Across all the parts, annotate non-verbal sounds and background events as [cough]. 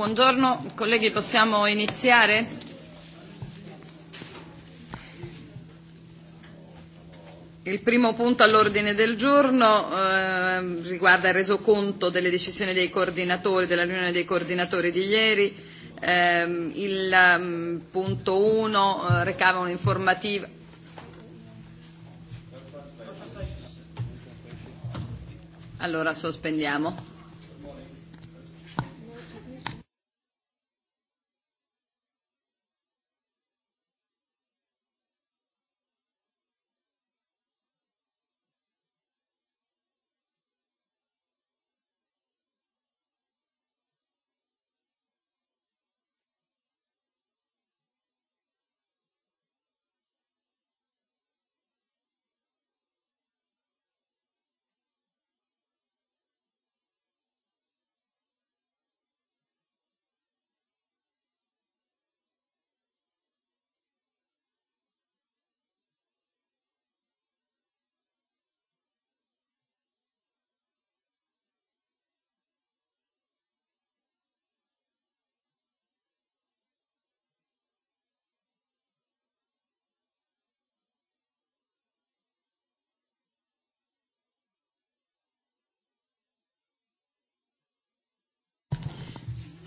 Buongiorno, colleghi, possiamo iniziare? Il primo punto all'ordine del giorno eh, riguarda il resoconto delle decisioni dei coordinatori, della riunione dei coordinatori di ieri. Eh, il um, punto 1 eh, recava un'informativa. Allora sospendiamo.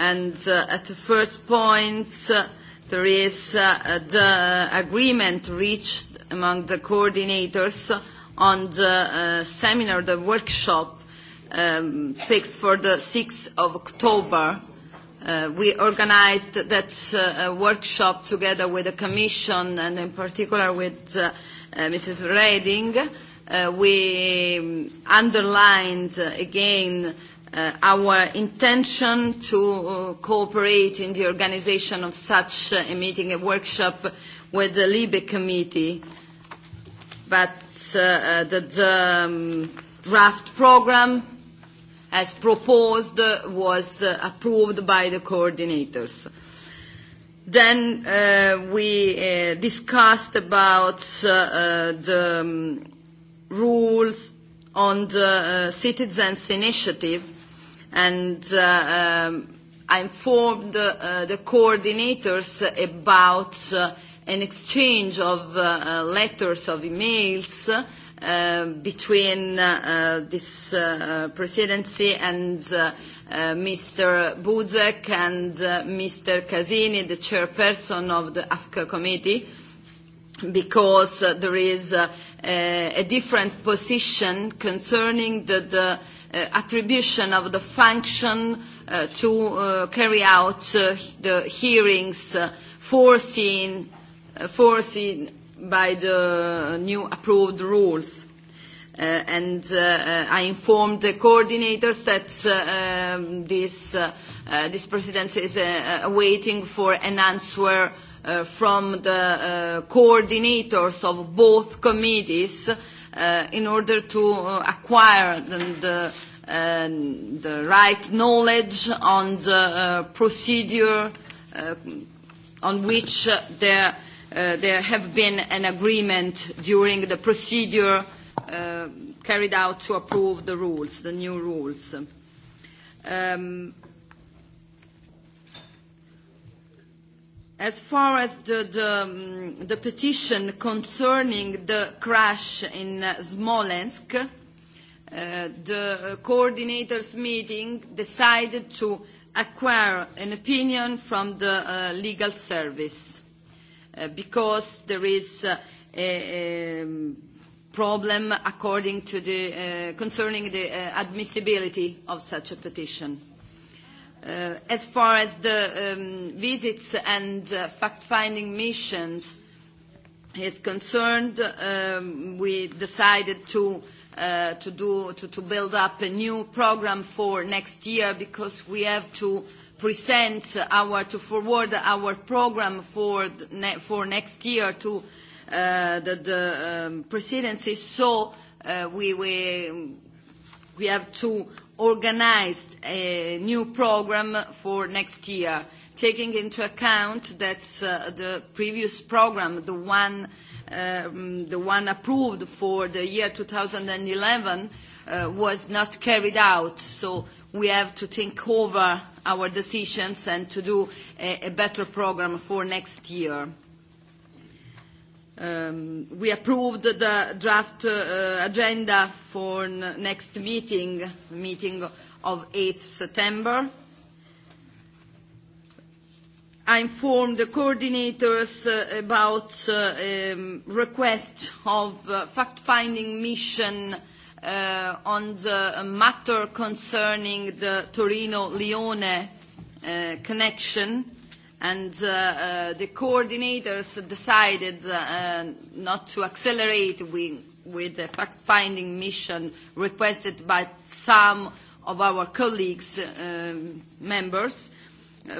And uh, at the first point, uh, there is uh, the agreement reached among the coordinators on the uh, seminar, the workshop um, fixed for the 6th of October. Uh, we organized that uh, workshop together with the Commission and in particular with uh, uh, Mrs. Reding. Uh, we um, underlined uh, again uh, our intention to uh, cooperate in the organization of such uh, a meeting, a workshop with the LIBE committee. But uh, uh, the, the um, draft program as proposed was uh, approved by the coordinators. Then uh, we uh, discussed about uh, uh, the um, rules on the uh, citizens' initiative and uh, um, I informed uh, the coordinators about uh, an exchange of uh, uh letters, of emails uh, between uh, uh this uh, uh, presidency and uh, Uh, Mr. Buzek and uh, Mr. Casini, the chairperson of the AFCA committee, because uh, there is a different position concerning the, the uh, attribution of the function uh, to uh, carry out uh, the hearings uh, foreseen, uh, foreseen by the new approved rules. Uh, and uh, uh I informed the coordinators that uh, um, this, uh, uh, this presidency is uh, uh waiting for an answer uh, from the uh, coordinators of both committees uh, Uh, in order to uh, acquire the, the, uh, the right knowledge on the uh, procedure uh, on which uh, there, uh, there have been an agreement during the procedure uh, carried out to approve the rules, the new rules. Um, as far as the, the, um, the petition concerning the crash in uh, Smolensk, uh, the uh, coordinators meeting decided to acquire an opinion from the uh, legal service uh, because there is uh, a, a problem according to the, uh, concerning the uh, admissibility of such a petition. Uh, as far as the um, visits and uh, fact-finding missions is concerned, um, we decided to, uh, to, do, to, to build up a new program for next year because we have to present our, to forward our program for, ne for next year to uh, the, the um, presidency. So uh, we, we, we have to organized a new program for next year, taking into account that uh, the previous program, the one, um, the one approved for the year 2011, uh, was not carried out. So we have to think over our decisions and to do a, a better program for next year. Um, we approved the draft uh, agenda for n next meeting, meeting of 8th September. I informed the coordinators uh, about uh, um, request of uh, fact-finding mission uh, on the matter concerning the Torino-Lione uh, connection and uh, uh, the coordinators decided uh, not to accelerate with, with the fact-finding mission requested by some of our colleagues, uh, members,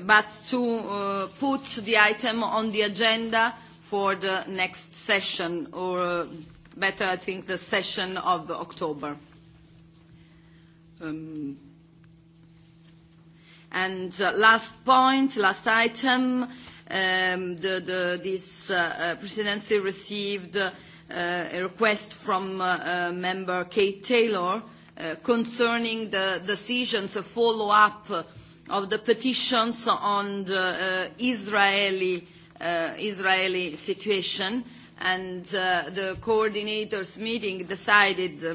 but to uh, put the item on the agenda for the next session, or better, I think, the session of October. Um, Uh, last point, last item, um, the, the, this uh, uh, presidency received uh, a request from uh, uh, member Kate Taylor uh, concerning the decisions, a follow-up of the petitions on the uh, Israeli, uh, Israeli situation. And uh, the coordinators meeting decided uh,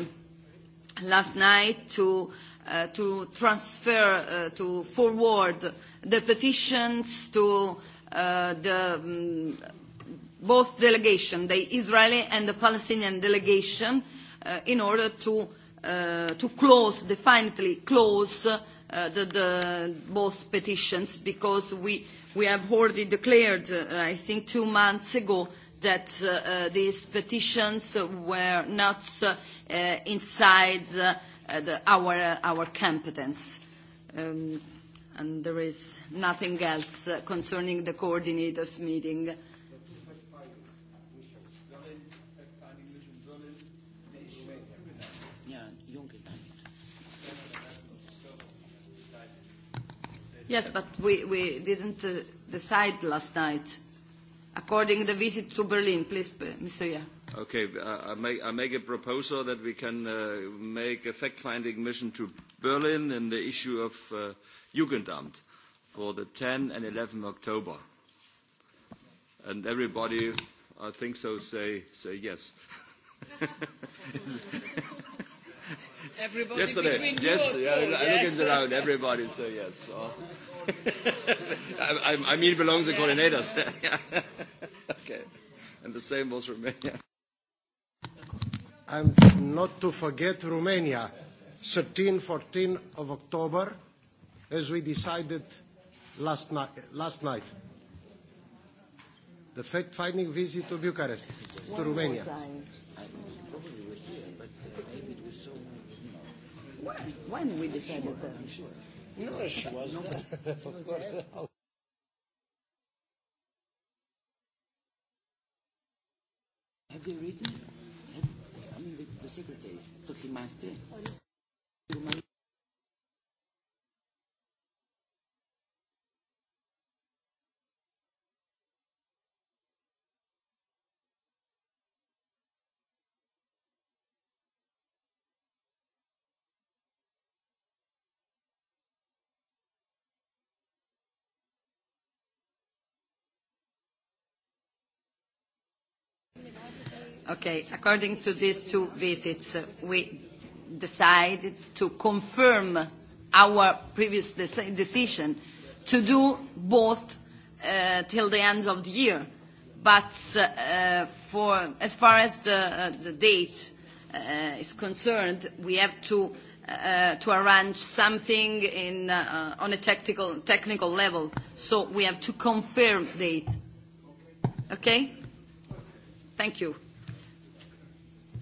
last night to uh, uh, to transfer, uh, to forward the petitions to uh, the, um, both delegation, the Israeli and the Palestinian delegation, uh, in order to, to close, definitely close Uh, the, the, both petitions because we, we have already declared, uh, I think two months ago, that uh, these petitions were not inside Uh, uh, our, competence. Um, and there is nothing else uh, concerning the coordinators meeting. Yes, but we, didn't decide last night according to the visit to Berlin. Please, uh, Mr. Yeah. Okay, uh, I make, I make a proposal that we can uh, make a fact-finding mission to Berlin in the issue of uh, Jugendamt for the 10 and 11 October. And everybody, I think so, say, say yes. [laughs] Everybody Yesterday, yes, yeah, I, yes. look around, everybody say so yes. So. [laughs] I, I mean, it belongs to yeah. coordinators. [laughs] okay, and the same was Romania. And not to forget Romania, 13, 14 of October, as we decided last night. Last night the fact-finding visit to Bucharest, to Romania. When? When we decided sure, that? I'm sure. No, [laughs] she was. of course. Have you written? I mean, the, the secretary, Tosimaste. Simaste? Okay, according to these two visits, uh, we decided to confirm our previous deci-, decision to do both uh, till the end of the year. But uh, for, as far as the, uh, the date uh, is concerned, we have to, uh, to arrange something in, uh, on a technical, technical level. So we have to confirm date. Okay? Thank you.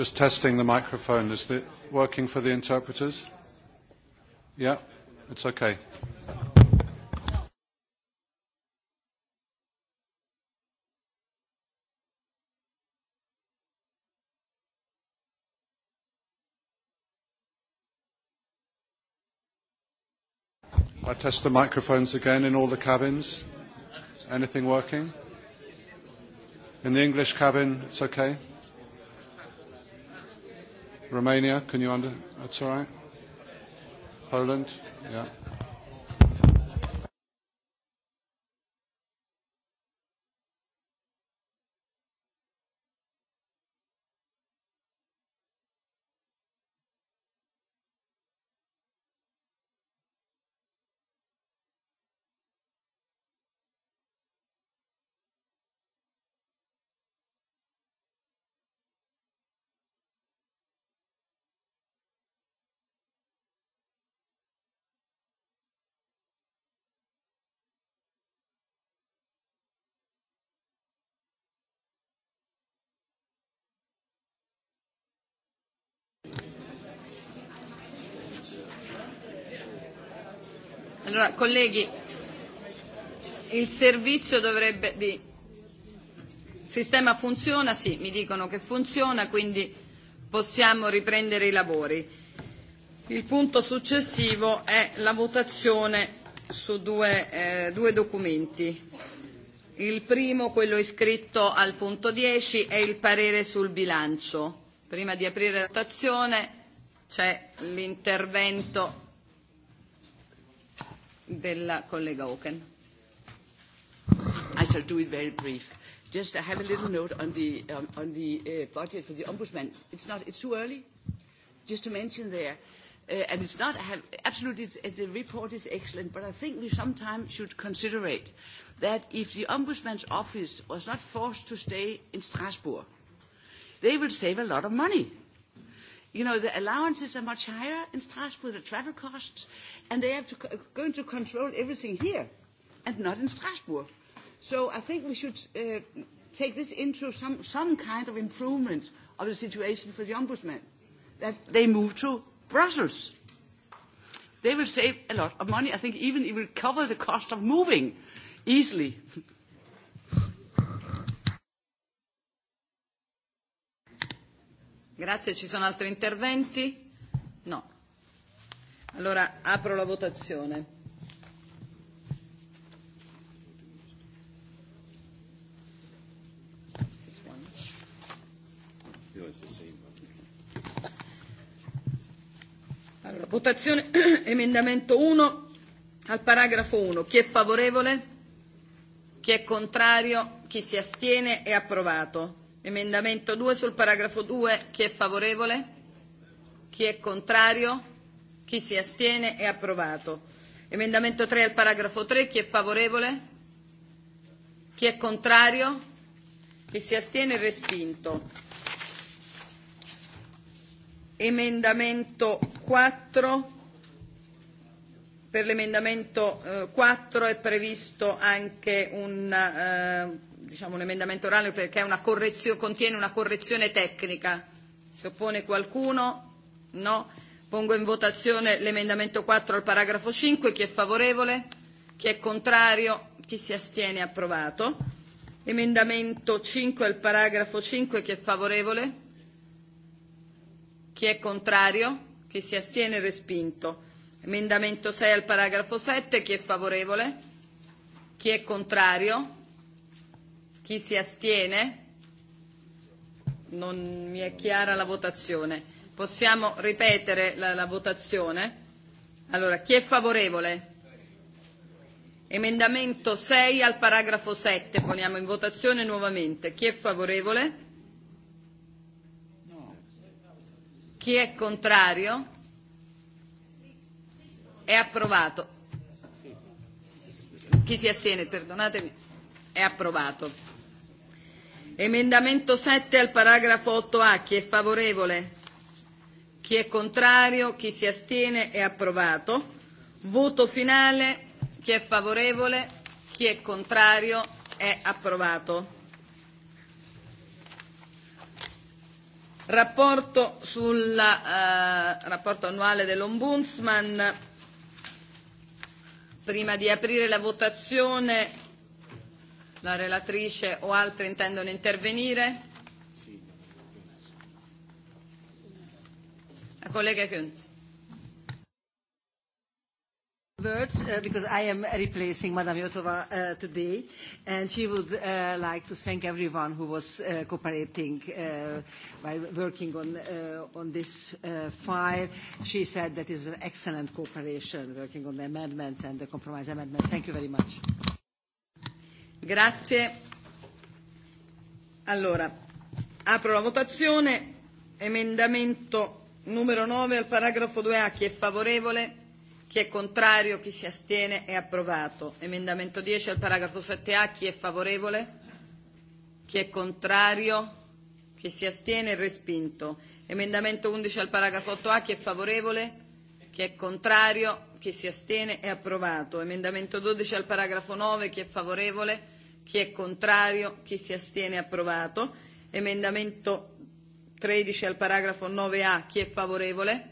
Just testing the microphone. Is it working for the interpreters? Yeah, it's okay. I test the microphones again in all the cabins. Anything working? In the English cabin, it's okay. Romania, can you under? That's all right. Poland, yeah. Allora, colleghi, il servizio dovrebbe... Di... Il sistema funziona? Sì, mi dicono che funziona, quindi possiamo riprendere i lavori. Il punto successivo è la votazione su due, eh, due documenti. Il primo, quello iscritto al punto 10, è il parere sul bilancio. Prima di aprire la votazione c'è l'intervento della collega Oken. I shall do it very brief. Just I have a little note on the, um, on the uh, budget for the ombudsman. It's not, it's too early just to mention there. Uh, and it's not, I have, absolutely, it's, the report is excellent, but I think we sometimes should consider it, that if the Ombudsman's office was not forced to stay in Strasbourg, they will save a lot of money You know, the allowances are much higher in Strasbourg, the travel costs, and they have to going to control everything here and not in Strasbourg. So I think we should uh, take this into some, some kind of improvement of the situation for the Ombudsman, that they move to Brussels. They will save a lot of money. I think even it will cover the cost of moving easily. [laughs] Grazie, ci sono altri interventi? No. Allora apro la votazione. Allora, votazione [clears throat] emendamento 1 al paragrafo 1. Chi è favorevole? Chi è contrario? Chi si astiene? È approvato. Emendamento 2 sul paragrafo 2, chi è favorevole? Chi è contrario? Chi si astiene? È approvato. Emendamento 3 al paragrafo 3, chi è favorevole? Chi è contrario? Chi si astiene? Respinto. Emendamento 4. Per l'emendamento eh, 4 è previsto anche un eh, diciamo, un emendamento orale perché è una correzione, contiene una correzione tecnica. Si oppone qualcuno? No. Pongo in votazione l'emendamento 4 al paragrafo 5. Chi è favorevole? Chi è contrario? Chi si astiene? Approvato. Emendamento 5 al paragrafo 5. Chi è favorevole? Chi è contrario? Chi si astiene? Respinto. Emendamento 6 al paragrafo 7. Chi è favorevole? Chi è contrario? Chi si astiene? Non mi è chiara la votazione. Possiamo ripetere la, la votazione? Allora, chi è favorevole? Emendamento 6 al paragrafo 7, poniamo in votazione nuovamente. Chi è favorevole? Chi è contrario? È approvato. Chi si astiene, perdonatemi, è approvato. Emendamento 7 al paragrafo 8A. Chi è favorevole? Chi è contrario? Chi si astiene? È approvato. Voto finale. Chi è favorevole? Chi è contrario? È approvato. Rapporto sulla, eh, rapporto annuale dell'Ombudsman. Prima di aprire la votazione la relatrice o altri intendono intervenire? La collega Kunz. words uh, because I am replacing Madame Yotova uh, today and she would uh, like to thank everyone who was uh, cooperating uh, by working on, uh, on this uh, file. She said that is an excellent cooperation working on the amendments and the compromise amendments. Thank you very much. Grazie. Allora, apro la votazione. Emendamento numero 9 al paragrafo 2A. Chi è favorevole? Chi è contrario? Chi si astiene? È approvato. Emendamento 10 al paragrafo 7A. Chi è favorevole? Chi è contrario? Chi si astiene? È respinto. Emendamento 11 al paragrafo 8A. Chi è favorevole? Chi è contrario? Chi si astiene? È approvato. Emendamento 12 al paragrafo 9. Chi è favorevole? Chi è contrario? Chi si astiene? Approvato. Emendamento 13 al paragrafo 9A. Chi è favorevole?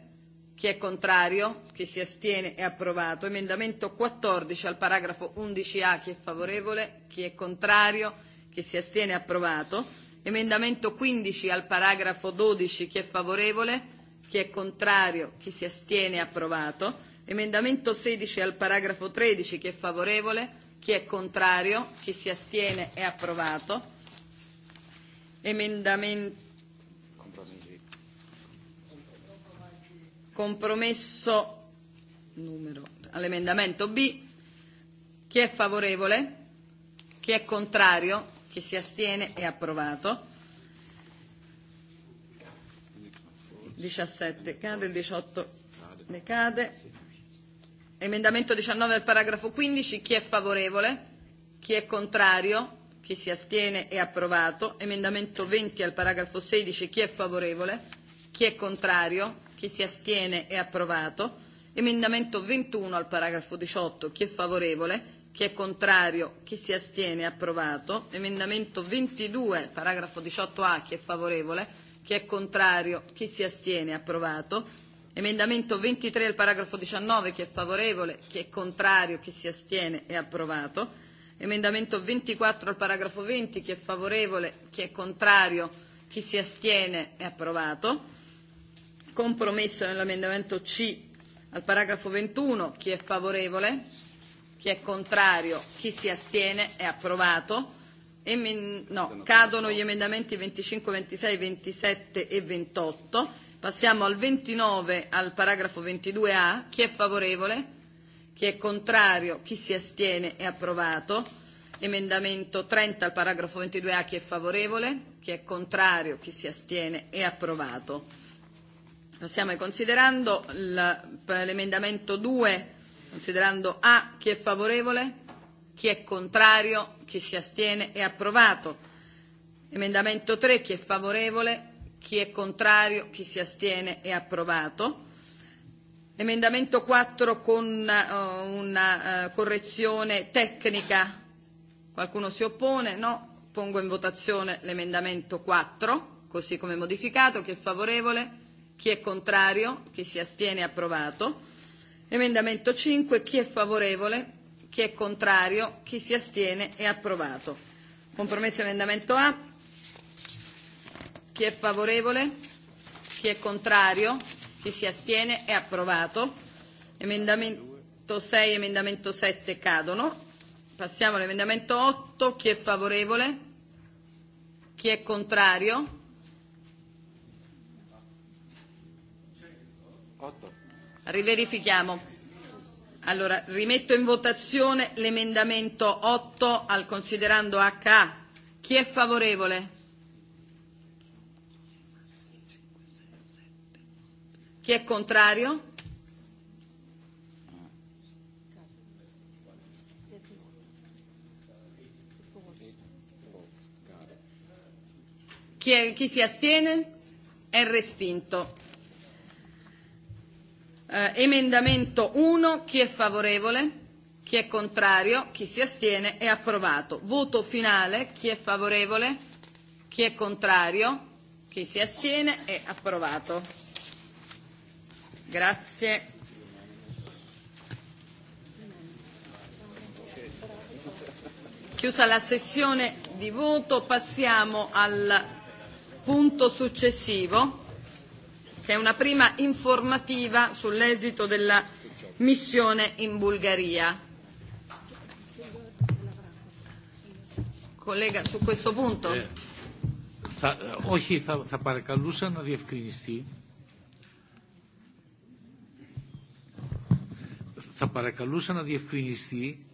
Chi è contrario? Chi si astiene? È approvato. Emendamento 14 al paragrafo 11A. Chi è favorevole? Chi è contrario? Chi si astiene? È approvato. Emendamento 15 al paragrafo 12. Chi è favorevole? Chi è contrario? Chi si astiene? È approvato. Emendamento 16 al paragrafo 13. Chi è favorevole? Chi è contrario? Chi si astiene? È approvato. Emendamento compromesso numero all'emendamento B. Chi è favorevole? Chi è contrario? Chi si astiene? È approvato. 17 cade, il 18 ne cade. Emendamento 19 al paragrafo 15, chi è favorevole? Chi è contrario? Chi si astiene è approvato. Emendamento 20 al paragrafo 16, chi è favorevole? Chi è contrario? Chi si astiene è approvato. Emendamento 21 al paragrafo 18, chi è favorevole? Chi è contrario? Chi si astiene è approvato. Emendamento 22, paragrafo 18A, chi è favorevole? Chi è contrario? Chi si astiene è approvato. Emendamento 23 al paragrafo 19, chi è favorevole, chi è contrario, chi si astiene è approvato. Emendamento 24 al paragrafo 20, chi è favorevole, chi è contrario, chi si astiene è approvato. Compromesso nell'emendamento C al paragrafo 21, chi è favorevole, chi è contrario, chi si astiene è approvato. Emen- no, cadono gli emendamenti 25, 26, 27 e 28 Passiamo al 29, al paragrafo 22A. Chi è favorevole? Chi è contrario? Chi si astiene? È approvato. Emendamento 30 al paragrafo 22A. Chi è favorevole? Chi è contrario? Chi si astiene? È approvato. Passiamo ai considerando l'emendamento 2, considerando A. Chi è favorevole? Chi è contrario? Chi si astiene? È approvato. Emendamento 3. Chi è favorevole? Chi è contrario? Chi si astiene? È approvato. Emendamento 4 con uh, una uh, correzione tecnica. Qualcuno si oppone? No. Pongo in votazione l'emendamento 4, così come modificato. Chi è favorevole? Chi è contrario? Chi si astiene? È approvato. Emendamento 5. Chi è favorevole? Chi è contrario? Chi si astiene? È approvato. Compromesso emendamento A. Chi è favorevole? Chi è contrario? Chi si astiene? È approvato. Emendamento 6 e emendamento 7 cadono. Passiamo all'emendamento 8. Chi è favorevole? Chi è contrario? 8. Riverifichiamo. Allora, rimetto in votazione l'emendamento 8 al considerando HA. Chi è favorevole? Chi è contrario? Chi, è, chi si astiene? È respinto. Eh, emendamento 1, chi è favorevole? Chi è contrario? Chi si astiene? È approvato. Voto finale, chi è favorevole? Chi è contrario? Chi si astiene? È approvato. Grazie. Chiusa la sessione di voto, passiamo al punto successivo, che è una prima informativa sull'esito della missione in Bulgaria. Collega, su questo punto. Eh, θα, όχι, θα, θα παρακαλούσα να διευκρινιστεί θα παρακαλούσα να διευκρινιστεί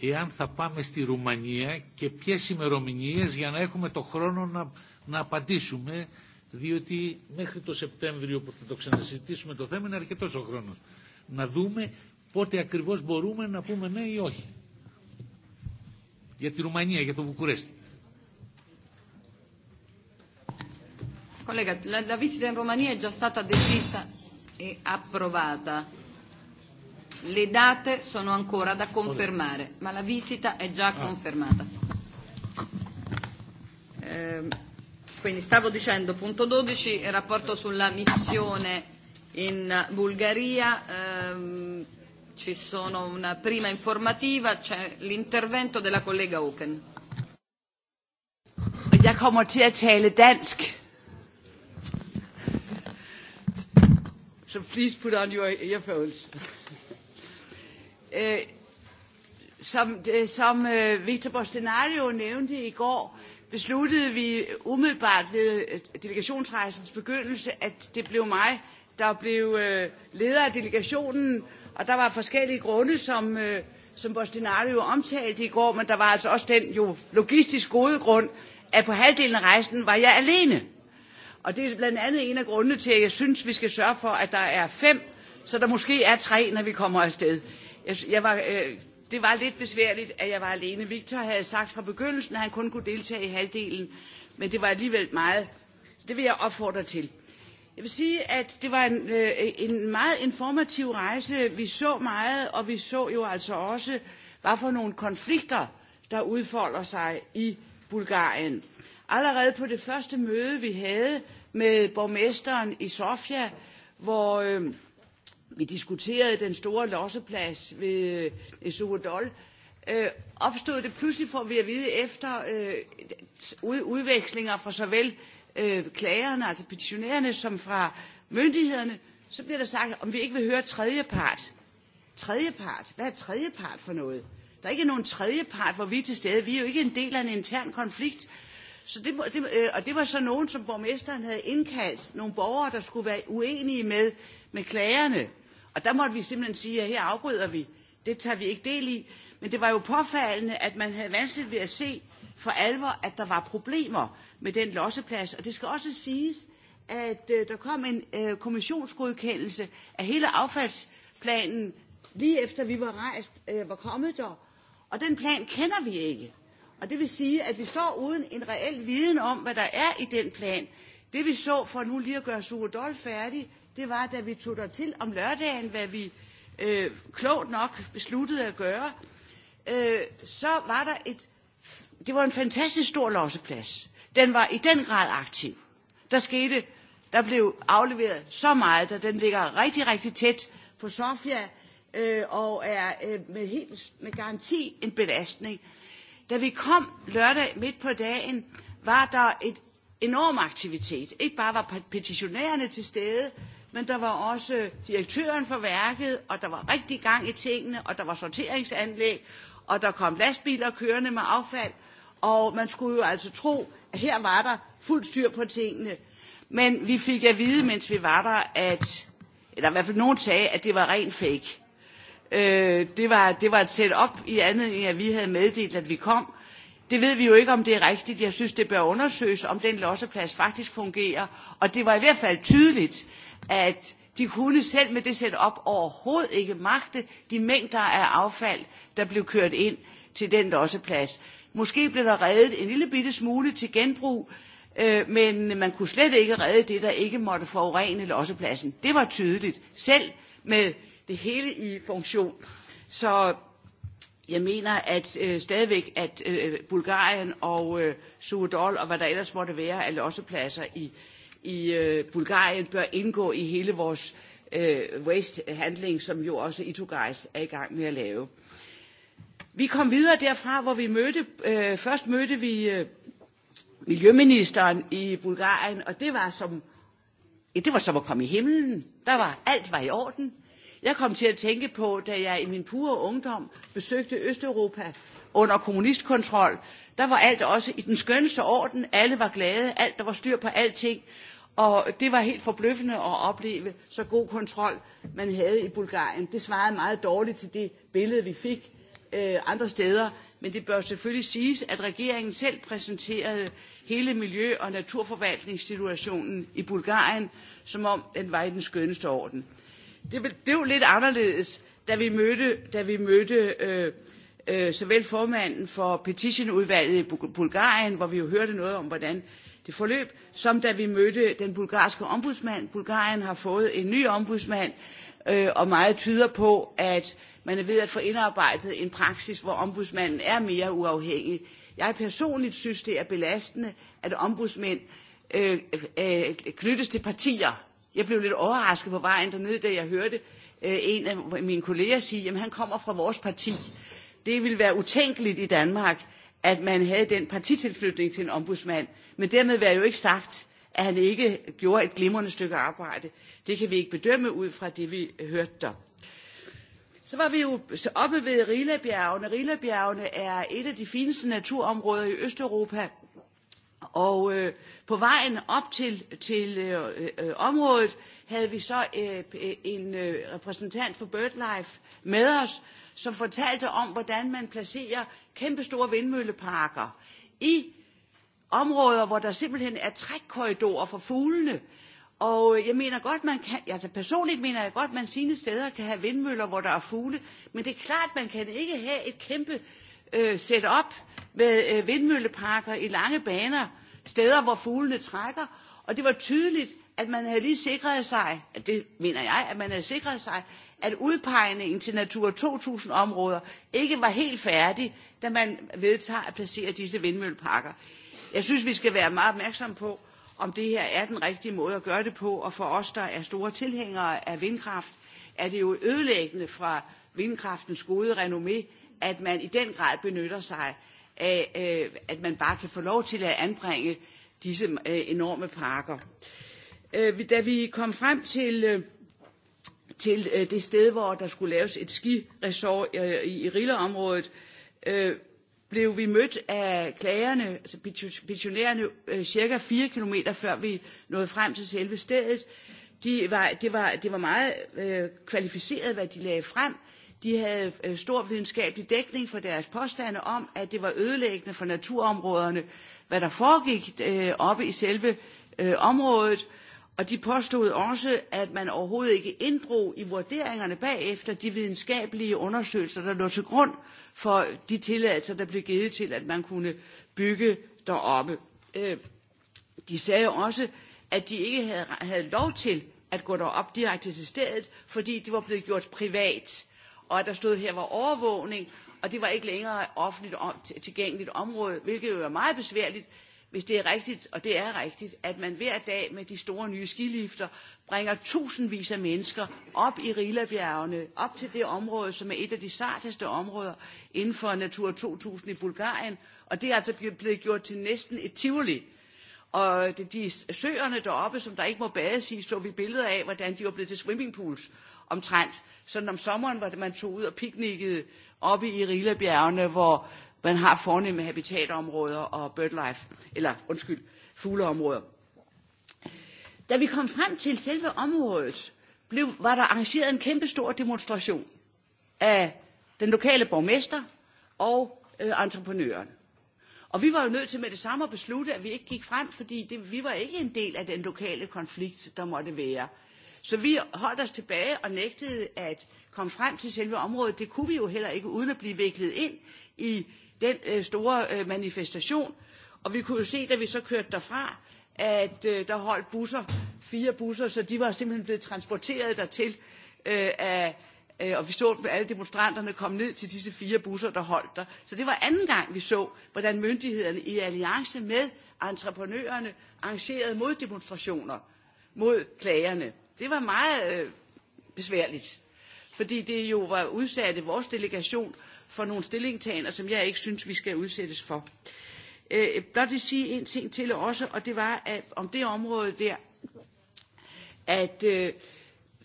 εάν θα πάμε στη Ρουμανία και ποιες ημερομηνίε για να έχουμε το χρόνο να, να απαντήσουμε διότι μέχρι το Σεπτέμβριο που θα το ξανασυζητήσουμε το θέμα είναι αρκετός ο χρόνος. Να δούμε πότε ακριβώς μπορούμε να πούμε ναι ή όχι. Για τη Ρουμανία, για το Βουκουρέστι. Collega, la, la visita in Romania è già stata decisa e approvata le date sono ancora da confermare, ma la visita è già ah. confermata. Eh, quindi stavo dicendo, punto 12, il rapporto sulla missione in Bulgaria. Ehm, ci sono una prima informativa, c'è l'intervento della collega Oken. Jeg kommer til at tale dansk. So please put on your earphones. Øh, som øh, som øh, Victor Bolsonaro nævnte i går, besluttede vi umiddelbart ved delegationsrejsens begyndelse, at det blev mig, der blev leder af delegationen, og der var forskellige grunde, som, som Bolsonaro omtalte i går, men der var altså også den jo logistisk gode grund, at på halvdelen af rejsen var jeg alene. Og det er blandt andet en af grundene til, at jeg synes, vi skal sørge for, at der er fem, så der måske er tre, når vi kommer afsted jeg, var, øh, det var lidt besværligt, at jeg var alene. Victor havde sagt fra begyndelsen, at han kun kunne deltage i halvdelen, men det var alligevel meget. Så det vil jeg opfordre til. Jeg vil sige, at det var en, øh, en meget informativ rejse. Vi så meget, og vi så jo altså også, hvad for nogle konflikter, der udfolder sig i Bulgarien. Allerede på det første møde, vi havde med borgmesteren i Sofia, hvor... Øh, vi diskuterede den store losseplads ved øh, Suvodol, øh, opstod det pludselig, får vi at vide, efter øh, ud, udvekslinger fra såvel øh, klagerne, altså petitionærerne, som fra myndighederne, så bliver der sagt, om vi ikke vil høre tredjepart. Tredjepart? Hvad er tredjepart for noget? Der er ikke nogen tredjepart, hvor vi er til stede. Vi er jo ikke en del af en intern konflikt. Så det, det, øh, og det var så nogen, som borgmesteren havde indkaldt, nogle borgere, der skulle være uenige med, med klagerne. Og der måtte vi simpelthen sige, at her afbryder vi. Det tager vi ikke del i. Men det var jo påfaldende, at man havde vanskeligt ved at se for alvor, at der var problemer med den losseplads. Og det skal også siges, at øh, der kom en øh, kommissionsgodkendelse af hele affaldsplanen, lige efter vi var rejst, øh, var kommet der. Og den plan kender vi ikke. Og det vil sige, at vi står uden en reel viden om, hvad der er i den plan. Det vi så, for nu lige at gøre Suredol færdig, det var, da vi tog dig til om lørdagen, hvad vi øh, klogt nok besluttede at gøre, øh, så var der et, det var en fantastisk stor losseplads. Den var i den grad aktiv. Der skete, der blev afleveret så meget, at da den ligger rigtig, rigtig tæt på Sofia, øh, og er øh, med, helt, med garanti en belastning. Da vi kom lørdag midt på dagen, var der et enorm aktivitet. Ikke bare var petitionærerne til stede, men der var også direktøren for værket, og der var rigtig gang i tingene, og der var sorteringsanlæg, og der kom lastbiler kørende med affald, og man skulle jo altså tro, at her var der fuld styr på tingene. Men vi fik at vide, mens vi var der, at, eller i hvert fald nogen sagde, at det var ren fake. Øh, det, var, det var et setup i andet end, at vi havde meddelt, at vi kom, Det ved vi jo ikke, om det er rigtigt. Jeg synes, det bør undersøges, om den losseplads faktisk fungerer. Og det var i hvert fald tydeligt, at de kunne selv med det setup overhovedet ikke magte de mængder af affald, der blev kørt ind til den losseplads. Måske blev der reddet en lille bitte smule til genbrug, øh, men man kunne slet ikke redde det, der ikke måtte forurene lossepladsen. Det var tydeligt, selv med det hele i funktion. Så jeg mener at øh, stadigvæk, at øh, Bulgarien og øh, Suudol og hvad der ellers måtte være af lossepladser i, i øh, Bulgarien bør indgå i hele vores øh, waste-handling, som jo også Itugais er i gang med at lave. Vi kom videre derfra, hvor vi mødte, øh, først mødte vi øh, miljøministeren i Bulgarien, og det var som, ja, det var som at komme i himlen. Der var, alt var i orden. Jeg kom til at tænke på, da jeg i min pure ungdom besøgte Østeuropa under kommunistkontrol, der var alt også i den skønneste orden, alle var glade, alt der var styr på alting, og det var helt forbløffende at opleve så god kontrol, man havde i Bulgarien. Det svarede meget dårligt til det billede, vi fik øh, andre steder, men det bør selvfølgelig siges, at regeringen selv præsenterede hele miljø- og naturforvaltningssituationen i Bulgarien, som om den var i den skønneste orden det blev er lidt anderledes, da vi mødte, da vi mødte øh, øh, såvel formanden for petitionudvalget i Bulgarien, hvor vi jo hørte noget om, hvordan det forløb, som da vi mødte den bulgarske ombudsmand. Bulgarien har fået en ny ombudsmand, øh, og meget tyder på, at man er ved at få indarbejdet en praksis, hvor ombudsmanden er mere uafhængig. Jeg personligt synes, det er belastende, at ombudsmænd øh, øh, knyttes til partier Jeg blev lidt overrasket på vejen dernede, da jeg hørte øh, en af mine kolleger sige, at han kommer fra vores parti. Det ville være utænkeligt i Danmark, at man havde den partitilflytning til en ombudsmand. Men dermed var jo ikke sagt, at han ikke gjorde et glimrende stykke arbejde. Det kan vi ikke bedømme ud fra det, vi hørte der. Så var vi jo oppe ved Rilabjergene. Rilabjergene er et af de fineste naturområder i Østeuropa. Og øh, På vejen op til, til øh, øh, området havde vi så øh, en øh, repræsentant for BirdLife med os, som fortalte om, hvordan man placerer kæmpestore vindmølleparker i områder, hvor der simpelthen er trækkorridorer for fuglene. Og jeg mener godt, man kan, altså personligt mener jeg godt, man sine steder kan have vindmøller, hvor der er fugle, men det er klart, man kan ikke have et kæmpe øh, setup med øh, vindmølleparker i lange baner, steder, hvor fuglene trækker, og det var tydeligt, at man havde lige sikret sig, at det mener jeg, at man havde sikret sig, at udpegningen til Natura 2000 områder ikke var helt færdig, da man vedtager at placere disse vindmølleparker. Jeg synes, vi skal være meget opmærksomme på, om det her er den rigtige måde at gøre det på, og for os, der er store tilhængere af vindkraft, er det jo ødelæggende fra vindkraftens gode renommé, at man i den grad benytter sig af, øh, at man bare kan få lov til at anbringe disse øh, enorme parker. Øh, da vi kom frem til, til det sted, hvor der skulle laves et skiresort i, i Rilleområdet, blev vi mødt af klagerne, altså petitionærerne, cirka 4 km før vi nåede frem til selve stedet. De var, det, var, det var meget øh, kvalificeret, hvad de lagde frem, de havde øh, stor videnskabelig dækning for deres påstande om, at det var ødelæggende for naturområderne, hvad der foregik øh, oppe i selve øh, området. Og de påstod også, at man overhovedet ikke inddrog i vurderingerne bagefter de videnskabelige undersøgelser, der lå til grund for de tilladelser, der blev givet til, at man kunne bygge deroppe. Øh, de sagde også, at de ikke havde, havde lov til at gå derop direkte til stedet, fordi det var blevet gjort privat og at der stod her var overvågning, og det var ikke længere offentligt tilgængeligt område, hvilket jo er meget besværligt, hvis det er rigtigt, og det er rigtigt, at man hver dag med de store nye skilifter bringer tusindvis af mennesker op i Rilabjergene, op til det område, som er et af de sarteste områder inden for Natur 2000 i Bulgarien, og det er altså blevet gjort til næsten et tivoli. Og de søerne deroppe, som der ikke må bades i, så vi billeder af, hvordan de var blevet til swimmingpools omtrent sådan om sommeren, hvor man tog ud og piknikkede oppe i Rillebjergene, hvor man har fornemme habitatområder og birdlife, eller undskyld, fugleområder. Da vi kom frem til selve området, blev, var der arrangeret en kæmpe stor demonstration af den lokale borgmester og øh, entreprenøren. Og vi var jo nødt til med det samme at beslutte, at vi ikke gik frem, fordi det, vi var ikke en del af den lokale konflikt, der måtte være. Så vi holdt os tilbage og nægtede at komme frem til selve området. Det kunne vi jo heller ikke, uden at blive viklet ind i den øh, store øh, manifestation. Og vi kunne jo se, da vi så kørte derfra, at øh, der holdt busser, fire busser, så de var simpelthen blevet transporteret dertil øh, af, øh, og vi så alle demonstranterne komme ned til disse fire busser, der holdt der. Så det var anden gang, vi så, hvordan myndighederne i alliance med entreprenørerne arrangerede moddemonstrationer mod klagerne. Det var meget øh, besværligt, fordi det jo var udsatte vores delegation for nogle stillingtager, som jeg ikke synes, vi skal udsættes for. Øh, blot vil sige en ting til også, og det var at om det område der, at øh,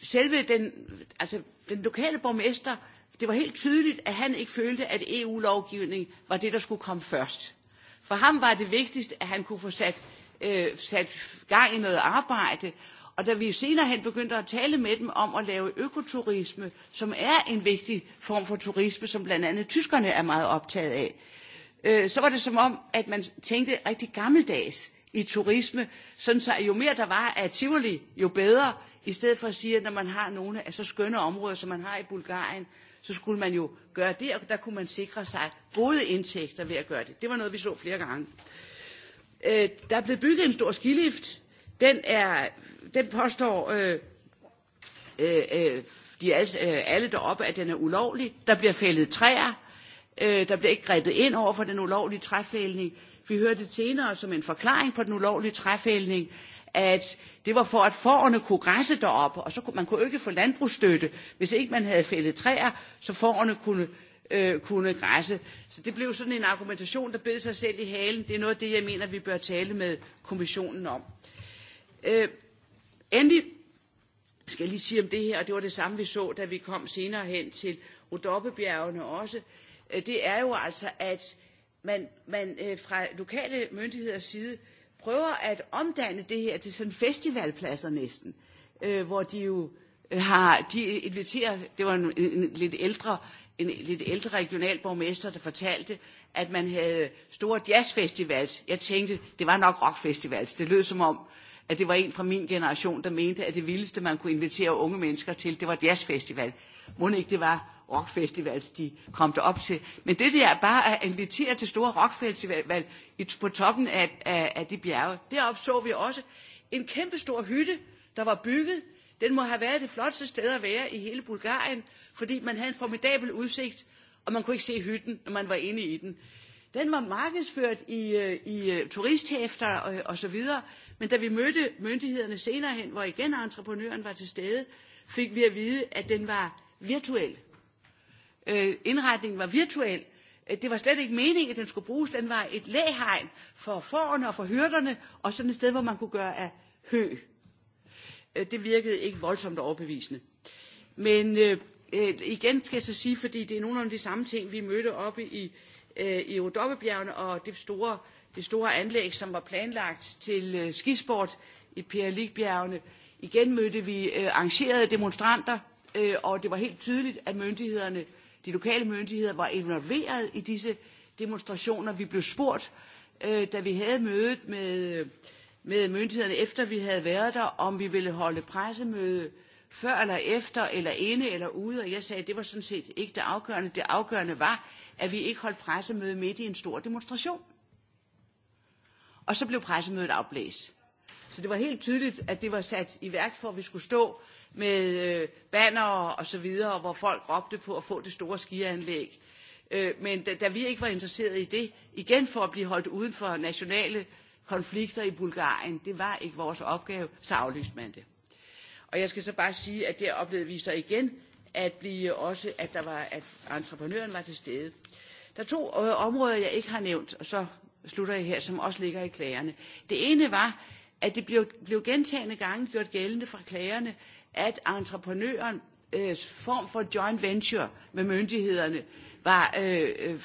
selve den, altså, den lokale borgmester, det var helt tydeligt, at han ikke følte, at EU-lovgivning var det, der skulle komme først. For ham var det vigtigst, at han kunne få sat, øh, sat gang i noget arbejde, Og da vi senere hen begyndte at tale med dem om at lave økoturisme, som er en vigtig form for turisme, som blandt andet tyskerne er meget optaget af, øh, så var det som om, at man tænkte rigtig gammeldags i turisme, sådan så jo mere der var af Tivoli, jo bedre, i stedet for at sige, at når man har nogle af så skønne områder, som man har i Bulgarien, så skulle man jo gøre det, og der kunne man sikre sig gode indtægter ved at gøre det. Det var noget, vi så flere gange. Øh, der er blevet bygget en stor skilift den, er, den påstår øh, øh, øh, de alle, øh, alle deroppe, at den er ulovlig. Der bliver fældet træer. Øh, der bliver ikke grebet ind over for den ulovlige træfældning. Vi hørte det senere som en forklaring på den ulovlige træfældning, at det var for, at forerne kunne græsse deroppe, og så kunne, man kunne ikke få landbrugsstøtte, hvis ikke man havde fældet træer, så forerne kunne, øh, kunne græsse. Så det blev sådan en argumentation, der bed sig selv i halen. Det er noget af det, jeg mener, vi bør tale med kommissionen om. Øh, endelig skal jeg lige sige om det her, og det var det samme, vi så, da vi kom senere hen til Rodoppebjergene også, øh, det er jo altså, at man, man øh, fra lokale myndigheders side prøver at omdanne det her til sådan festivalpladser næsten, øh, hvor de jo øh, har, de inviterer, det var en, en, en lidt ældre en lidt ældre regionalborgmester, der fortalte, at man havde store jazzfestivals. Jeg tænkte, det var nok rockfestivals. Det lød som om, at det var en fra min generation, der mente, at det vildeste, man kunne invitere unge mennesker til, det var jazzfestival. Må ikke det var rockfestivals, de kom derop til. Men det der bare at invitere til store rockfestival på toppen af, af, af de bjerge, derop så vi også en kæmpe stor hytte, der var bygget. Den må have været det flotteste sted at være i hele Bulgarien, fordi man havde en formidabel udsigt, og man kunne ikke se hytten, når man var inde i den. Den var markedsført i, øh, i øh, turisthæfter og, øh, og så videre. Men da vi mødte myndighederne senere hen, hvor igen entreprenøren var til stede, fik vi at vide, at den var virtuel. Øh, indretningen var virtuel. Det var slet ikke meningen, at den skulle bruges. Den var et læhegn for forerne og for hyrderne, og sådan et sted, hvor man kunne gøre af hø. Øh, det virkede ikke voldsomt overbevisende. Men øh, igen skal jeg så sige, fordi det er nogle af de samme ting, vi mødte oppe i øh, i Odoppebjergene og det store, det store anlæg, som var planlagt til øh, skisport i Pierre Igen mødte vi øh, arrangerede demonstranter, øh, og det var helt tydeligt, at myndighederne, de lokale myndigheder var involveret i disse demonstrationer. Vi blev spurgt, øh, da vi havde mødet med, med myndighederne, efter vi havde været der, om vi ville holde pressemøde øh, før eller efter, eller inde eller ude, og jeg sagde, at det var sådan set ikke det afgørende. Det afgørende var, at vi ikke holdt pressemøde midt i en stor demonstration. Og så blev pressemødet afblæst. Så det var helt tydeligt, at det var sat i værk for, at vi skulle stå med øh, banner og så videre, hvor folk råbte på at få det store skianlæg. Øh, men da, da, vi ikke var interesseret i det, igen for at blive holdt uden for nationale konflikter i Bulgarien, det var ikke vores opgave, så aflyste man det. Og jeg skal så bare sige, at der oplevede vi så igen, at vi også, at, der var, at entreprenøren var til stede. Der er to øh, områder, jeg ikke har nævnt, og så slutter jeg her, som også ligger i klagerne. Det ene var, at det blev, blev gentagende gange gjort gældende fra klagerne, at entreprenørens øh, form for joint venture med myndighederne var, øh, øh,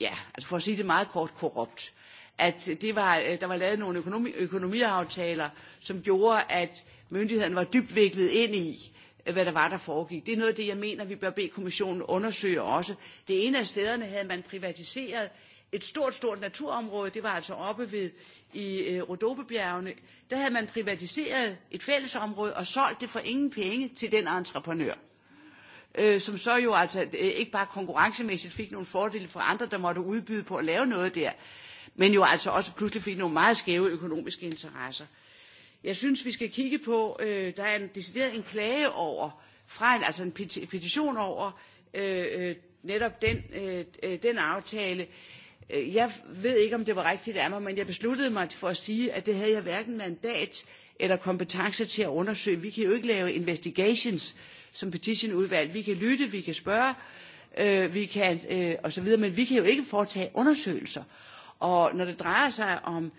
ja, altså for at sige det meget kort, korrupt. At det var, øh, der var lavet nogle økonomi, økonomiaftaler, som gjorde, at myndighederne var dybt viklet ind i, øh, hvad der var, der foregik. Det er noget af det, jeg mener, vi bør bede kommissionen undersøge også. Det ene af stederne havde man privatiseret et stort, stort naturområde. Det var altså oppe ved i øh, Rodopebjergene. Der havde man privatiseret et fællesområde og solgt det for ingen penge til den entreprenør. Øh, som så jo altså øh, ikke bare konkurrencemæssigt fik nogle fordele fra andre, der måtte udbyde på at lave noget der, men jo altså også pludselig fik nogle meget skæve økonomiske interesser jeg synes vi skal kigge på øh, der er en decideret en klage over fra en, altså en petition over øh, øh, netop den, øh, øh den aftale øh, jeg ved ikke om det var rigtigt af mig men jeg besluttede mig for at sige at det havde jeg hverken mandat eller kompetence til at undersøge vi kan jo ikke lave investigations som petitionudvalg vi kan lytte vi kan spørge øh, vi kan øh, og så videre men vi kan jo ikke foretage undersøgelser og når det drejer sig om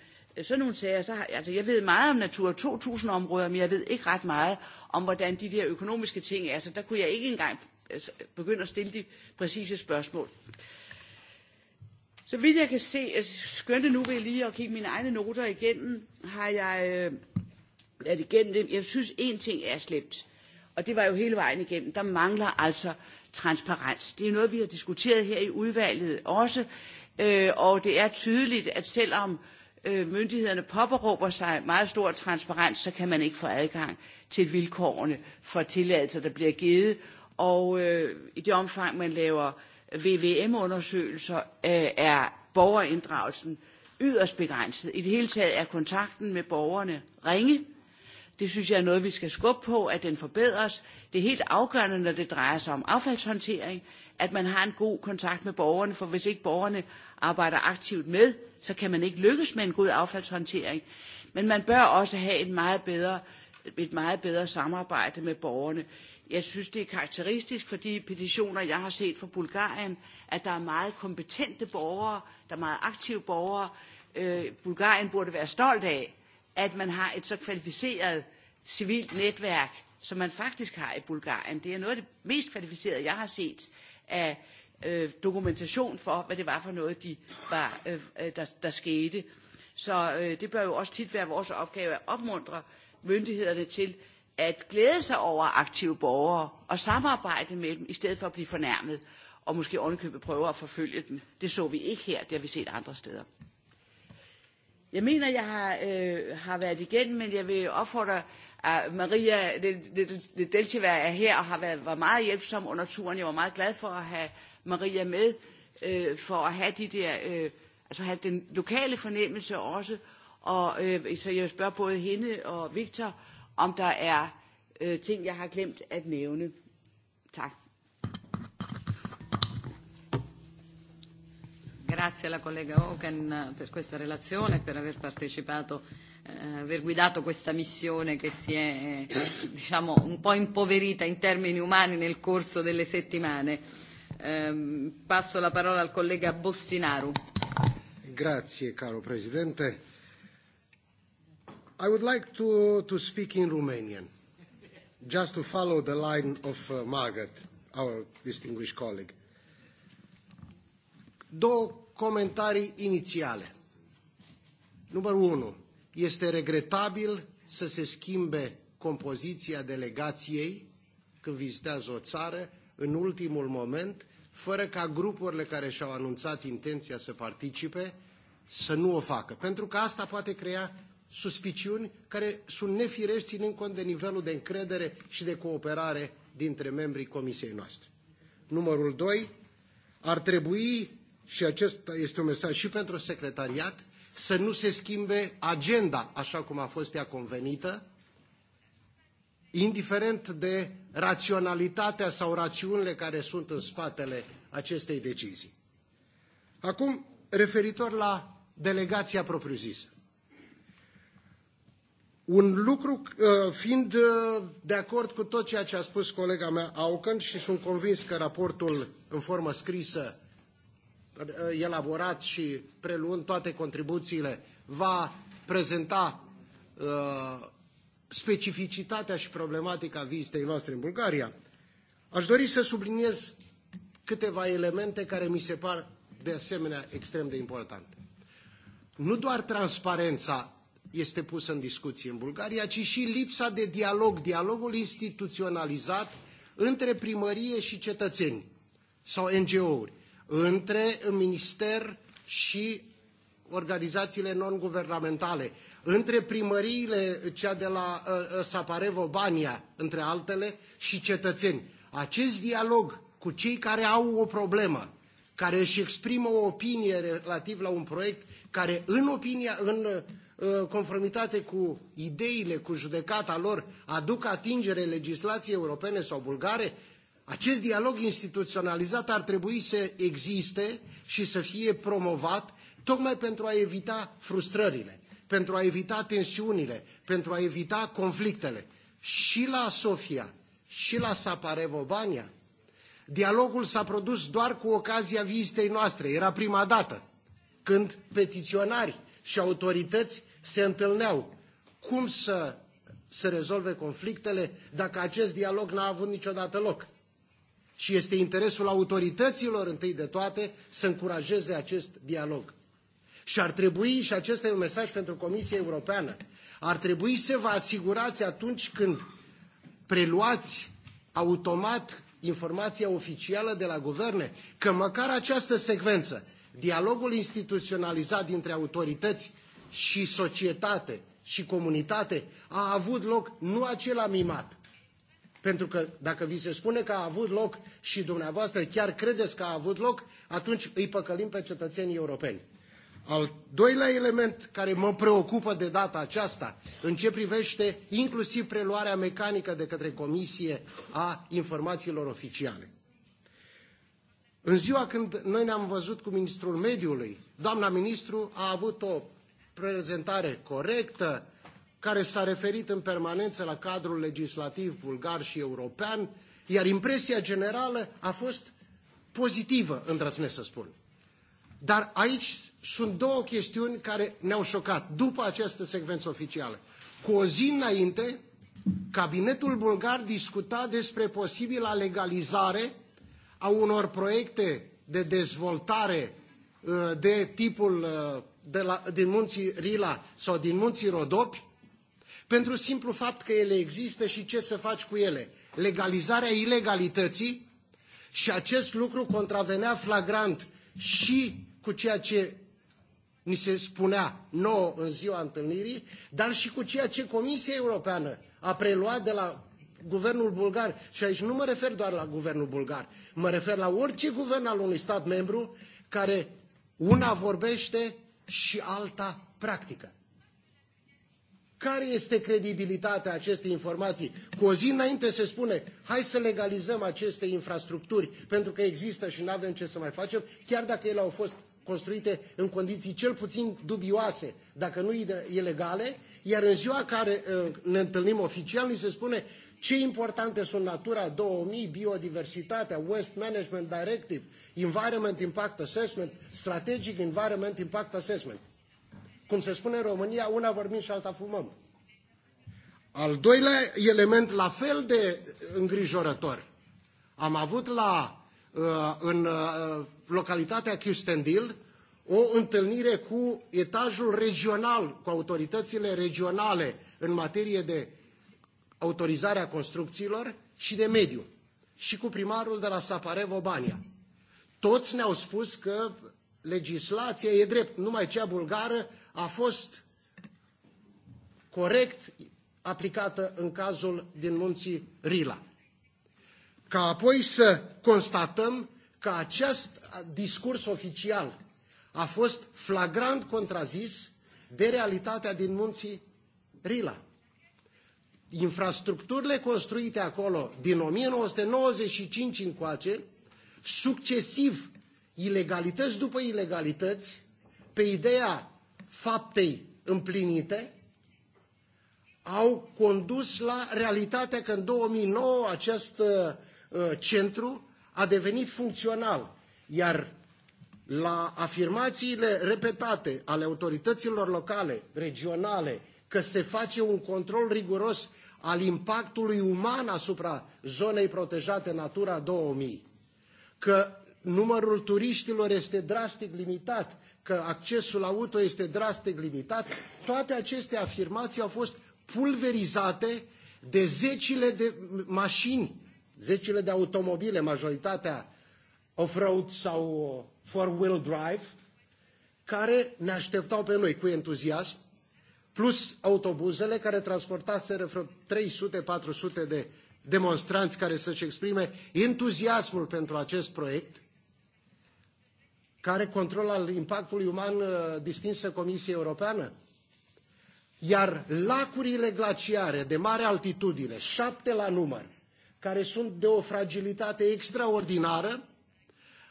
sådan nogle sager, så har, altså jeg ved meget om Natura 2000 områder, men jeg ved ikke ret meget om, hvordan de der økonomiske ting er, så der kunne jeg ikke engang begynde at stille de præcise spørgsmål. Så vidt jeg kan se, øh, skønt nu ved lige at kigge mine egne noter igennem, har jeg øh, været igennem dem. Jeg synes, én ting er slemt, og det var jo hele vejen igennem. Der mangler altså transparens. Det er noget, vi har diskuteret her i udvalget også, øh, og det er tydeligt, at selvom øh, Øh, myndighederne påberåber sig meget stor transparens, så kan man ikke få adgang til vilkårene for tilladelser, der bliver givet. Og øh, i det omfang, man laver VVM-undersøgelser, øh, er borgerinddragelsen yderst begrænset. I det hele taget er kontakten med borgerne ringe, Det synes jeg er noget, vi skal skubbe på, at den forbedres. Det er helt afgørende, når det drejer sig om affaldshåndtering, at man har en god kontakt med borgerne, for hvis ikke borgerne arbejder aktivt med, så kan man ikke lykkes med en god affaldshåndtering. Men man bør også have et meget bedre, et meget bedre samarbejde med borgerne. Jeg synes, det er karakteristisk for de petitioner, jeg har set fra Bulgarien, at der er meget kompetente borgere, der er meget aktive borgere. Øh, Bulgarien burde være stolt af, at man har et så kvalificeret civilt netværk, som man faktisk har i Bulgarien. Det er noget af det mest kvalificerede, jeg har set af øh, dokumentation for, hvad det var for noget, de var, øh, øh, der, der skete. Så øh, det bør jo også tit være vores opgave at opmuntre myndighederne til at glæde sig over aktive borgere og samarbejde med dem, i stedet for at blive fornærmet og måske ovenikøbet prøve at forfølge dem. Det så vi ikke her, det har vi set andre steder. Jeg mener, jeg har, øh, har været igennem, men jeg vil opfordre at Maria Deltiva er her og har været, var meget hjælpsom under turen. Jeg var meget glad for at have Maria med, øh, for at have de der, øh, altså have den lokale fornemmelse også. Og øh, så jeg vil spørge både hende og Victor, om der er øh, ting, jeg har glemt at nævne. Tak. Grazie alla collega Hogan per questa relazione e per aver partecipato eh, aver guidato questa missione che si è eh, diciamo, un po' impoverita in termini umani nel corso delle settimane. Eh, passo la parola al collega Bostinaru. Grazie, caro Presidente. I would like to, to speak in Romanian, just to follow the line of uh, Margaret, our distinguished colleague. Două comentarii inițiale. Numărul 1. Este regretabil să se schimbe compoziția delegației când vizitează o țară în ultimul moment, fără ca grupurile care și-au anunțat intenția să participe să nu o facă. Pentru că asta poate crea suspiciuni care sunt nefirești ținând cont de nivelul de încredere și de cooperare dintre membrii comisiei noastre. Numărul 2. Ar trebui și acesta este un mesaj și pentru secretariat, să nu se schimbe agenda așa cum a fost ea convenită, indiferent de raționalitatea sau rațiunile care sunt în spatele acestei decizii. Acum, referitor la delegația propriu-zisă. Un lucru, uh, fiind uh, de acord cu tot ceea ce a spus colega mea Aucan și sunt convins că raportul în formă scrisă Uh, elaborat și preluând toate contribuțiile, va prezenta uh, specificitatea și problematica vizitei noastre în Bulgaria, aș dori să subliniez câteva elemente care mi se par de asemenea extrem de importante. Nu doar transparența este pusă în discuție în Bulgaria, ci și lipsa de dialog, dialogul instituționalizat între primărie și cetățeni sau NGO-uri între minister și organizațiile non-guvernamentale, între primăriile, cea de la uh, Saparevo, Bania, între altele, și cetățeni. Acest dialog cu cei care au o problemă, care își exprimă o opinie relativ la un proiect care, în, opinia, în uh, conformitate cu ideile, cu judecata lor, aduc atingere legislației europene sau bulgare, acest dialog instituționalizat ar trebui să existe și să fie promovat tocmai pentru a evita frustrările, pentru a evita tensiunile, pentru a evita conflictele. Și la Sofia, și la Saparevo Bania, dialogul s-a produs doar cu ocazia vizitei noastre. Era prima dată când petiționari și autorități se întâlneau. Cum să se rezolve conflictele dacă acest dialog n-a avut niciodată loc? Și este interesul autorităților, întâi de toate, să încurajeze acest dialog. Și ar trebui, și acesta e un mesaj pentru Comisia Europeană, ar trebui să vă asigurați atunci când preluați automat informația oficială de la guverne, că măcar această secvență, dialogul instituționalizat dintre autorități și societate și comunitate, a avut loc nu acela mimat, pentru că dacă vi se spune că a avut loc și dumneavoastră chiar credeți că a avut loc, atunci îi păcălim pe cetățenii europeni. Al doilea element care mă preocupă de data aceasta, în ce privește inclusiv preluarea mecanică de către Comisie a informațiilor oficiale. În ziua când noi ne-am văzut cu ministrul mediului, doamna ministru a avut o prezentare corectă, care s-a referit în permanență la cadrul legislativ bulgar și european, iar impresia generală a fost pozitivă, îndrăznesc să spun. Dar aici sunt două chestiuni care ne-au șocat după această secvență oficială. Cu o zi înainte, cabinetul bulgar discuta despre posibila legalizare a unor proiecte de dezvoltare uh, de tipul uh, de la, din munții Rila sau din munții Rodopi, pentru simplu fapt că ele există și ce să faci cu ele. Legalizarea ilegalității și acest lucru contravenea flagrant și cu ceea ce ni se spunea nouă în ziua întâlnirii, dar și cu ceea ce Comisia Europeană a preluat de la guvernul bulgar, și aici nu mă refer doar la guvernul bulgar, mă refer la orice guvern al unui stat membru care una vorbește și alta practică. Care este credibilitatea acestei informații? Cu o zi înainte se spune, hai să legalizăm aceste infrastructuri, pentru că există și nu avem ce să mai facem, chiar dacă ele au fost construite în condiții cel puțin dubioase, dacă nu ilegale, iar în ziua care uh, ne întâlnim oficial, ni se spune ce importante sunt Natura 2000, biodiversitatea, Waste Management Directive, Environment Impact Assessment, Strategic Environment Impact Assessment. Cum se spune în România, una vorbim și alta fumăm. Al doilea element la fel de îngrijorător. Am avut la, uh, în uh, localitatea Chiustendil o întâlnire cu etajul regional, cu autoritățile regionale în materie de autorizarea construcțiilor și de mediu și cu primarul de la Saparevo Bania. Toți ne-au spus că legislația e drept, numai cea bulgară a fost corect aplicată în cazul din munții Rila. Ca apoi să constatăm că acest discurs oficial a fost flagrant contrazis de realitatea din munții Rila. Infrastructurile construite acolo din 1995 încoace, succesiv ilegalități după ilegalități, pe ideea faptei împlinite au condus la realitatea că în 2009 acest uh, uh, centru a devenit funcțional, iar la afirmațiile repetate ale autorităților locale, regionale, că se face un control riguros al impactului uman asupra zonei protejate Natura 2000, că numărul turiștilor este drastic limitat că accesul auto este drastic limitat, toate aceste afirmații au fost pulverizate de zecile de mașini, zecile de automobile, majoritatea off-road sau four-wheel drive, care ne așteptau pe noi cu entuziasm, plus autobuzele care transportaseră vreo 300-400 de demonstranți care să-și exprime entuziasmul pentru acest proiect, care control al impactului uman uh, distinsă Comisiei Europeană? Iar lacurile glaciare de mare altitudine, șapte la număr, care sunt de o fragilitate extraordinară,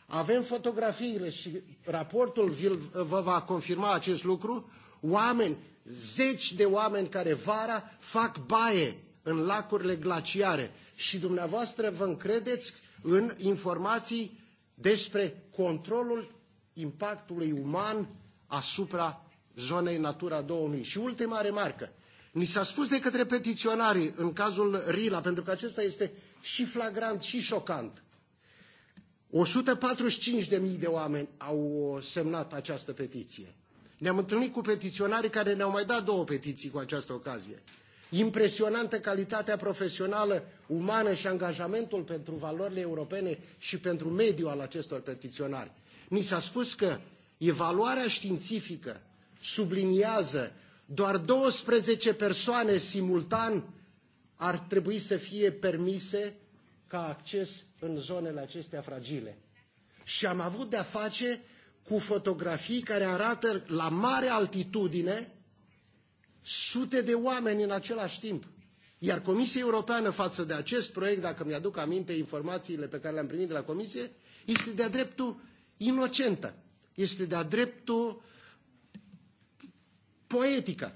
avem fotografiile și raportul vă va confirma acest lucru, oameni, zeci de oameni care vara fac baie în lacurile glaciare și dumneavoastră vă încredeți în informații despre controlul impactului uman asupra zonei Natura 2000. Și ultima remarcă. Ni s-a spus de către petiționari în cazul Rila, pentru că acesta este și flagrant și șocant. 145.000 de oameni au semnat această petiție. Ne-am întâlnit cu petiționari care ne-au mai dat două petiții cu această ocazie. Impresionantă calitatea profesională, umană și angajamentul pentru valorile europene și pentru mediul al acestor petiționari. Ni s-a spus că evaluarea științifică subliniază doar 12 persoane simultan ar trebui să fie permise ca acces în zonele acestea fragile. Și am avut de-a face cu fotografii care arată la mare altitudine sute de oameni în același timp. Iar Comisia Europeană față de acest proiect, dacă mi-aduc aminte informațiile pe care le-am primit de la Comisie, este de-a dreptul inocentă. Este de-a dreptul poetică.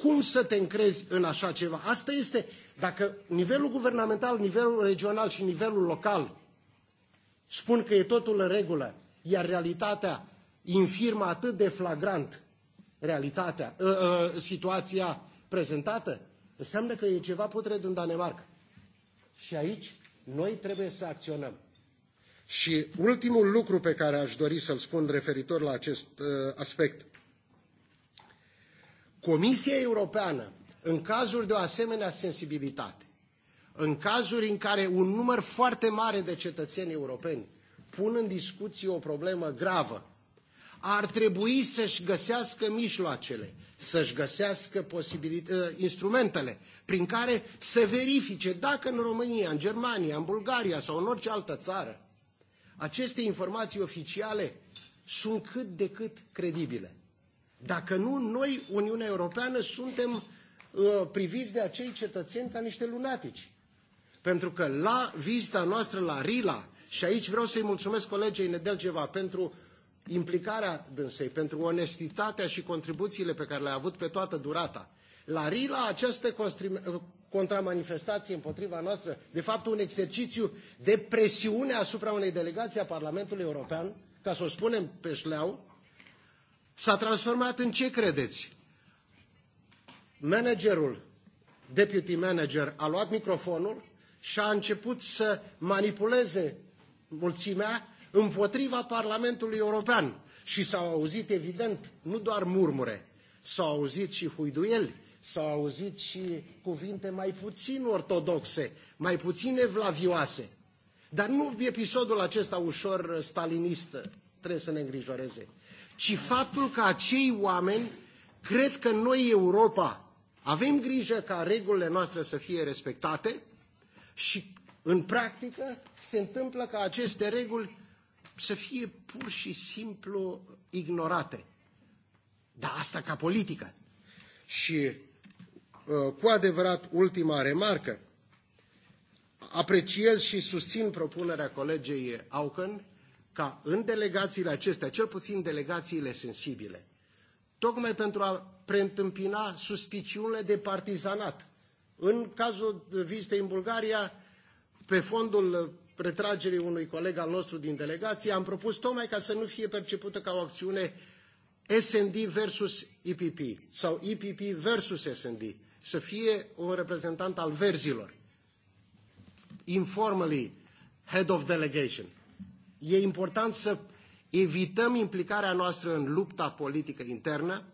Cum să te încrezi în așa ceva? Asta este, dacă nivelul guvernamental, nivelul regional și nivelul local spun că e totul în regulă, iar realitatea infirmă atât de flagrant realitatea, uh, uh, situația prezentată, înseamnă că e ceva putred în Danemarca. Și aici noi trebuie să acționăm. Și ultimul lucru pe care aș dori să-l spun referitor la acest uh, aspect. Comisia Europeană, în cazuri de o asemenea sensibilitate, în cazuri în care un număr foarte mare de cetățeni europeni pun în discuție o problemă gravă, ar trebui să-și găsească mijloacele, să-și găsească uh, instrumentele prin care să verifice dacă în România, în Germania, în Bulgaria sau în orice altă țară aceste informații oficiale sunt cât de cât credibile. Dacă nu, noi, Uniunea Europeană, suntem uh, priviți de acei cetățeni ca niște lunatici. Pentru că la vizita noastră la Rila, și aici vreau să-i mulțumesc colegei Nedelgeva pentru implicarea dânsei, pentru onestitatea și contribuțiile pe care le-a avut pe toată durata. La Rila această contramanifestație împotriva noastră, de fapt un exercițiu de presiune asupra unei delegații a Parlamentului European, ca să o spunem pe șleau, s-a transformat în ce credeți? Managerul, deputy manager, a luat microfonul și a început să manipuleze mulțimea împotriva Parlamentului European. Și s-au auzit, evident, nu doar murmure, s-au auzit și huiduieli, s-au auzit și cuvinte mai puțin ortodoxe, mai puțin evlavioase. Dar nu episodul acesta ușor stalinist trebuie să ne îngrijoreze, ci faptul că acei oameni cred că noi, Europa, avem grijă ca regulile noastre să fie respectate și, în practică, se întâmplă ca aceste reguli să fie pur și simplu ignorate. Dar asta ca politică. Și Uh, cu adevărat ultima remarcă. Apreciez și susțin propunerea colegei Auken ca în delegațiile acestea, cel puțin delegațiile sensibile, tocmai pentru a preîntâmpina suspiciunile de partizanat. În cazul vizitei în Bulgaria, pe fondul retragerii unui coleg al nostru din delegație, am propus tocmai ca să nu fie percepută ca o acțiune S&D versus EPP sau EPP versus S&D să fie un reprezentant al verzilor. Informally, head of delegation. E important să evităm implicarea noastră în lupta politică internă,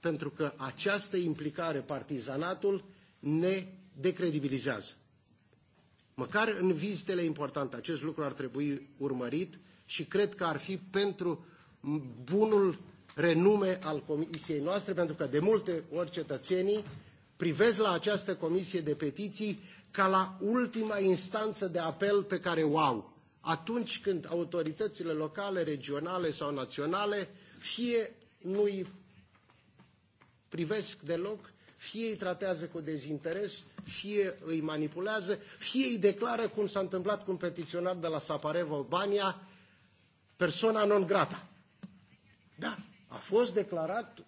pentru că această implicare, partizanatul, ne decredibilizează. Măcar în vizitele importante acest lucru ar trebui urmărit și cred că ar fi pentru bunul renume al comisiei noastre, pentru că de multe ori cetățenii privesc la această comisie de petiții ca la ultima instanță de apel pe care o au atunci când autoritățile locale, regionale sau naționale fie nu îi privesc deloc, fie îi tratează cu dezinteres, fie îi manipulează, fie îi declară, cum s-a întâmplat cu un petiționar de la Saparevo, Bania, persoana non grata. Da, a fost declarat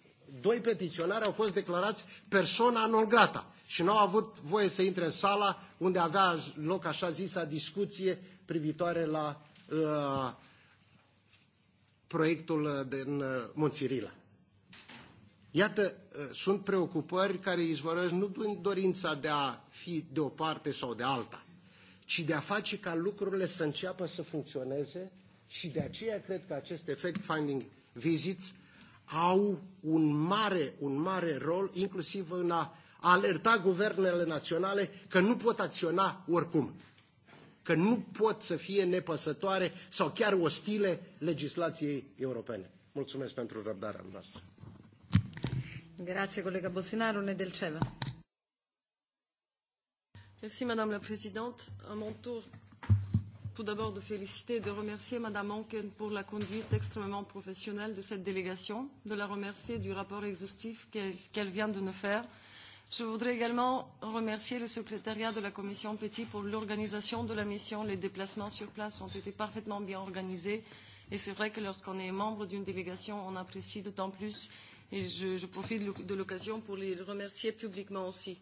doi petiționari au fost declarați persona non grata și n-au avut voie să intre în sala unde avea loc așa zisa discuție privitoare la uh, proiectul din uh, Munțirila. Iată, uh, sunt preocupări care izvorăsc nu din dorința de a fi de o parte sau de alta, ci de a face ca lucrurile să înceapă să funcționeze și de aceea cred că acest efect finding visits au un mare, un mare rol, inclusiv în a alerta guvernele naționale că nu pot acționa oricum, că nu pot să fie nepăsătoare sau chiar ostile legislației europene. Mulțumesc pentru răbdarea noastră. Grazie, colega Bosinaru, Nedelceva. Merci, Madame la Présidente. À mon tour, tout d'abord de féliciter et de remercier Madame Anken pour la conduite extrêmement professionnelle de cette délégation, de la remercier du rapport exhaustif qu'elle qu vient de nous faire. Je voudrais également remercier le secrétariat de la commission Petit pour l'organisation de la mission. Les déplacements sur place ont été parfaitement bien organisés et c'est vrai que lorsqu'on est membre d'une délégation, on apprécie d'autant plus et je, je profite de l'occasion pour les remercier publiquement aussi.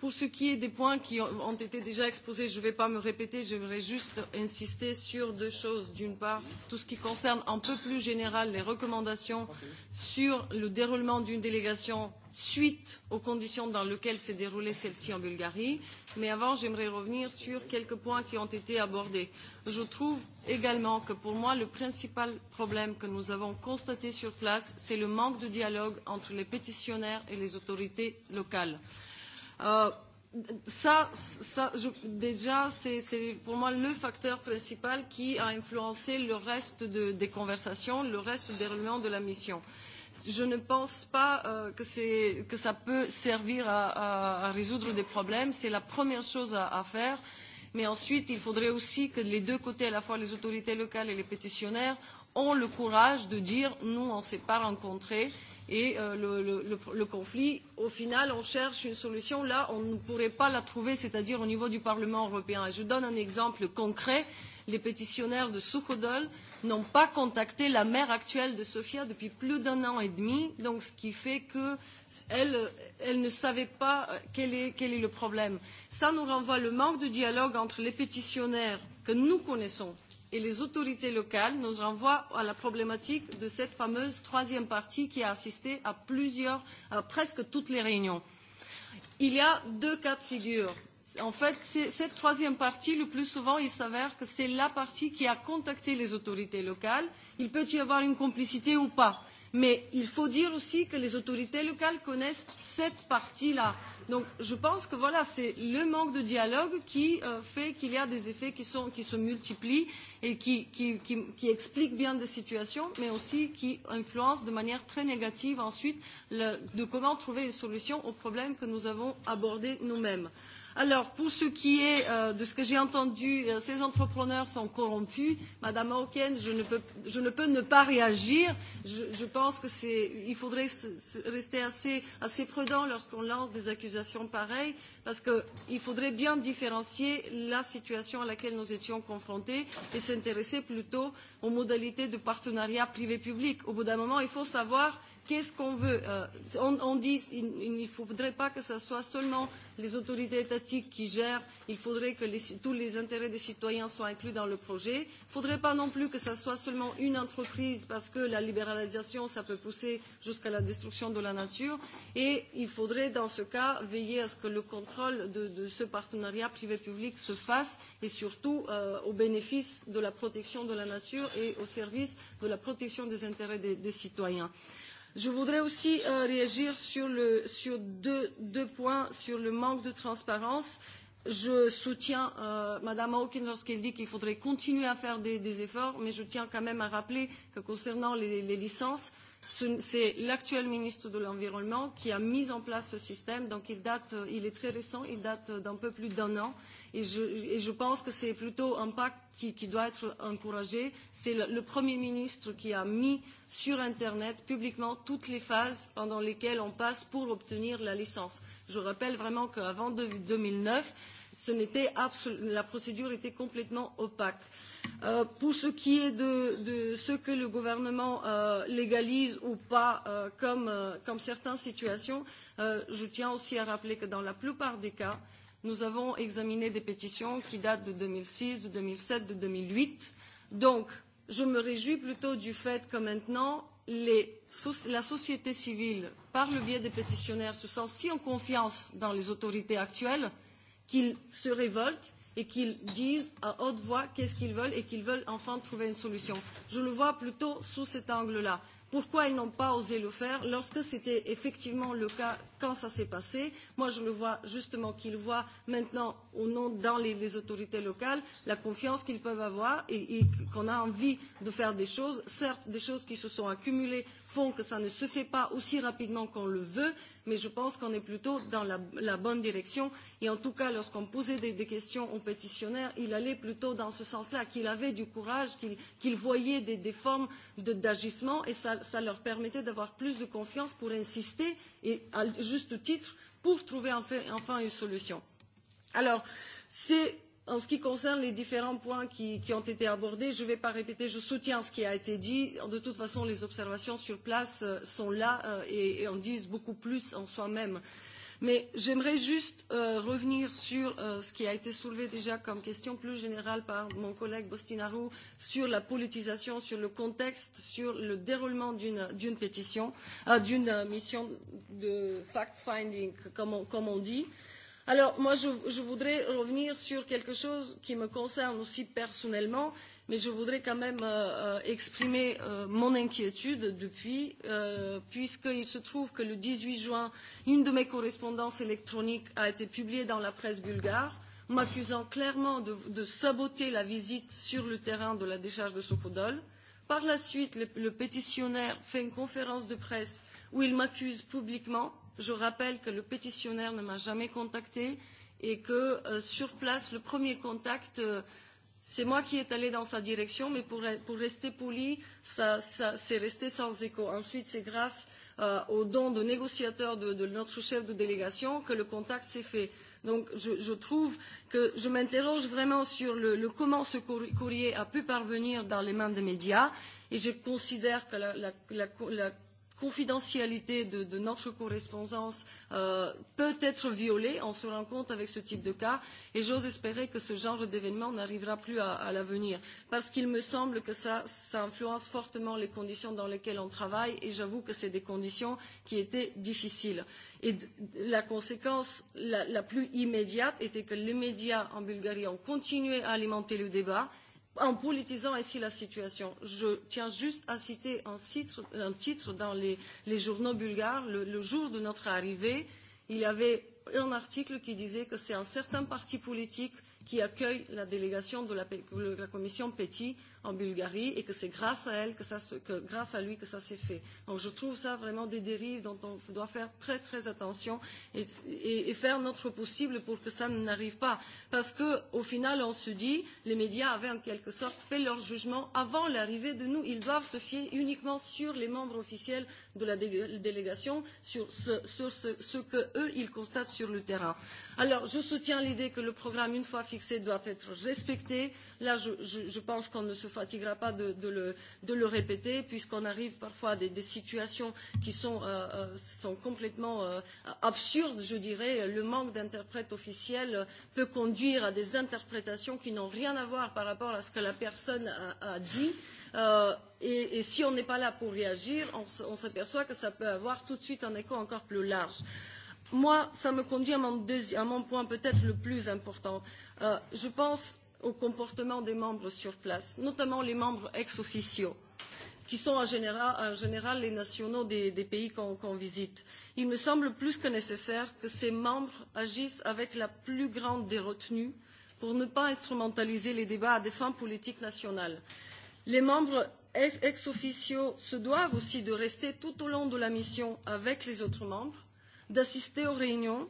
Pour ce qui est des points qui ont été déjà exposés, je ne vais pas me répéter, j'aimerais juste insister sur deux choses. D'une part, tout ce qui concerne un peu plus général les recommandations sur le déroulement d'une délégation suite aux conditions dans lesquelles s'est déroulée celle-ci en Bulgarie. Mais avant, j'aimerais revenir sur quelques points qui ont été abordés. Je trouve également que pour moi, le principal problème que nous avons constaté sur place, c'est le manque de dialogue entre les pétitionnaires et les autorités locales. Euh, ça, ça je, déjà, c'est pour moi le facteur principal qui a influencé le reste de, des conversations, le reste des réunions de la mission. Je ne pense pas euh, que, que ça peut servir à, à, à résoudre des problèmes. C'est la première chose à, à faire. Mais ensuite, il faudrait aussi que les deux côtés, à la fois les autorités locales et les pétitionnaires, ont le courage de dire nous on ne s'est pas rencontrés et euh, le, le, le, le conflit au final on cherche une solution là on ne pourrait pas la trouver c'est-à-dire au niveau du Parlement européen. Et je donne un exemple concret les pétitionnaires de Soukhodol n'ont pas contacté la maire actuelle de Sofia depuis plus d'un an et demi, donc ce qui fait qu'elle elle ne savait pas euh, quel est, quel est le problème. Ça nous renvoie le manque de dialogue entre les pétitionnaires que nous connaissons et les autorités locales nous renvoient à la problématique de cette fameuse troisième partie qui a assisté à plusieurs, à presque toutes les réunions. Il y a deux cas de figure. En fait, cette troisième partie, le plus souvent, il s'avère que c'est la partie qui a contacté les autorités locales. Il peut y avoir une complicité ou pas. Mais il faut dire aussi que les autorités locales connaissent cette partie-là Donc je pense que voilà, c'est le manque de dialogue qui euh, fait qu'il y a des effets qui, sont, qui se multiplient et qui, qui, qui, qui expliquent bien des situations, mais aussi qui influencent de manière très négative ensuite le, de comment trouver une solution aux problèmes que nous avons abordés nous-mêmes. Alors, pour ce qui est euh, de ce que j'ai entendu, euh, ces entrepreneurs sont corrompus. Madame Hawken, je je ne, peux ne pas réagir. Je, je pense qu'il faudrait se, se rester assez, assez prudent lorsqu'on lance des accusations pareilles, parce qu'il faudrait bien différencier la situation à laquelle nous étions confrontés et s'intéresser plutôt aux modalités de partenariat privé-public. Au bout d'un moment, il faut savoir Qu'est-ce qu'on veut euh, on, on dit qu'il ne faudrait pas que ce soit seulement les autorités étatiques qui gèrent, il faudrait que les, tous les intérêts des citoyens soient inclus dans le projet. Il ne faudrait pas non plus que ce soit seulement une entreprise parce que la libéralisation, ça peut pousser jusqu'à la destruction de la nature. Et il faudrait dans ce cas veiller à ce que le contrôle de, de ce partenariat privé-public se fasse et surtout euh, au bénéfice de la protection de la nature et au service de la protection des intérêts des, des citoyens. Je voudrais aussi euh, réagir sur, le, sur deux, deux points, sur le manque de transparence. Je soutiens euh, Madame Hawkins lorsqu'elle dit qu'il faudrait continuer à faire des, des efforts, mais je tiens quand même à rappeler que concernant les, les licences, C'est l'actuel ministre de l'Environnement qui a mis en place ce système, donc il, date, euh, il est très récent, il date euh, d'un peu plus d'un an, et je, et je pense que c'est plutôt un pacte qui, qui doit être encouragé. C'est le, le Premier ministre qui a mis sur Internet publiquement toutes les phases pendant lesquelles on passe pour obtenir la licence. Je rappelle vraiment qu'avant 2009, la procédure était complètement opaque. Euh, pour ce qui est de, de ce que le gouvernement euh, légalise ou pas euh, comme, euh, comme certaines situations, euh, je tiens aussi à rappeler que dans la plupart des cas, nous avons examiné des pétitions qui datent de 2006, de 2007, de 2008. Donc, je me réjouis plutôt du fait que maintenant, les, la société civile, par le biais des pétitionnaires, se sent si en confiance dans les autorités actuelles qu'ils se révoltent et qu'ils disent à haute voix qu'est-ce qu'ils veulent et qu'ils veulent enfin trouver une solution. Je le vois plutôt sous cet angle-là. Pourquoi ils n'ont pas osé le faire lorsque c'était effectivement le cas quand ça s'est passé Moi, je le vois justement qu'ils voient maintenant au nom dans les, les autorités locales la confiance qu'ils peuvent avoir et, et qu'on a envie de faire des choses. Certes, des choses qui se sont accumulées font que ça ne se fait pas aussi rapidement qu'on le veut, mais je pense qu'on est plutôt dans la, la bonne direction. Et en tout cas, lorsqu'on posait des, des questions aux pétitionnaires, il allait plutôt dans ce sens-là, qu'il avait du courage, qu'il qu voyait des, des formes d'agissement de, et ça ça, leur permettait d'avoir plus de confiance pour insister, et à juste titre, pour trouver enfin, enfin une solution. Alors, c'est en ce qui concerne les différents points qui, qui ont été abordés, je ne vais pas répéter, je soutiens ce qui a été dit. De toute façon, les observations sur place euh, sont là euh, et, et en disent beaucoup plus en soi-même. Euh, Mais j'aimerais juste euh, revenir sur euh, ce qui a été soulevé déjà comme question plus générale par mon collègue Bostinarou sur la politisation, sur le contexte, sur le déroulement d'une pétition, euh, d'une euh, mission de fact-finding, comme, on, comme on dit. Euh, Alors, moi, je, je voudrais revenir sur quelque chose qui me concerne aussi personnellement, mais je voudrais quand même euh, euh exprimer euh, mon inquiétude depuis, euh, puisqu'il se trouve que le 18 juin, une de mes correspondances électroniques a été publiée dans la presse bulgare, m'accusant clairement de, de saboter la visite sur le terrain de la décharge de Sokodol. Par la suite, le, le pétitionnaire fait une conférence de presse où il m'accuse publiquement Je rappelle que le pétitionnaire ne m'a jamais contacté et que euh, sur place, le premier contact, euh, c'est moi qui est allé dans sa direction, mais pour, pour rester poli, ça, ça, c'est resté sans écho. Ensuite, c'est grâce euh, au don de négociateur de, de notre chef de délégation que le contact s'est fait. Donc je, je trouve que je m'interroge vraiment sur le, le comment ce courrier a pu parvenir dans les mains des médias et je considère que la, la, la, la confidentialité de, de notre correspondance euh, peut être violée. On se rend compte avec ce type de cas et j'ose espérer que ce genre d'événement n'arrivera plus à, à l'avenir parce qu'il me semble que ça, ça influence fortement les conditions dans lesquelles on travaille et j'avoue que c'est des conditions qui étaient difficiles. Et la conséquence la, la plus immédiate était que les médias en Bulgarie ont continué à alimenter le débat en politisant ainsi la situation. Je tiens juste à citer un titre, un titre dans les, les journaux bulgares. Le, le jour de notre arrivée, il y avait un article qui disait que c'est un certain parti politique qui accueille la délégation de la, la commission Petit en Bulgarie et que c'est grâce à elle, que ça se, que, grâce à lui que ça s'est fait. Donc je trouve ça vraiment des dérives dont on se doit faire très très attention et, et, et faire notre possible pour que ça n'arrive pas. Parce qu'au final, on se dit, les médias avaient en quelque sorte fait leur jugement avant l'arrivée de nous. Ils doivent se fier uniquement sur les membres officiels de la délégation, sur ce, sur ce, ce que eux ils constatent sur le terrain. Alors je soutiens l'idée que le programme, une fois fixé, fixées doivent être respectées. Là, je, je, je pense qu'on ne se fatiguera pas de, de, le, de le répéter, puisqu'on arrive parfois à des, des situations qui sont, euh, euh, sont complètement euh, absurdes, je dirais. Le manque d'interprètes officiels peut conduire à des interprétations qui n'ont rien à voir par rapport à ce que la personne a, a dit. Euh, et, et si on n'est pas là pour réagir, on, on s'aperçoit que ça peut avoir tout de suite un écho encore plus large. Euh, Moi, ça me conduit à mon, à mon point peut-être le plus important. Euh, je pense au comportement des membres sur place, notamment les membres ex officio, qui sont en général, en général les nationaux des, des pays qu'on qu visite. Il me semble plus que nécessaire que ces membres agissent avec la plus grande des retenues pour ne pas instrumentaliser les débats à des fins politiques nationales. Les membres ex officio se doivent aussi de rester tout au long de la mission avec les autres membres d'assister aux réunions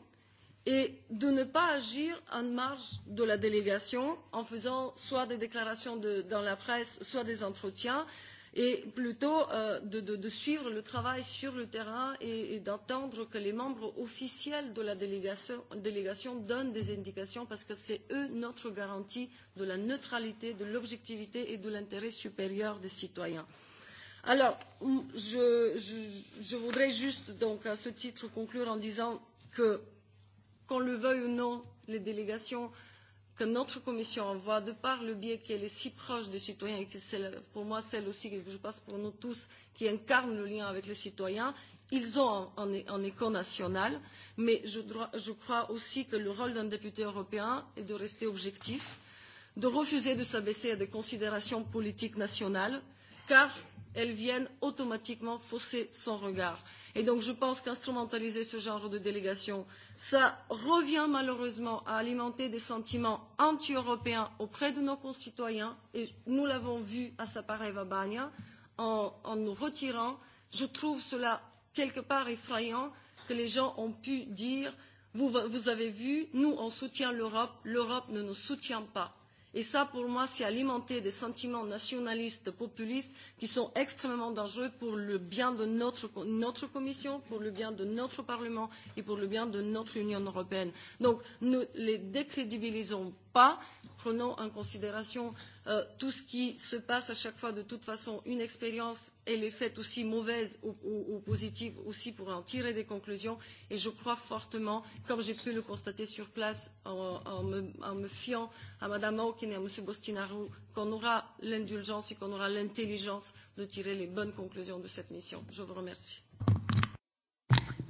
et de ne pas agir en marge de la délégation en faisant soit des déclarations de, dans la presse, soit des entretiens, et plutôt euh, de, de, de suivre le travail sur le terrain et, et d'entendre que les membres officiels de la délégation, délégation donnent des indications parce que c'est eux notre garantie de la neutralité, de l'objectivité et de l'intérêt supérieur des citoyens. Alors, je, je, je voudrais juste, donc, à ce titre, conclure en disant que, qu'on le veuille ou non, les délégations que notre commission envoie, de par le biais qu'elle est si proche des citoyens, et que c'est pour moi celle aussi que je passe pour nous tous, qui incarne le lien avec les citoyens, ils ont un, un écho national, mais je, dois, je crois aussi que le rôle d'un député européen est de rester objectif, de refuser de s'abaisser à des considérations politiques nationales, car elles viennent automatiquement fausser son regard. Et donc je pense qu'instrumentaliser ce genre de délégation, ça revient malheureusement à alimenter des sentiments anti-européens auprès de nos concitoyens, et nous l'avons vu à Sapareva Bagna, en, en nous retirant, je trouve cela quelque part effrayant que les gens ont pu dire vous, vous avez vu, nous on soutient l'Europe, l'Europe ne nous soutient pas. Et ça, pour moi, c'est alimenter des sentiments nationalistes, populistes, qui sont extrêmement dangereux pour le bien de notre, notre Commission, pour le bien de notre Parlement et pour le bien de notre Union européenne. Donc, ne les décrédibilisons pas, prenons en considération euh, tout ce qui se passe à chaque fois. De toute façon, une expérience, elle est faite aussi mauvaise ou, ou, ou positive aussi pour en tirer des conclusions. Et je crois fortement, comme j'ai pu le constater sur place en, en, me, en me fiant à Mme Hawking et à M. Bostinaro, qu'on aura l'indulgence et qu'on aura l'intelligence de tirer les bonnes conclusions de cette mission. Je vous remercie.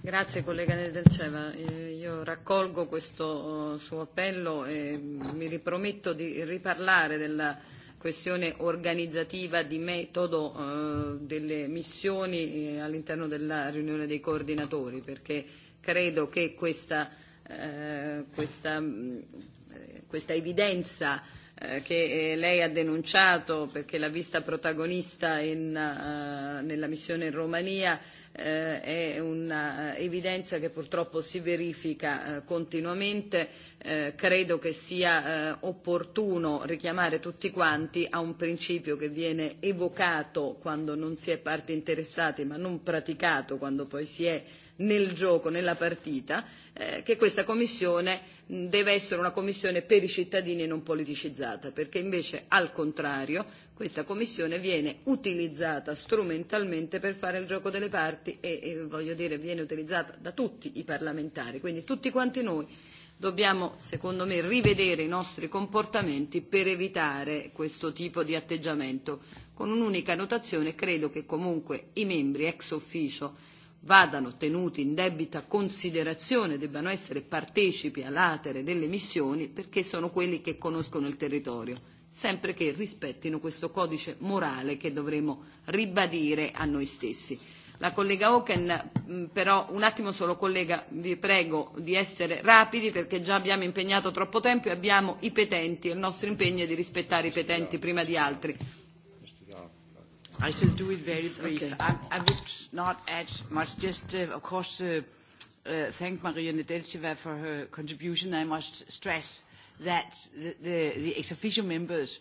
Grazie collega Neldelceva, eh, io raccolgo questo eh, suo appello e mi riprometto di riparlare della questione organizzativa di metodo eh, delle missioni all'interno della riunione dei coordinatori perché credo che questa, questa, mm, questa evidenza che lei ha denunciato perché l'ha vista protagonista in, nella missione in Romania eh, è un'evidenza eh, che purtroppo si verifica eh, continuamente. Eh, credo che sia eh, opportuno richiamare tutti quanti a un principio che viene evocato quando non si è parte interessati ma non praticato quando poi si è nel gioco, nella partita, eh, che questa Commissione deve essere una commissione per i cittadini e non politicizzata, perché invece al contrario questa commissione viene utilizzata strumentalmente per fare il gioco delle parti e, e voglio dire viene utilizzata da tutti i parlamentari, quindi tutti quanti noi dobbiamo, secondo me, rivedere i nostri comportamenti per evitare questo tipo di atteggiamento. Con un'unica notazione credo che comunque i membri ex officio vadano tenuti in debita considerazione, debbano essere partecipi all'atere delle missioni perché sono quelli che conoscono il territorio, sempre che rispettino questo codice morale che dovremo ribadire a noi stessi. La collega Oken, mm, però un attimo solo collega, vi prego di essere rapidi perché già abbiamo impegnato troppo tempo e abbiamo i petenti, il nostro impegno è di rispettare i petenti prima di altri. I shall do it very brief. Okay. I, would not add much, just uh, of course uh, uh, thank Maria Nedelcheva for her contribution. I must stress that the, the ex officio members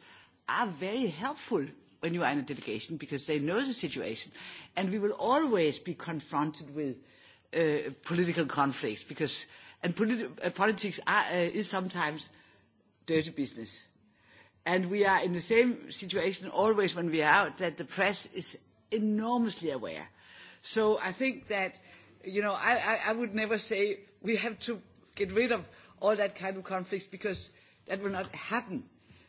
are very helpful when you are in a delegation because they know the situation. And we will always be confronted with uh, political conflicts because and politi- uh, politics are, uh, is sometimes dirty business And we are in the same situation always when we are out, that the press is enormously aware. So I think that, you know, I, I, I would never say we have to get rid of all that kind of conflicts because that will not happen.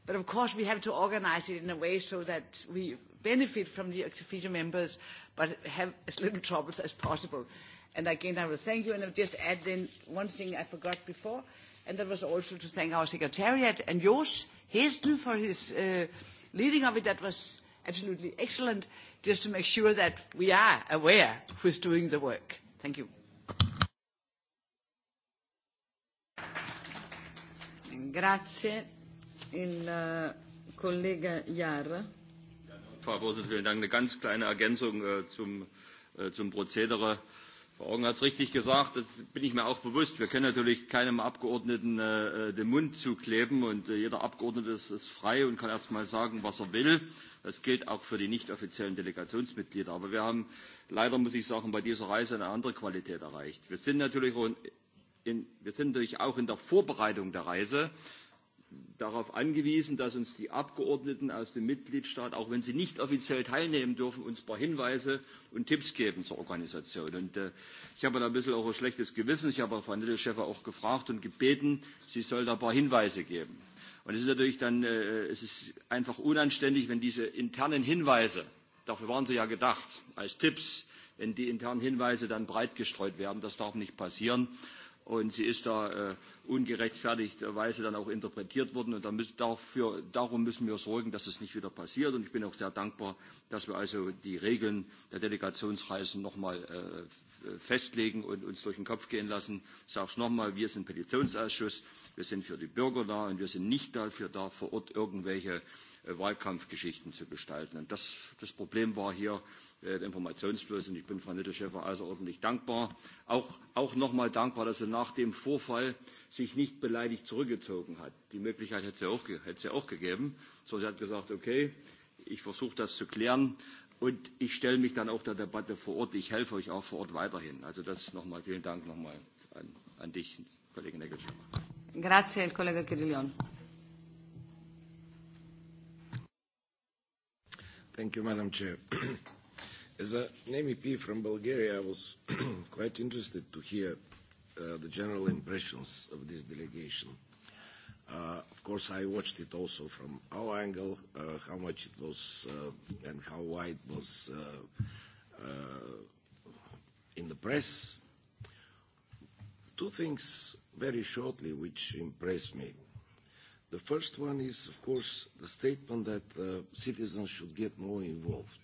But of course, we have to organize it in a way so that we benefit from the official members, but have as little troubles as possible. And again, I will thank you. And I'll just add then one thing I forgot before and that was also to thank our secretariat and Jos Hesten for his uh, leading of it. That was absolutely excellent, just to make sure that we are aware who is doing the work. Thank you. Grazie. Il uh, collega Jahr. Frau Vorsitzende, vielen Dank. Eine ganz kleine Ergänzung äh, zum, äh, zum Prozedere. Äh, Frau Augen hat es richtig gesagt, das bin ich mir auch bewusst. Wir können natürlich keinem Abgeordneten äh, äh, den Mund zukleben und äh, jeder Abgeordnete ist, ist frei und kann erst mal sagen, was er will. Das gilt auch für die nicht offiziellen Delegationsmitglieder. Aber wir haben leider, muss ich sagen, bei dieser Reise eine andere Qualität erreicht. Wir sind natürlich, in, wir sind natürlich auch in der Vorbereitung der Reise darauf angewiesen, dass uns die Abgeordneten aus dem Mitgliedstaat, auch wenn sie nicht offiziell teilnehmen dürfen, uns ein paar Hinweise und Tipps geben zur Organisation. Und äh, ich habe da ein bisschen auch ein schlechtes Gewissen. Ich habe Frau Nettelschäfer auch gefragt und gebeten, sie soll da ein paar Hinweise geben. Und es ist natürlich dann, äh, es ist einfach unanständig, wenn diese internen Hinweise, dafür waren sie ja gedacht, als Tipps, wenn die internen Hinweise dann breit gestreut werden. Das darf nicht passieren. Und sie ist da äh, ungerechtfertigterweise dann auch interpretiert worden. Und da müssen, dafür, darum müssen wir sorgen, dass es nicht wieder passiert. Und ich bin auch sehr dankbar, dass wir also die Regeln der Delegationsreisen nochmal äh, festlegen und uns durch den Kopf gehen lassen. Ich sage es nochmal, wir sind Petitionsausschuss, wir sind für die Bürger da und wir sind nicht dafür da, vor Ort irgendwelche äh, Wahlkampfgeschichten zu gestalten. Und das, das Problem war hier, Äh, der Informationsfluss. Und ich bin Frau Nittelschäfer außerordentlich dankbar. Auch, auch nochmal dankbar, dass sie nach dem Vorfall sich nicht beleidigt zurückgezogen hat. Die Möglichkeit hätte sie auch, hätte sie auch gegeben. So, sie hat gesagt, okay, ich versuche das zu klären. Und ich stelle mich dann auch der Debatte vor Ort. Ich helfe euch auch vor Ort weiterhin. Also das nochmal vielen Dank nochmal an, an dich, Kollege Neckelschäfer. Grazie, Kollege Kirillion. Thank you, Madam Chair. [clears throat] As an MEP from Bulgaria, I was [clears throat] quite interested to hear uh, the general impressions of this delegation. Uh, of course, I watched it also from our angle, uh, how much it was uh, and how wide was uh, uh, in the press. Two things very shortly which impressed me. The first one is, of course, the statement that uh, citizens should get more involved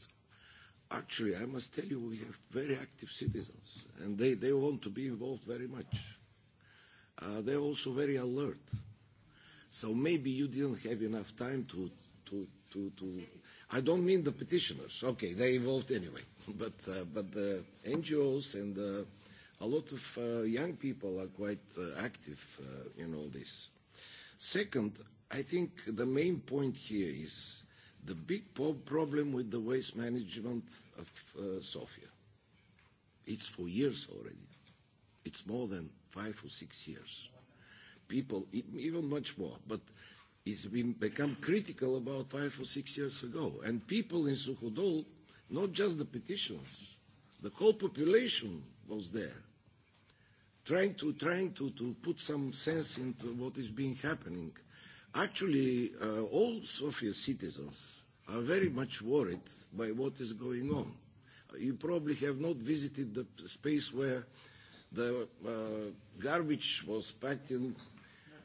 actually, I must tell you, we have very active citizens, and they, they want to be involved very much. Uh, they're also very alert. So maybe you didn't have enough time to, to, to, to I don't mean the petitioners. Okay, they're involved anyway. [laughs] But, uh, but the NGOs and uh, a lot of uh, young people are quite uh, active uh, in all this. Second, I think the main point here is the big problem with the waste management of uh, Sofia. It's for years already. It's more than five or six years. People, even much more, but it's been become critical about five or six years ago. And people in Sukhudol, not just the petitioners, the whole population was there, trying to, trying to, to put some sense into what is being happening Actually, uh, all Sofia citizens are very much worried by what is going on. You probably have not visited the space where the uh, garbage was packed in,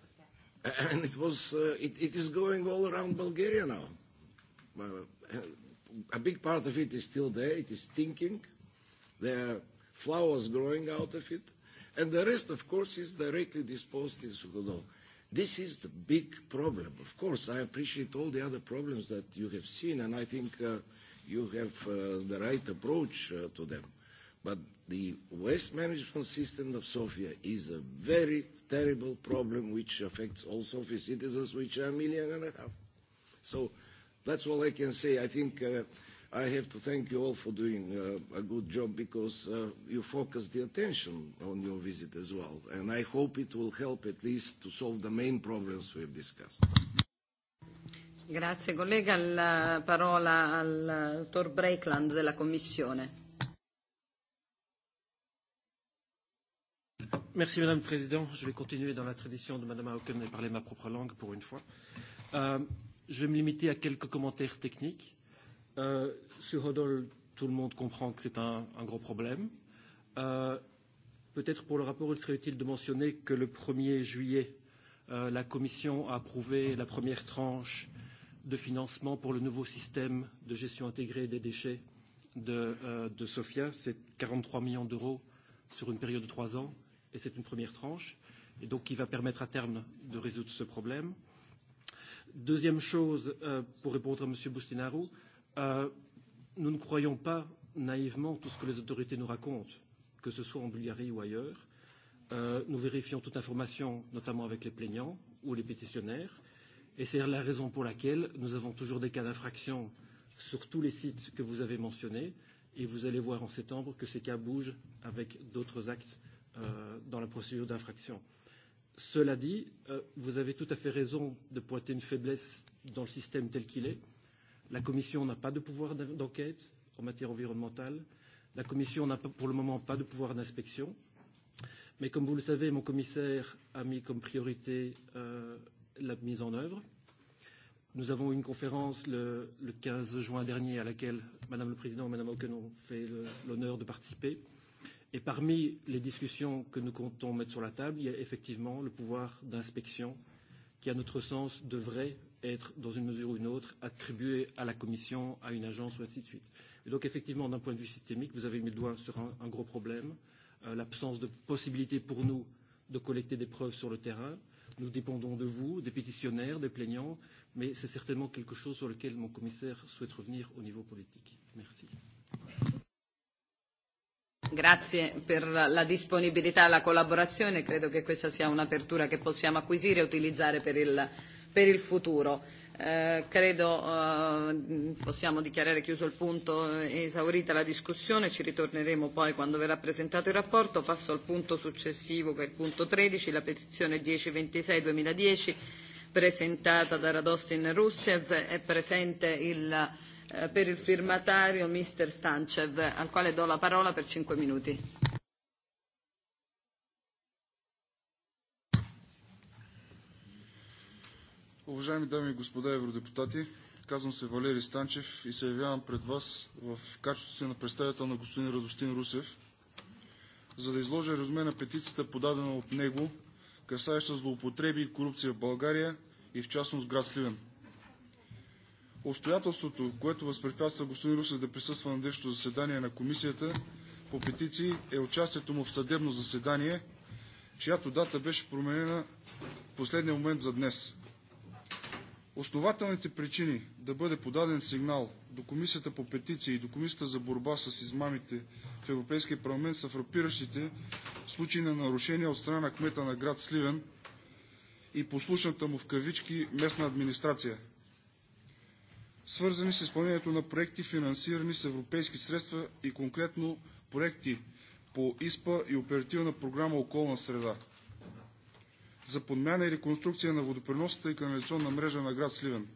[laughs] and it was uh, it, it is going all around Bulgaria now. Uh, a big part of it is still there. It is stinking. There are flowers growing out of it, and the rest, of course, is directly disposed in Sukhodol. This is the big problem. Of course, I appreciate all the other problems that you have seen, and I think uh, you have uh, the right approach uh, to them. But the waste management system of Sofia is a very terrible problem which affects all Sofia citizens, which are a million and a half. So that's all I can say. I think uh, I have to thank you all for doing uh, a good job because uh, you focused the attention on your visit as well. And I hope it will help at least to solve the main problems we have discussed. Grazie collega, la parola al uh, dottor Breakland della Commissione. Merci Madame la Présidente. Je vais continuer dans la tradition de Madame Hawken et parler ma propre langue pour une fois. Euh, je vais me limiter à quelques commentaires techniques. Euh, sur Hodol, tout le monde comprend que c'est un, un gros problème. Euh, Peut-être pour le rapport, il serait utile de mentionner que le 1er juillet, euh, la Commission a approuvé la première tranche de financement pour le nouveau système de gestion intégrée des déchets de, euh, de Sofia. C'est 43 millions d'euros sur une période de trois ans, et c'est une première tranche, et donc qui va permettre à terme de résoudre ce problème. Deuxième chose, euh, pour répondre à M. Boustinaru, euh, Euh, nous ne croyons pas naïvement tout ce que les autorités nous racontent, que ce soit en Bulgarie ou ailleurs. Euh, nous vérifions toute information, notamment avec les plaignants ou les pétitionnaires. Et c'est la raison pour laquelle nous avons toujours des cas d'infraction sur tous les sites que vous avez mentionnés. Et vous allez voir en septembre que ces cas bougent avec d'autres actes euh, dans la procédure d'infraction. Cela dit, euh, vous avez tout à fait raison de pointer une faiblesse dans le système tel qu'il est. Euh, la Commission n'a pas de pouvoir d'enquête en matière environnementale. La Commission n'a pour le moment pas de pouvoir d'inspection. Mais comme vous le savez, mon commissaire a mis comme priorité euh, la mise en œuvre. Nous avons eu une conférence le, le 15 juin dernier à laquelle Madame le Président et Madame Auken ont fait l'honneur de participer. Et parmi les discussions que nous comptons mettre sur la table, il y a effectivement le pouvoir d'inspection qui, à notre sens, devrait être, dans une mesure ou une autre, attribué à la Commission, à une agence, ou ainsi de suite. Et donc, effectivement, d'un point de vue systémique, vous avez mis le doigt sur un, un gros problème, euh, l'absence de possibilité pour nous de collecter des preuves sur le terrain. Nous dépendons de vous, des pétitionnaires, des plaignants, mais c'est certainement quelque chose sur lequel mon commissaire souhaite revenir au niveau politique. Merci. Grazie per la disponibilità e la collaborazione, credo che questa sia un'apertura che possiamo acquisire e utilizzare per il per il futuro. Eh, credo eh, possiamo dichiarare chiuso il punto e eh, esaurita la discussione, ci ritorneremo poi quando verrà presentato il rapporto. Passo al punto successivo che è il punto 13, la petizione 1026-2010 presentata da Radostin Rusev, è presente il, eh, per il firmatario Mr. Stancev al quale do la parola per cinque minuti. Уважаеми дами и господа евродепутати, казвам се Валери Станчев и се явявам пред вас в качеството си на представител на господин Радостин Русев, за да изложа резюме на петицията, подадена от него, касаеща злоупотреби и корупция в България и в частност град Сливен. Обстоятелството, което възпрепятства господин Русев да присъства на днешното заседание на комисията по петиции е участието му в съдебно заседание, чиято дата беше променена в последния момент за днес – Основателните причини да бъде подаден сигнал до Комисията по петиции и до Комисията за борба с измамите в Европейския парламент са фрапиращите случаи на нарушения от страна на кмета на град Сливен и послушната му в кавички местна администрация, свързани с изпълнението на проекти, финансирани с европейски средства и конкретно проекти по ИСПА и Оперативна програма «Околна среда» за подмяна и реконструкция на водопреносната и канализационна мрежа на град Сливен.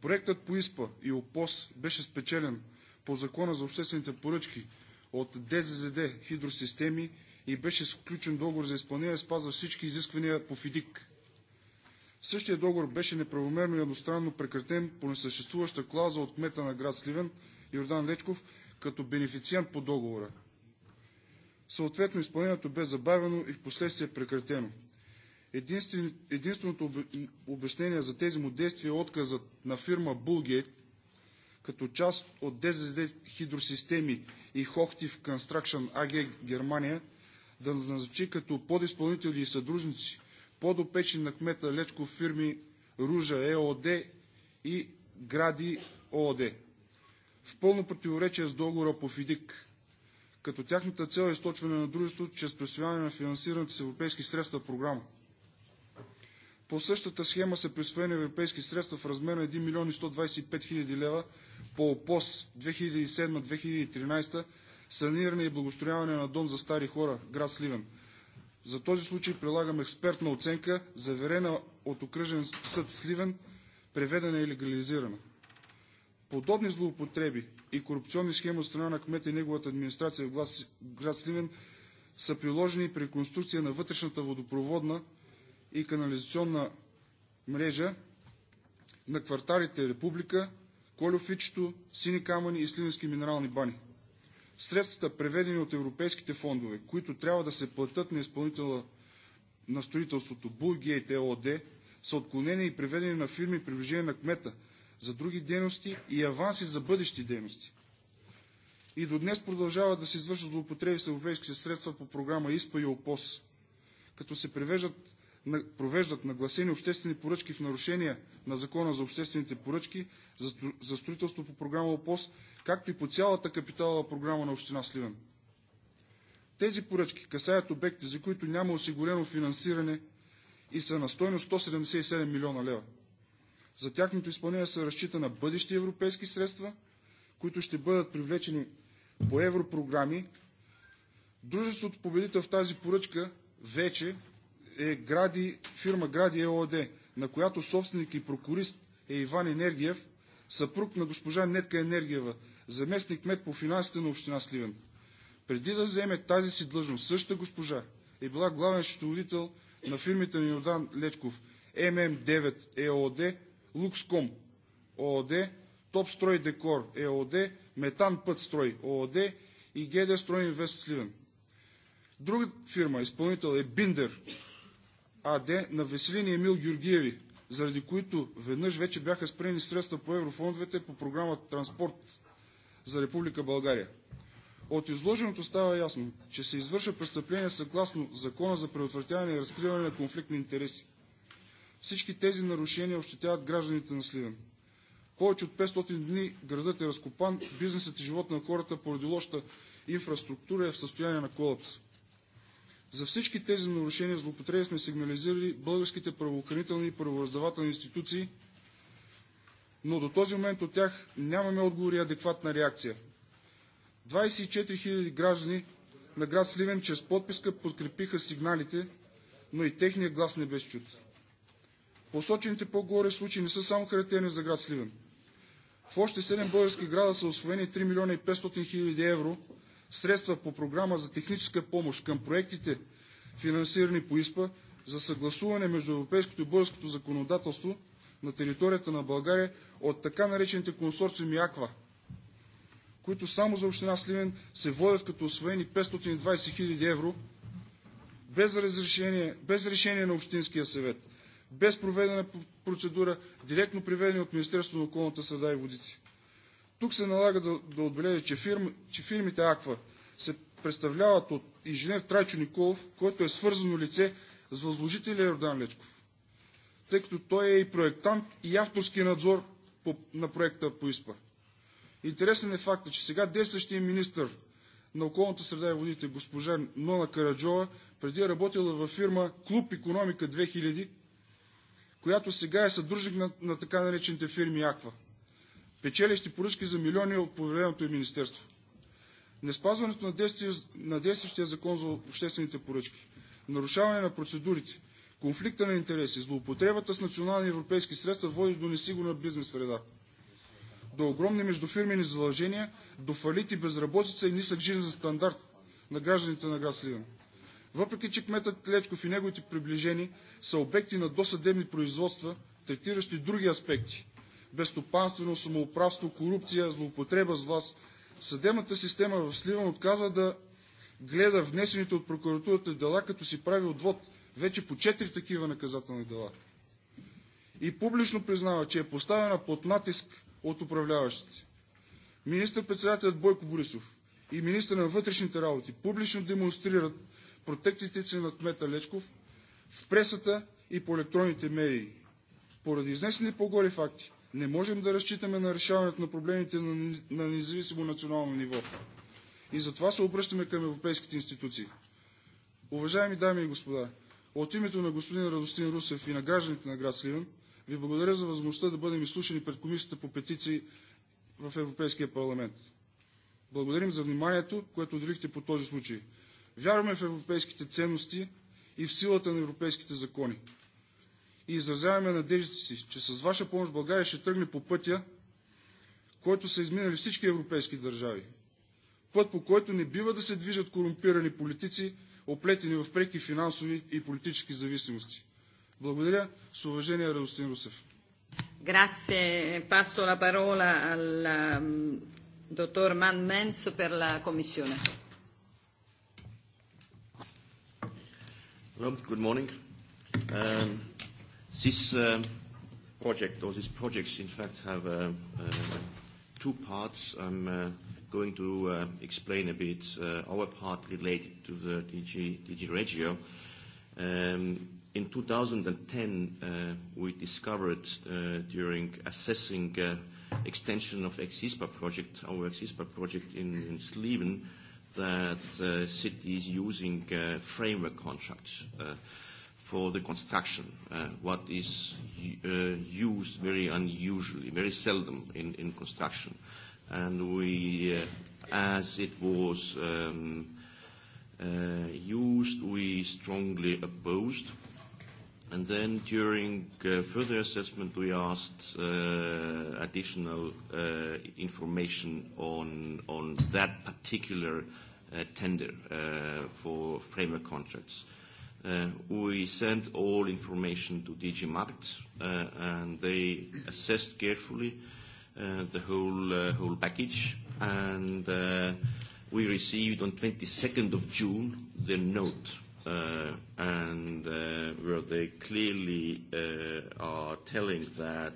Проектът по ИСПА и ОПОС беше спечелен по Закона за обществените поръчки от ДЗЗД хидросистеми и беше сключен договор за изпълнение, спазва всички изисквания по ФИДИК. Същия договор беше неправомерно и едностранно прекратен по несъществуваща клауза от кмета на град Сливен Йордан Лечков като бенефициент по договора. Съответно изпълнението бе забавено и в последствие прекратено. Единствен, единственото обяснение за тези му действия е отказът на фирма Булгейт като част от ДЗД хидросистеми и Хохтив Construction АГ Германия да назначи като подиспълнители и съдружници подопечни на кмета Лечко фирми Ружа ЕОД и Гради ООД. В пълно противоречие с договора по ФИДИК, като тяхната цел е източване на дружеството чрез присвояване на финансираната с европейски средства програма. По същата схема са присвоени европейски средства в размер на 1 милион и 125 хиляди лева по ОПОС 2007-2013 саниране и благострояване на дом за стари хора, град Сливен. За този случай прилагам експертна оценка, заверена от окръжен съд Сливен, преведена и легализирана. Подобни злоупотреби и корупционни схеми от страна на кмета и неговата администрация в град Сливен са приложени при конструкция на вътрешната водопроводна и канализационна мрежа на кварталите Република, Колюфичето, Сини камъни и Сливенски минерални бани. Средствата, преведени от европейските фондове, които трябва да се платят на изпълнителя на строителството Булгейт ЕОД, са отклонени и преведени на фирми приближени на кмета за други дейности и аванси за бъдещи дейности. И до днес продължават да се извършват злоупотреби с европейските средства по програма ИСПА и ОПОС, като се превеждат провеждат нагласени обществени поръчки в нарушение на Закона за обществените поръчки за, строителство по програма ОПОС, както и по цялата капиталова програма на Община Сливен. Тези поръчки касаят обекти, за които няма осигурено финансиране и са на стойност 177 милиона лева. За тяхното изпълнение се разчита на бъдещи европейски средства, които ще бъдат привлечени по европрограми. Дружеството победител в тази поръчка вече е гради, фирма Гради ЕОД, на която собственик и прокурист е Иван Енергиев, съпруг на госпожа Нетка Енергиева, заместник мед по финансите на община Сливен. Преди да заеме тази си длъжност, същата госпожа е била главен счетоводител на фирмите на Йордан Лечков, ММ9 ЕОД, Лукском ООД, Топстрой Декор ЕОД, Метан Пътстрой ООД и ГД Строй Инвест Сливен. Друга фирма, изпълнител е Биндер АД на Веселин и Емил Георгиеви, заради които веднъж вече бяха спрени средства по еврофондовете по програма Транспорт за Република България. От изложеното става ясно, че се извършва престъпление съгласно Закона за предотвратяване и разкриване на конфликтни интереси. Всички тези нарушения ощетяват гражданите на Сливен. Повече от 500 дни градът е разкопан, бизнесът и живот на хората поради лошата инфраструктура е в състояние на колапс. За всички тези нарушения злоупотреби сме сигнализирали българските правоохранителни и правораздавателни институции, но до този момент от тях нямаме отговори и адекватна реакция. 24 000 граждани на град Сливен чрез подписка подкрепиха сигналите, но и техния глас не беше чут. Посочените по-горе случаи не са само характерни за град Сливен. В още 7 български града са освоени 3 милиона и 500 хиляди евро средства по програма за техническа помощ към проектите, финансирани по ИСПА, за съгласуване между европейското и българското законодателство на територията на България от така наречените консорциуми АКВА, които само за община Сливен се водят като освоени 520 хиляди евро без разрешение, без решение на Общинския съвет, без проведена процедура, директно приведени от Министерството на околната среда и водите. Тук се налага да, да отбележа, че, фирм, че фирмите АКВА се представляват от инженер Трайчо Николов, който е свързано лице с възложителя Йордан Лечков, тъй като той е и проектант и авторски надзор по, на проекта по ИСПА. Интересен е факта, че сега действащия министр на околната среда и водите госпожа Нона Караджова преди е работила във фирма Клуб Економика 2000, която сега е съдружник на, на така наречените фирми Аква печелещи поръчки за милиони от повереното и министерство. Неспазването на, действие, на действащия закон за обществените поръчки, нарушаване на процедурите, конфликта на интереси, злоупотребата с национални европейски средства води до несигурна бизнес среда, до огромни междуфирмени заложения, до фалити, безработица и нисък жизнен стандарт на гражданите на град Сливен. Въпреки, че кметът Лечков и неговите приближени са обекти на досъдебни производства, третиращи други аспекти безстопанственост, самоуправство, корупция, злоупотреба с власт. Съдебната система в Сливан отказа да гледа внесените от прокуратурата дела, като си прави отвод вече по четири такива наказателни дела. И публично признава, че е поставена под натиск от управляващите. Министър-председателят Бойко Борисов и министър на вътрешните работи публично демонстрират протекциите си на кмета Лечков в пресата и по електронните медии. Поради изнесени по-горе факти, Не можем да разчитаме на решаването на проблемите на, на независимо национално ниво. И затова се обръщаме към европейските институции. Уважаеми дами и господа, от името на господин Радостин Русев и на гражданите на град Сливен, ви благодаря за възможността да бъдем изслушани пред Комисията по петиции в Европейския парламент. Благодарим за вниманието, което отделихте по този случай. Вярваме в европейските ценности и в силата на европейските закони и изразяваме надеждите си, че с ваша помощ България ще тръгне по пътя, който са изминали всички европейски държави. Път, по който не бива да се движат корумпирани политици, оплетени в преки финансови и политически зависимости. Благодаря. С уважение, Радостин Русев. Grazie. Passo la parola al um, dottor Man Menz per la Commissione. Well, good morning. Um, This uh, project, or these projects, in fact, have uh, uh, two parts. I'm uh, going to uh, explain a bit uh, our part related to the DG, DG Regio. Um, in 2010, uh, we discovered uh, during assessing uh, extension of Exispa project, our Exispa project in, in Sleven, that uh, is using uh, framework contracts. Uh, for the construction, uh, what is uh, used very unusually, very seldom in, in construction. And we, uh, as it was um, uh, used, we strongly opposed. And then during uh, further assessment, we asked uh, additional uh, information on, on that particular uh, tender uh, for framework contracts. Uh, Uh, we sent all information to DG Markt, uh, and they assessed carefully uh, the whole uh, whole package, and uh, we received on 22nd of June the note, uh, and uh, where they clearly uh, are telling that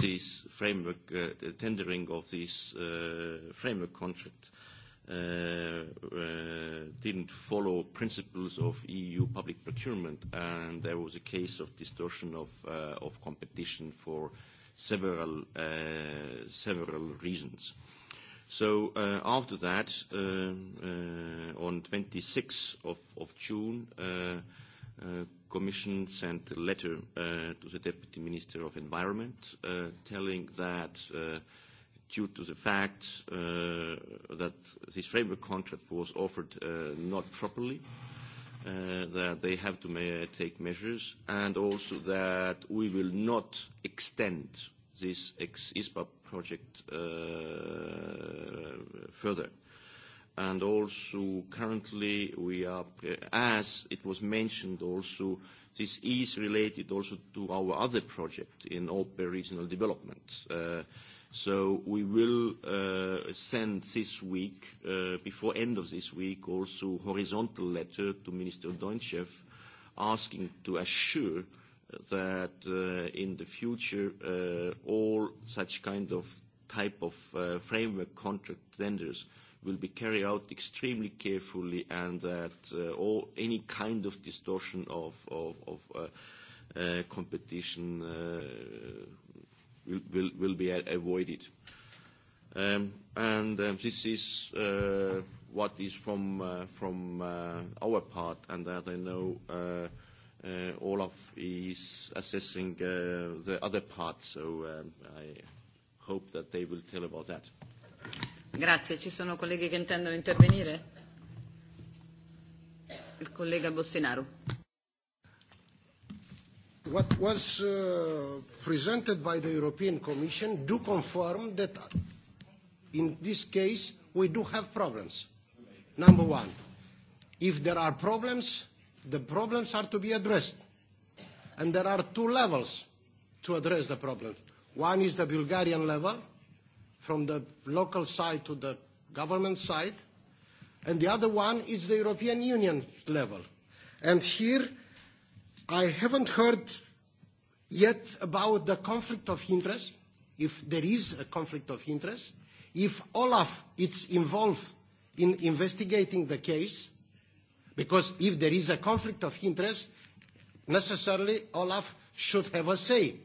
this framework uh, the tendering of this uh, framework contract Uh, uh, didn't follow principles of EU public procurement, and there was a case of distortion of, uh, of competition for several, uh, several reasons. So uh, after that, uh, uh, on 26th of, of June, uh, uh, Commission sent a letter uh, to the Deputy Minister of Environment uh, telling that uh, due to the fact uh, that this framework contract was offered uh, not properly, uh, that they have to may- take measures, and also that we will not extend this ex-ISPA project uh, further. And also currently we are, as it was mentioned also, this is related also to our other project in Orpe Regional Development uh, So we will uh, send this week, uh, before end of this week, also horizontal letter to Minister Donchev asking to assure that uh, in the future uh, all such kind of type of uh, framework contract tenders will be carried out extremely carefully and that uh, all, any kind of distortion of, of, of uh, uh, competition uh, will, will, be avoided. Um, and um, this is uh, what is from, uh, from uh, our part, and that I know uh, uh, Olaf is assessing uh, the other part, so um, I hope that they will tell about that. Grazie. Ci sono colleghi che intendono intervenire? Il collega Bossinaro what was uh, presented by the European Commission do confirm that in this case we do have problems. Number one, if there are problems, the problems are to be addressed. And there are two levels to address the problem. One is the Bulgarian level, from the local side to the government side, and the other one is the European Union level. And here I haven't heard yet about the conflict of interest, if there is a conflict of interest, if Olaf is involved in investigating the case, because if there is a conflict of interest, necessarily Olaf should have a say.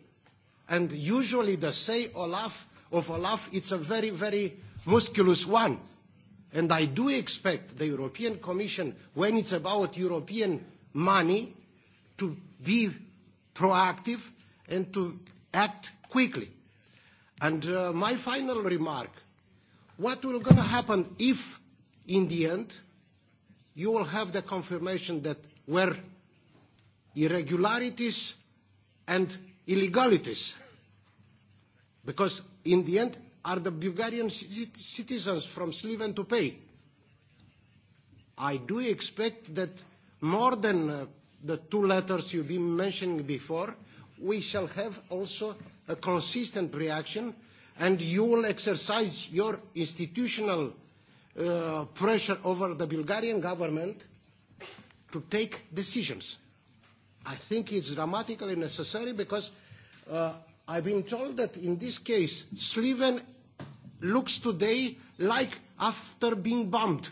And usually the say Olaf of Olaf it's a very, very musculous one. And I do expect the European Commission, when it's about European money, to be proactive and to act quickly. And uh, my final remark, what will going to happen if, in the end, you will have the confirmation that were irregularities and illegalities? Because in the end, are the Bulgarian citizens from Sliven to pay? I do expect that more than uh, the two letters you've been mentioning before, we shall have also a consistent reaction, and you will exercise your institutional uh, pressure over the Bulgarian government to take decisions. I think it's dramatically necessary because uh, I've been told that in this case, Sliven looks today like after being bombed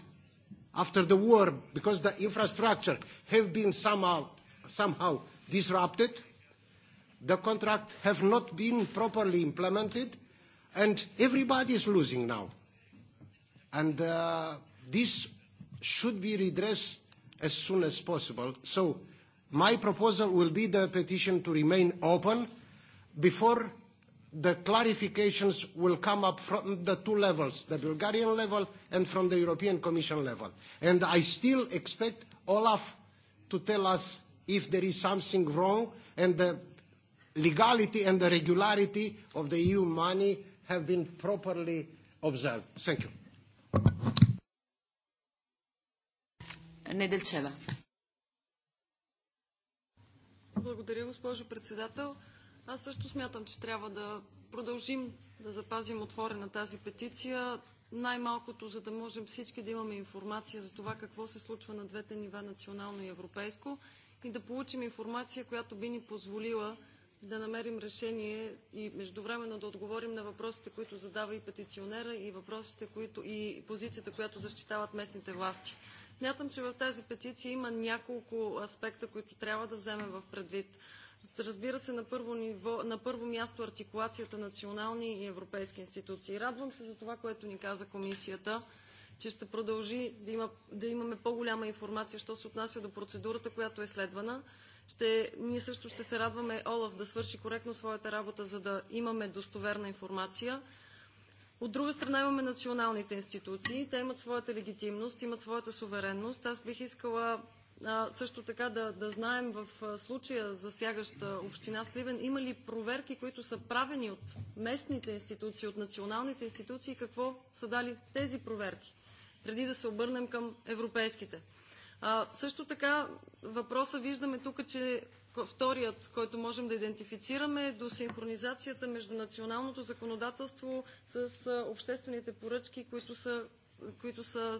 after the war because the infrastructure have been somehow, somehow disrupted, the contract have not been properly implemented, and everybody is losing now. And uh, this should be redressed as soon as possible. So my proposal will be the petition to remain open before the clarifications will come up from the two levels, the Bulgarian level and from the European Commission level. And I still expect Olaf to tell us if there is something wrong and the legality and the regularity of the EU money have been properly observed. Thank you. Благодаря, госпожо председател. Аз също смятам, че трябва да продължим да запазим отворена тази петиция, най-малкото, за да можем всички да имаме информация за това какво се случва на двете нива, национално и европейско, и да получим информация, която би ни позволила да намерим решение и междувременно да отговорим на въпросите, които задава и петиционера, и въпросите, които, и позицията, която защитават местните власти. Мятам, че в тази петиция има няколко аспекта, които трябва да вземем в предвид. Разбира се, на първо, ниво, на първо място артикулацията национални и европейски институции. Радвам се за това, което ни каза комисията, че ще продължи да, има, да имаме по-голяма информация, що се отнася до процедурата, която е следвана. Ще, ние също ще се радваме Олаф да свърши коректно своята работа, за да имаме достоверна информация. От друга страна имаме националните институции. Те имат своята легитимност, имат своята суверенност. Аз бих искала също така да, да знаем в случая засягащ община Сливен, има ли проверки, които са правени от местните институции, от националните институции и какво са дали тези проверки, преди да се обърнем към европейските. А, също така въпроса виждаме тук, че вторият, който можем да идентифицираме е до синхронизацията между националното законодателство с обществените поръчки, които са които, са,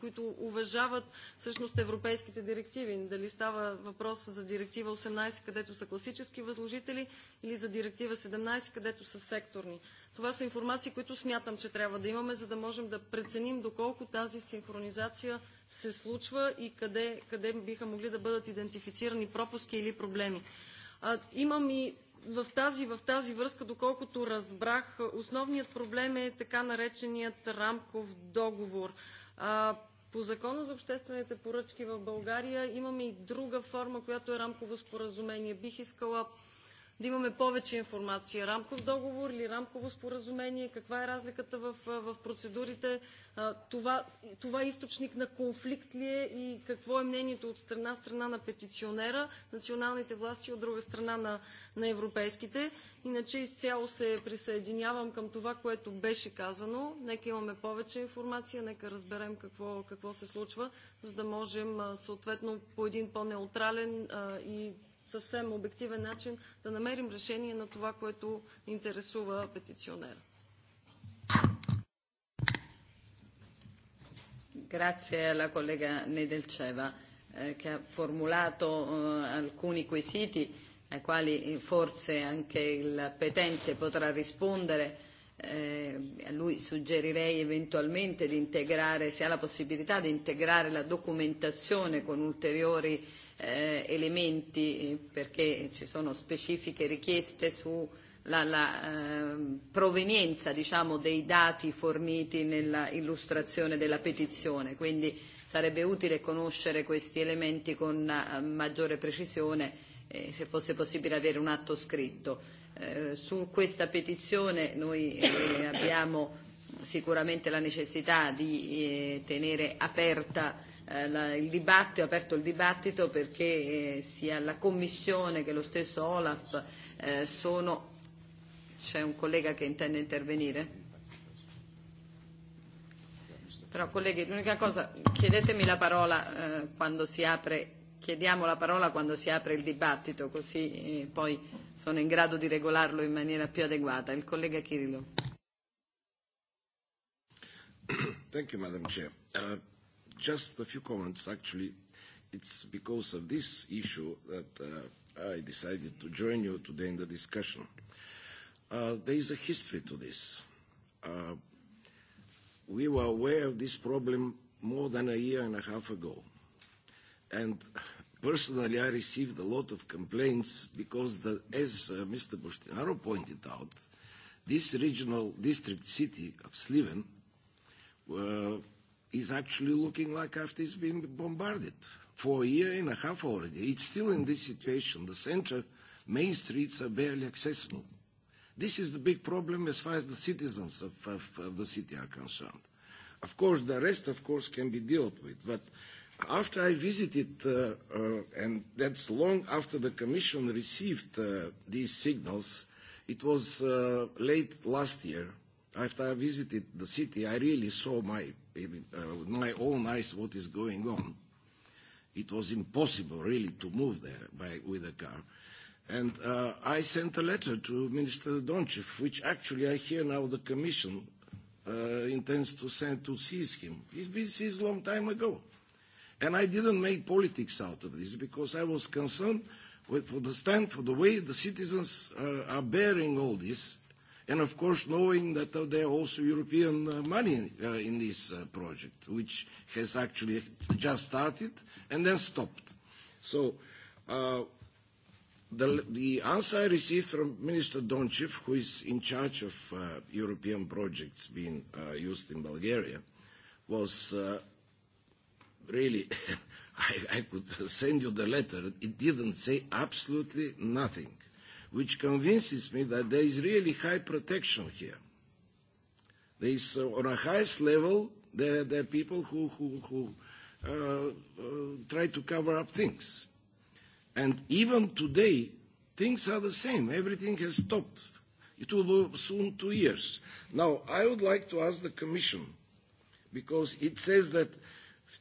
които уважават всъщност европейските директиви. Дали става въпрос за директива 18, където са класически възложители, или за директива 17, където са секторни. Това са информации, които смятам, че трябва да имаме, за да можем да преценим доколко тази синхронизация се случва и къде, къде биха могли да бъдат идентифицирани пропуски или проблеми. А, имам и в тази, връзка, доколкото разбрах, основният проблем е така нареченият рамков договор. по закона за обществените поръчки в България имаме и друга форма, която е рамково споразумение. Бих искала да имаме повече информация, рамков договор или рамково споразумение, каква е разликата в, в процедурите, това, това източник на конфликт ли е и какво е мнението от страна страна на петиционера, националните власти от друга страна на, на европейските. Иначе изцяло се присъединявам към това, което беше казано. Нека имаме повече информация, нека разберем какво, какво се случва, за да можем съответно по един по-неутрален и съвсем обективен начин да намерим решение на това, което интересува петиционера. Grazie alla collega Nedelceva eh, che ha formulato eh, alcuni quesiti ai quali forse anche il petente potrà rispondere eh, a lui suggerirei eventualmente di integrare, se ha la possibilità, di integrare la documentazione con ulteriori eh, elementi perché ci sono specifiche richieste su la, la eh, provenienza diciamo, dei dati forniti nella illustrazione della petizione, quindi sarebbe utile conoscere questi elementi con eh, maggiore precisione eh, se fosse possibile avere un atto scritto. Eh, su questa petizione noi eh, abbiamo sicuramente la necessità di eh, tenere aperta eh, la, il dibattito, aperto il dibattito perché eh, sia la Commissione che lo stesso Olaf eh, sono. C'è un collega che intende intervenire? Però colleghi, l'unica cosa, chiedetemi la parola eh, quando si apre chiediamo la parola quando si apre il dibattito, così eh, poi sono in grado di regolarlo in maniera più adeguata. Il collega Kirilov. [coughs] Thank you, Madam Chair. Uh, just a few comments. Actually, it's because of this issue that uh, I decided to join you today in the discussion. Uh, there is a history to this. Uh, we were aware of this problem more than a year and a half ago. And personally, I received a lot of complaints because, the, as uh, Mr. Bostinaro pointed out, this regional district city of Sliven uh, is actually looking like after it's been bombarded for a year and a half already. It's still in this situation. The center main streets are barely accessible. This is the big problem as far as the citizens of, of, of the city are concerned. Of course, the rest, of course, can be dealt with, but after I visited, uh, uh, and that's long after the Commission received uh, these signals, it was uh, late last year. After I visited the city, I really saw my, uh, with my own eyes what is going on. It was impossible really to move there by, with a car. And uh, I sent a letter to Minister Donchev, which actually I hear now the Commission uh, intends to send to seize him. He's been seized a long time ago. And I didn't make politics out of this because I was concerned with, for the stand, for the way the citizens uh, are bearing all this, and of course knowing that uh, there are also European uh, money uh, in this uh, project, which has actually just started and then stopped. So uh, the, the answer I received from Minister Donchev, who is in charge of uh, European projects being uh, used in Bulgaria, was uh, really, [laughs] I, I could send you the letter. It didn't say absolutely nothing, which convinces me that there is really high protection here. There is, uh, on a highest level, there, there are people who, who, who uh, uh, try to cover up things. And even today, things are the same. Everything has stopped. It will be soon two years. Now, I would like to ask the Commission, because it says that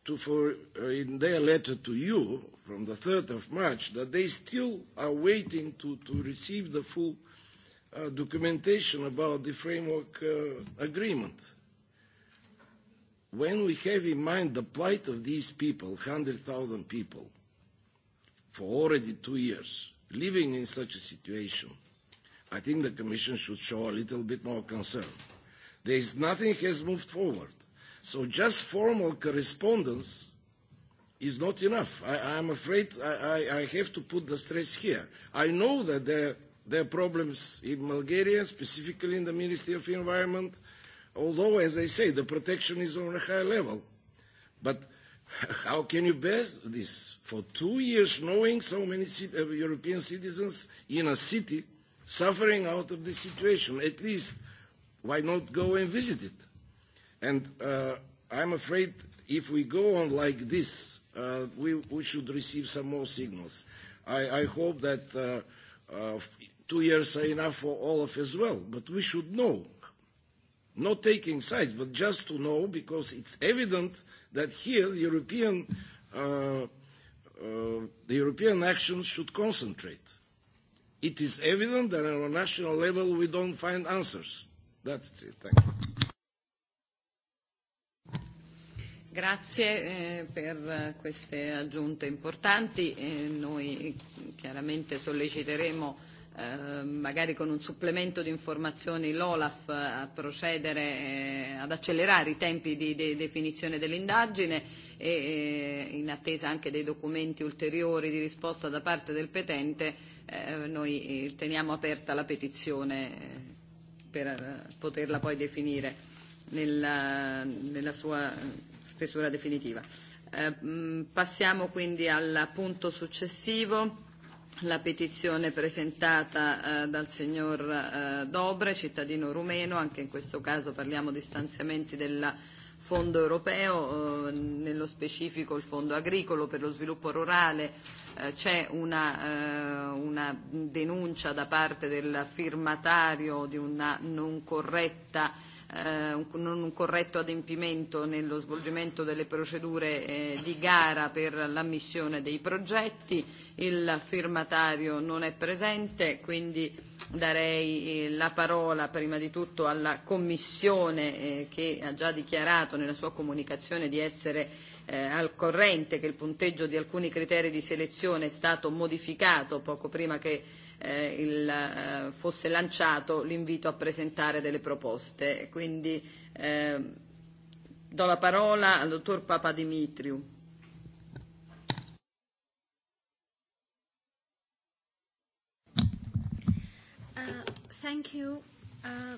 to for, uh, in their letter to you from the 3rd of March that they still are waiting to, to receive the full uh, documentation about the framework uh, agreement. When we have in mind the plight of these people, 100,000 people, for already two years, living in such a situation, I think the Commission should show a little bit more concern. There is nothing has moved forward So just formal correspondence is not enough. I, I'm afraid I, I, I have to put the stress here. I know that there, there are problems in Bulgaria, specifically in the Ministry of Environment, although, as I say, the protection is on a high level. But [laughs] how can you base this? For two years, knowing so many uh, European citizens in a city suffering out of this situation, at least why not go and visit it? And uh, I'm afraid if we go on like this, uh, we, we should receive some more signals. I, I hope that uh, uh, two years are enough for all of us well, but we should know. Not taking sides, but just to know, because it's evident that here the European, uh, uh, the European actions should concentrate. It is evident that on a national level we don't find answers. That's it. Thank you. Grazie eh, per queste aggiunte importanti. Eh, noi chiaramente solleciteremo eh, magari con un supplemento di informazioni l'Olaf a procedere, eh, ad accelerare i tempi di de- definizione dell'indagine e eh, in attesa anche dei documenti ulteriori di risposta da parte del petente eh, noi eh, teniamo aperta la petizione eh, per eh, poterla poi definire nella, nella sua stesura definitiva. Eh, mm, passiamo quindi al punto successivo, la petizione presentata eh, dal signor eh, Dobre, cittadino rumeno, anche in questo caso parliamo di stanziamenti del Fondo europeo, eh, nello specifico il Fondo agricolo per lo sviluppo rurale, eh, c'è una, eh, una denuncia da parte del firmatario di una non corretta eh, un, non un corretto adempimento nello svolgimento delle procedure eh, di gara per l'ammissione dei progetti, il firmatario non è presente, quindi darei eh, la parola prima di tutto alla Commissione eh, che ha già dichiarato nella sua comunicazione di essere eh, al corrente che il punteggio di alcuni criteri di selezione è stato modificato poco prima che eh, il, eh, fosse lanciato l'invito a presentare delle proposte. Quindi eh, do la parola al dottor Papa Dimitriu. Uh, thank you. Uh,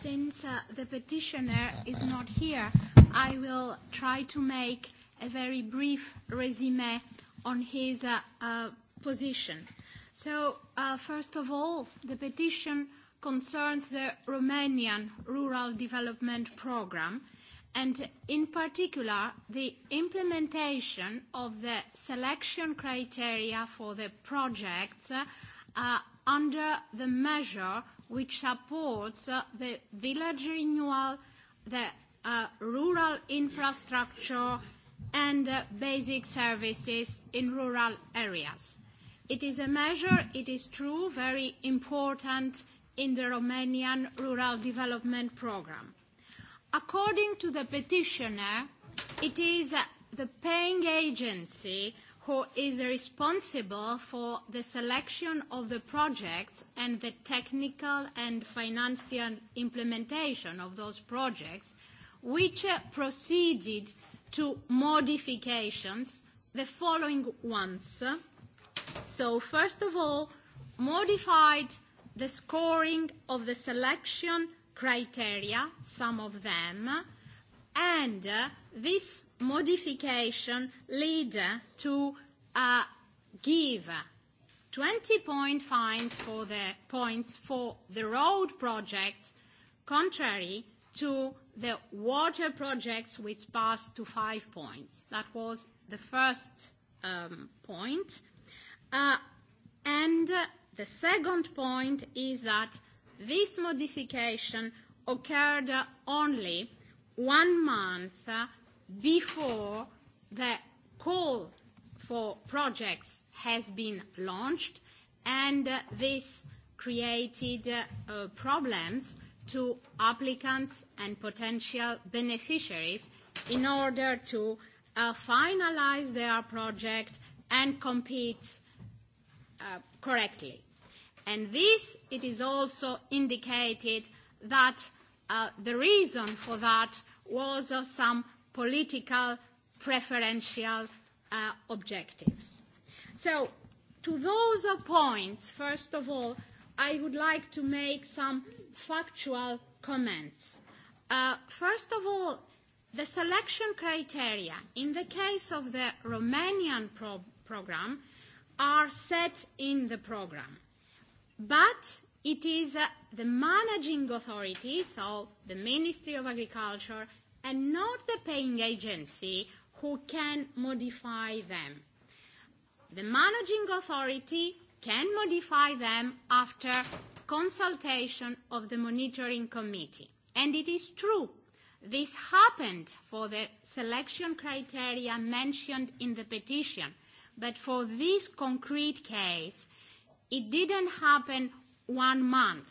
since uh, the petitioner is not here, I will try to make a very brief resume on his uh, uh, position. So, uh, first of all, the petition concerns the Romanian Rural Development Programme, and in particular, the implementation of the selection criteria for the projects uh, under the measure which supports uh, the village renewal, the uh, rural infrastructure, and uh, basic services in rural areas. It is a measure, it is true, very important in the Romanian Rural Development Programme. According to the petitioner, it is the paying agency who is responsible for the selection of the projects and the technical and financial implementation of those projects, which proceeded to modifications, the following ones. So first of all, modified the scoring of the selection criteria, some of them, and uh, this modification lead to uh, give 20 point fines for the points for the road projects, contrary to the water projects which passed to five points. That was the first um, point. Uh, and uh, the second point is that this modification occurred uh, only one month uh, before the call for projects has been launched, and uh, this created uh, uh, problems to applicants and potential beneficiaries in order to uh, finalize their project and compete Uh, correctly. And this, it is also indicated that uh, the reason for that was uh, some political preferential uh, objectives. So to those points, first of all, I would like to make some factual comments. Uh, first of all, the selection criteria in the case of the Romanian pro- program are set in the program. But it is uh, the managing authority, so the Ministry of Agriculture, and not the paying agency who can modify them. The managing authority can modify them after consultation of the monitoring committee. And it is true. This happened for the selection criteria mentioned in the petition But for this concrete case, it didn't happen one month.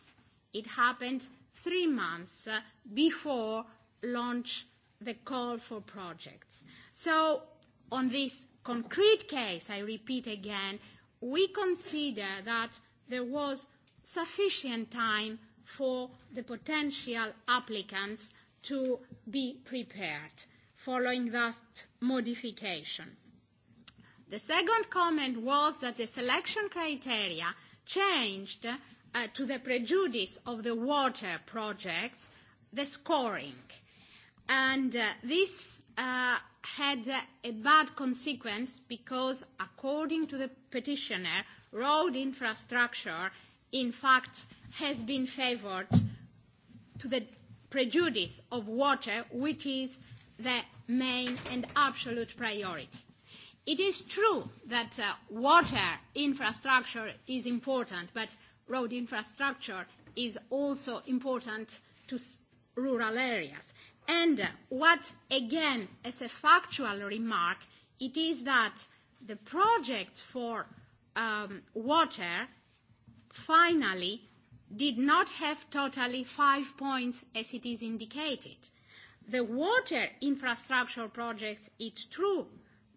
It happened three months uh, before launch the call for projects. So on this concrete case, I repeat again, we consider that there was sufficient time for the potential applicants to be prepared following that modification. The second comment was that the selection criteria changed uh, to the prejudice of the water projects, the scoring. And uh, this uh, had uh, a bad consequence because, according to the petitioner, road infrastructure, in fact, has been favored to the prejudice of water, which is the main and absolute priority. It is true that uh, water infrastructure is important, but road infrastructure is also important to rural areas. And uh, what, again, as a factual remark, it is that the projects for um, water finally did not have totally five points as it is indicated. The water infrastructure projects, it's true,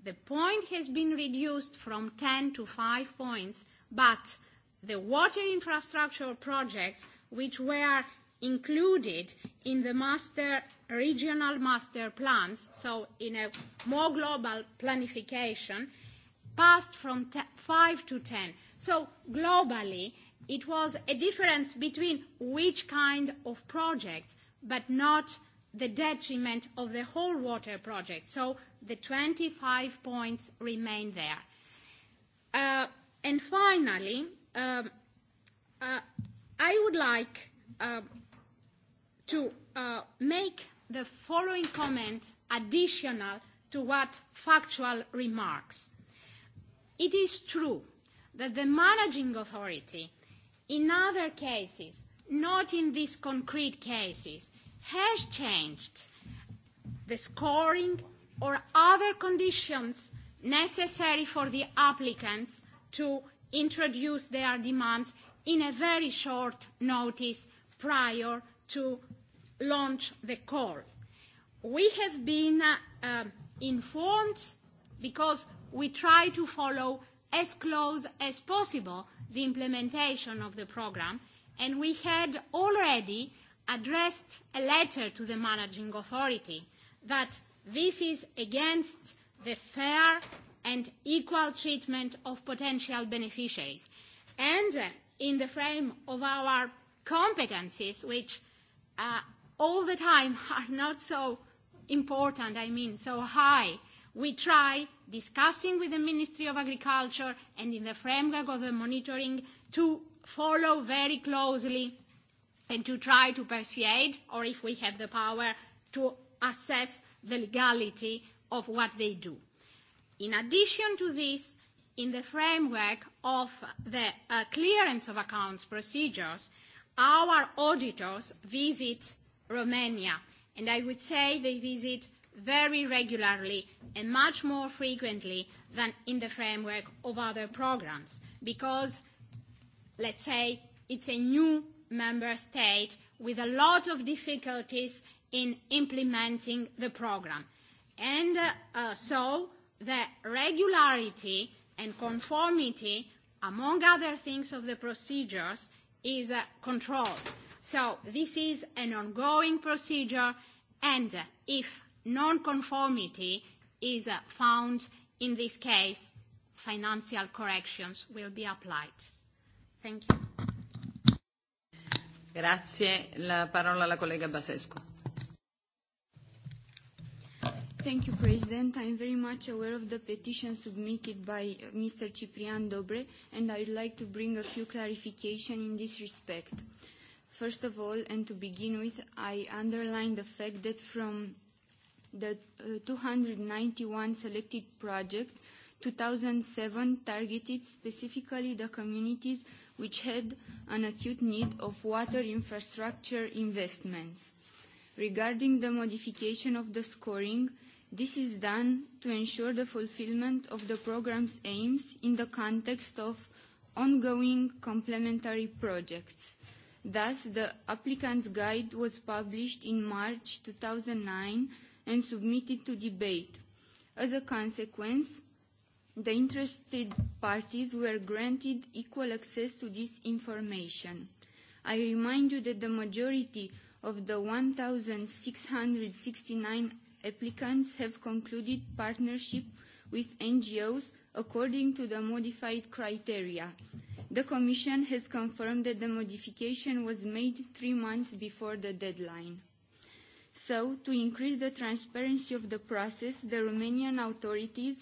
The point has been reduced from 10 to 5 points, but the water infrastructure projects which were included in the master regional master plans, so in a more global planification, passed from 5 to 10. So globally, it was a difference between which kind of projects, but not the detriment of the whole water project. So the 25 points remain there. Uh, and finally, um, uh, I would like uh, to uh, make the following comment additional to what factual remarks. It is true that the managing authority, in other cases, not in these concrete cases, has changed the scoring or other conditions necessary for the applicants to introduce their demands in a very short notice prior to launch the call. We have been uh, informed because we try to follow as close as possible the implementation of the program, and we had already addressed a letter to the managing authority that this is against the fair and equal treatment of potential beneficiaries. And uh, in the frame of our competencies, which uh, all the time [laughs] are not so important, I mean, so high, we try, discussing with the Ministry of Agriculture and in the framework of the monitoring, to follow very closely and to try to persuade, or if we have the power, to assess the legality of what they do. In addition to this, in the framework of the uh, clearance of accounts procedures, our auditors visit Romania, and I would say they visit very regularly and much more frequently than in the framework of other programs because, let's say, it's a new member state with a lot of difficulties in implementing the program. And uh, uh, so the regularity and conformity, among other things of the procedures, is uh, controlled. So this is an ongoing procedure, and uh, if non-conformity is uh, found in this case, financial corrections will be applied. Thank you. Grazie. La parola alla collega Basescu. Thank you, President. I'm very much aware of the petition submitted by uh, Mr. Ciprian Dobre, and I would like to bring a few clarification in this respect. First of all, and to begin with, I underline the fact that from the uh, 291 selected project, 2007 targeted specifically the communities which had an acute need of water infrastructure investments. Regarding the modification of the scoring, this is done to ensure the fulfillment of the program's aims in the context of ongoing complementary projects. Thus, the applicant's guide was published in March 2009 and submitted to debate. As a consequence, the interested parties were granted equal access to this information. I remind you that the majority of the 1,669 applicants have concluded partnership with NGOs according to the modified criteria. The Commission has confirmed that the modification was made three months before the deadline. So, to increase the transparency of the process, the Romanian authorities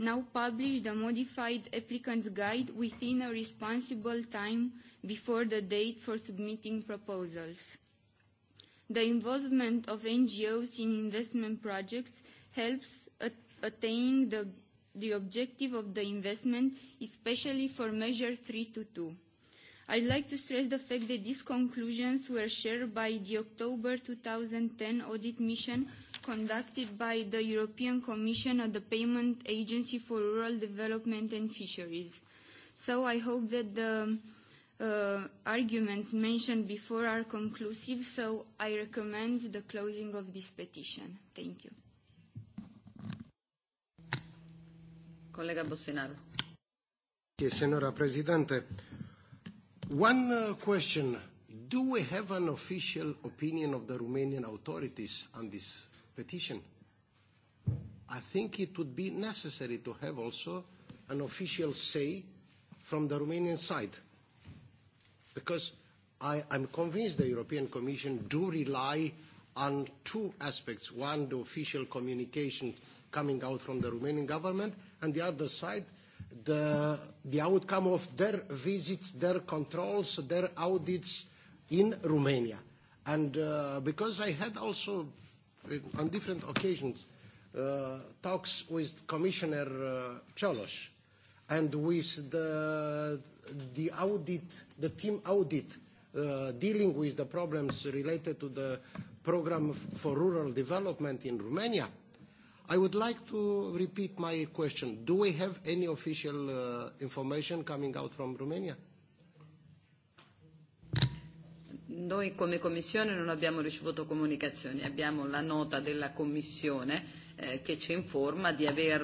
now publish the modified applicant's guide within a responsible time before the date for submitting proposals. The involvement of NGOs in investment projects helps attain the, the objective of the investment, especially for Measure 3 to 2. I'd like to stress the fact that these conclusions were shared by the October 2010 audit mission conducted by the European Commission and the Payment Agency for Rural Development and Fisheries. So I hope that the uh, arguments mentioned before are conclusive, so I recommend the closing of this petition. Thank you. Colega Bosinaru. Senora Presidente. One uh, question. Do we have an official opinion of the Romanian authorities on this petition. I think it would be necessary to have also an official say from the Romanian side. Because I, I'm convinced the European Commission do rely on two aspects. One, the official communication coming out from the Romanian government, and the other side, the, the outcome of their visits, their controls, their audits in Romania. And uh, because I had also on different occasions uh, talks with Commissioner uh, Cholos and with the, the audit, the team audit uh, dealing with the problems related to the program for rural development in Romania, I would like to repeat my question. Do we have any official uh, information coming out from Romania? noi come Commissione non abbiamo ricevuto comunicazioni, abbiamo la nota della Commissione eh, che ci informa di aver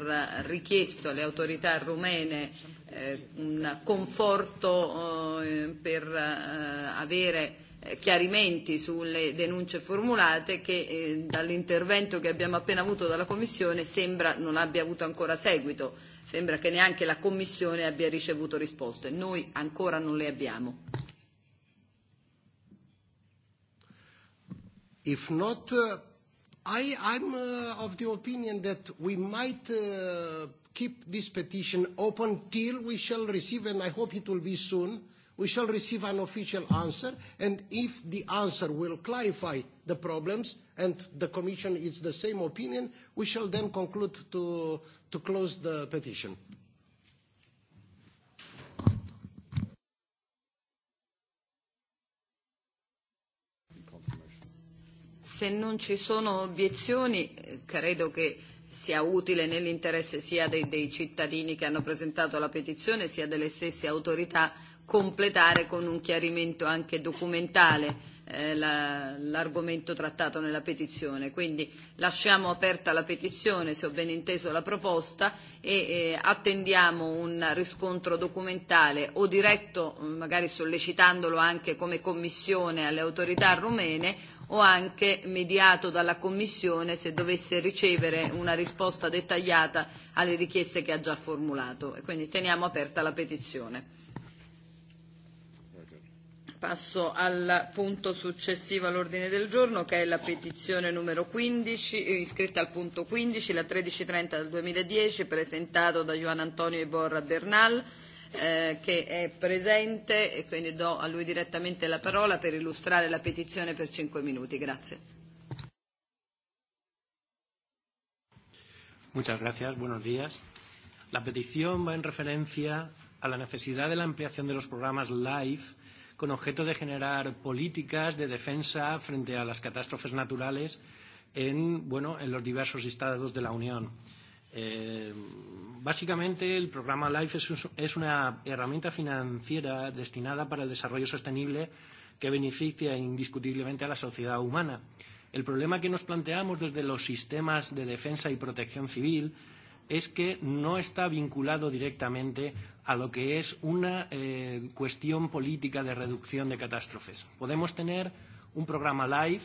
richiesto alle autorità rumene eh, un conforto eh, per eh, avere eh, chiarimenti sulle denunce formulate che eh, dall'intervento che abbiamo appena avuto dalla Commissione sembra non abbia avuto ancora seguito, sembra che neanche la Commissione abbia ricevuto risposte, noi ancora non le abbiamo. If not, uh, I, I'm uh, of the opinion that we might uh, keep this petition open till we shall receive, and I hope it will be soon, we shall receive an official answer, and if the answer will clarify the problems, and the Commission is the same opinion, we shall then conclude to, to close the petition. Se non ci sono obiezioni, credo che sia utile nell'interesse sia dei, dei cittadini che hanno presentato la petizione, sia delle stesse autorità, completare con un chiarimento anche documentale eh, la, l'argomento trattato nella petizione. Quindi lasciamo aperta la petizione, se ho ben inteso la proposta, e eh, attendiamo un riscontro documentale o diretto, magari sollecitandolo anche come Commissione alle autorità rumene, o anche mediato dalla Commissione se dovesse ricevere una risposta dettagliata alle richieste che ha già formulato. E quindi teniamo aperta la petizione. Passo al punto successivo all'ordine del giorno che è la petizione numero 15, eh, iscritta al punto 15, la 1330 del 2010, presentato da Juan Antonio Iborra Bernal eh, che è presente e quindi do a lui direttamente la parola per illustrare la petizione per cinque minuti. Grazie. Muchas gracias. Buenos días. La petición va en referencia a la necesidad de la ampliación de los programas LIFE con objeto de generar políticas de defensa frente a las catástrofes naturales en, bueno, en los diversos estados de la Unión. Eh, básicamente, el programa LIFE es, un, es una herramienta financiera destinada para el desarrollo sostenible que beneficia indiscutiblemente a la sociedad humana. El problema que nos planteamos desde los sistemas de defensa y protección civil es que no está vinculado directamente a lo que es una eh, cuestión política de reducción de catástrofes. Podemos tener un programa LIFE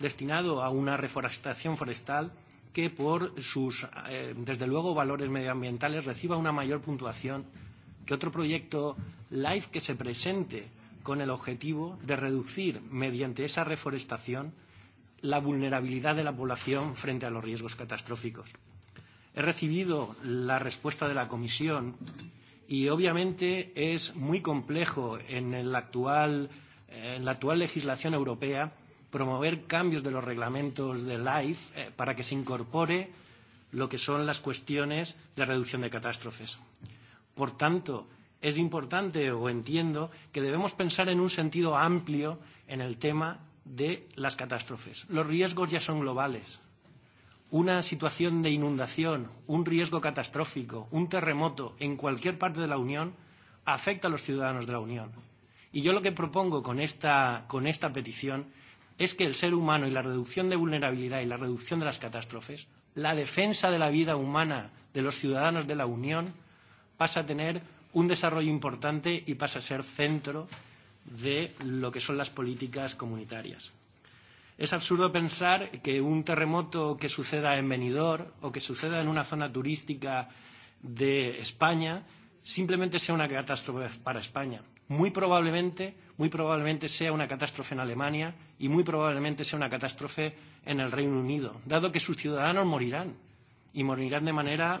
destinado a una reforestación forestal que por sus, eh, desde luego, valores medioambientales reciba una mayor puntuación que otro proyecto LIFE que se presente con el objetivo de reducir, mediante esa reforestación, la vulnerabilidad de la población frente a los riesgos catastróficos. He recibido la respuesta de la Comisión y obviamente es muy complejo en, el actual, en la actual legislación europea promover cambios de los reglamentos de LIFE eh, para que se incorpore lo que son las cuestiones de reducción de catástrofes. Por tanto, es importante o entiendo que debemos pensar en un sentido amplio en el tema de las catástrofes. Los riesgos ya son globales. Una situación de inundación, un riesgo catastrófico, un terremoto en cualquier parte de la Unión afecta a los ciudadanos de la Unión. Y yo lo que propongo con esta, con esta petición es que el ser humano y la reducción de vulnerabilidad y la reducción de las catástrofes, la defensa de la vida humana de los ciudadanos de la Unión pasa a tener un desarrollo importante y pasa a ser centro de lo que son las políticas comunitarias. Es absurdo pensar que un terremoto que suceda en Benidorm o que suceda en una zona turística de España simplemente sea una catástrofe para España muy probablemente, muy probablemente sea una catástrofe en Alemania y muy probablemente sea una catástrofe en el Reino Unido, dado que sus ciudadanos morirán y morirán de manera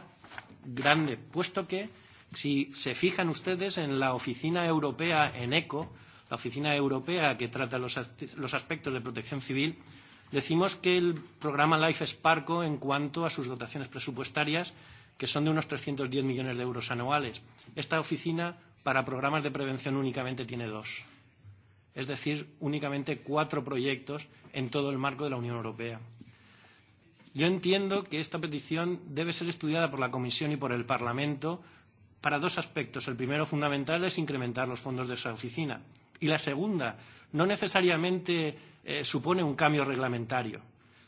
grande, puesto que si se fijan ustedes en la oficina europea en ECO, la oficina europea que trata los, los aspectos de protección civil, decimos que el programa Life Sparko en cuanto a sus dotaciones presupuestarias, que son de unos 310 millones de euros anuales. Esta oficina para programas de prevención únicamente tiene dos. Es decir, únicamente cuatro proyectos en todo el marco de la Unión Europea. Yo entiendo que esta petición debe ser estudiada por la Comisión y por el Parlamento para dos aspectos. El primero fundamental es incrementar los fondos de esa oficina. Y la segunda, no necesariamente eh, supone un cambio reglamentario,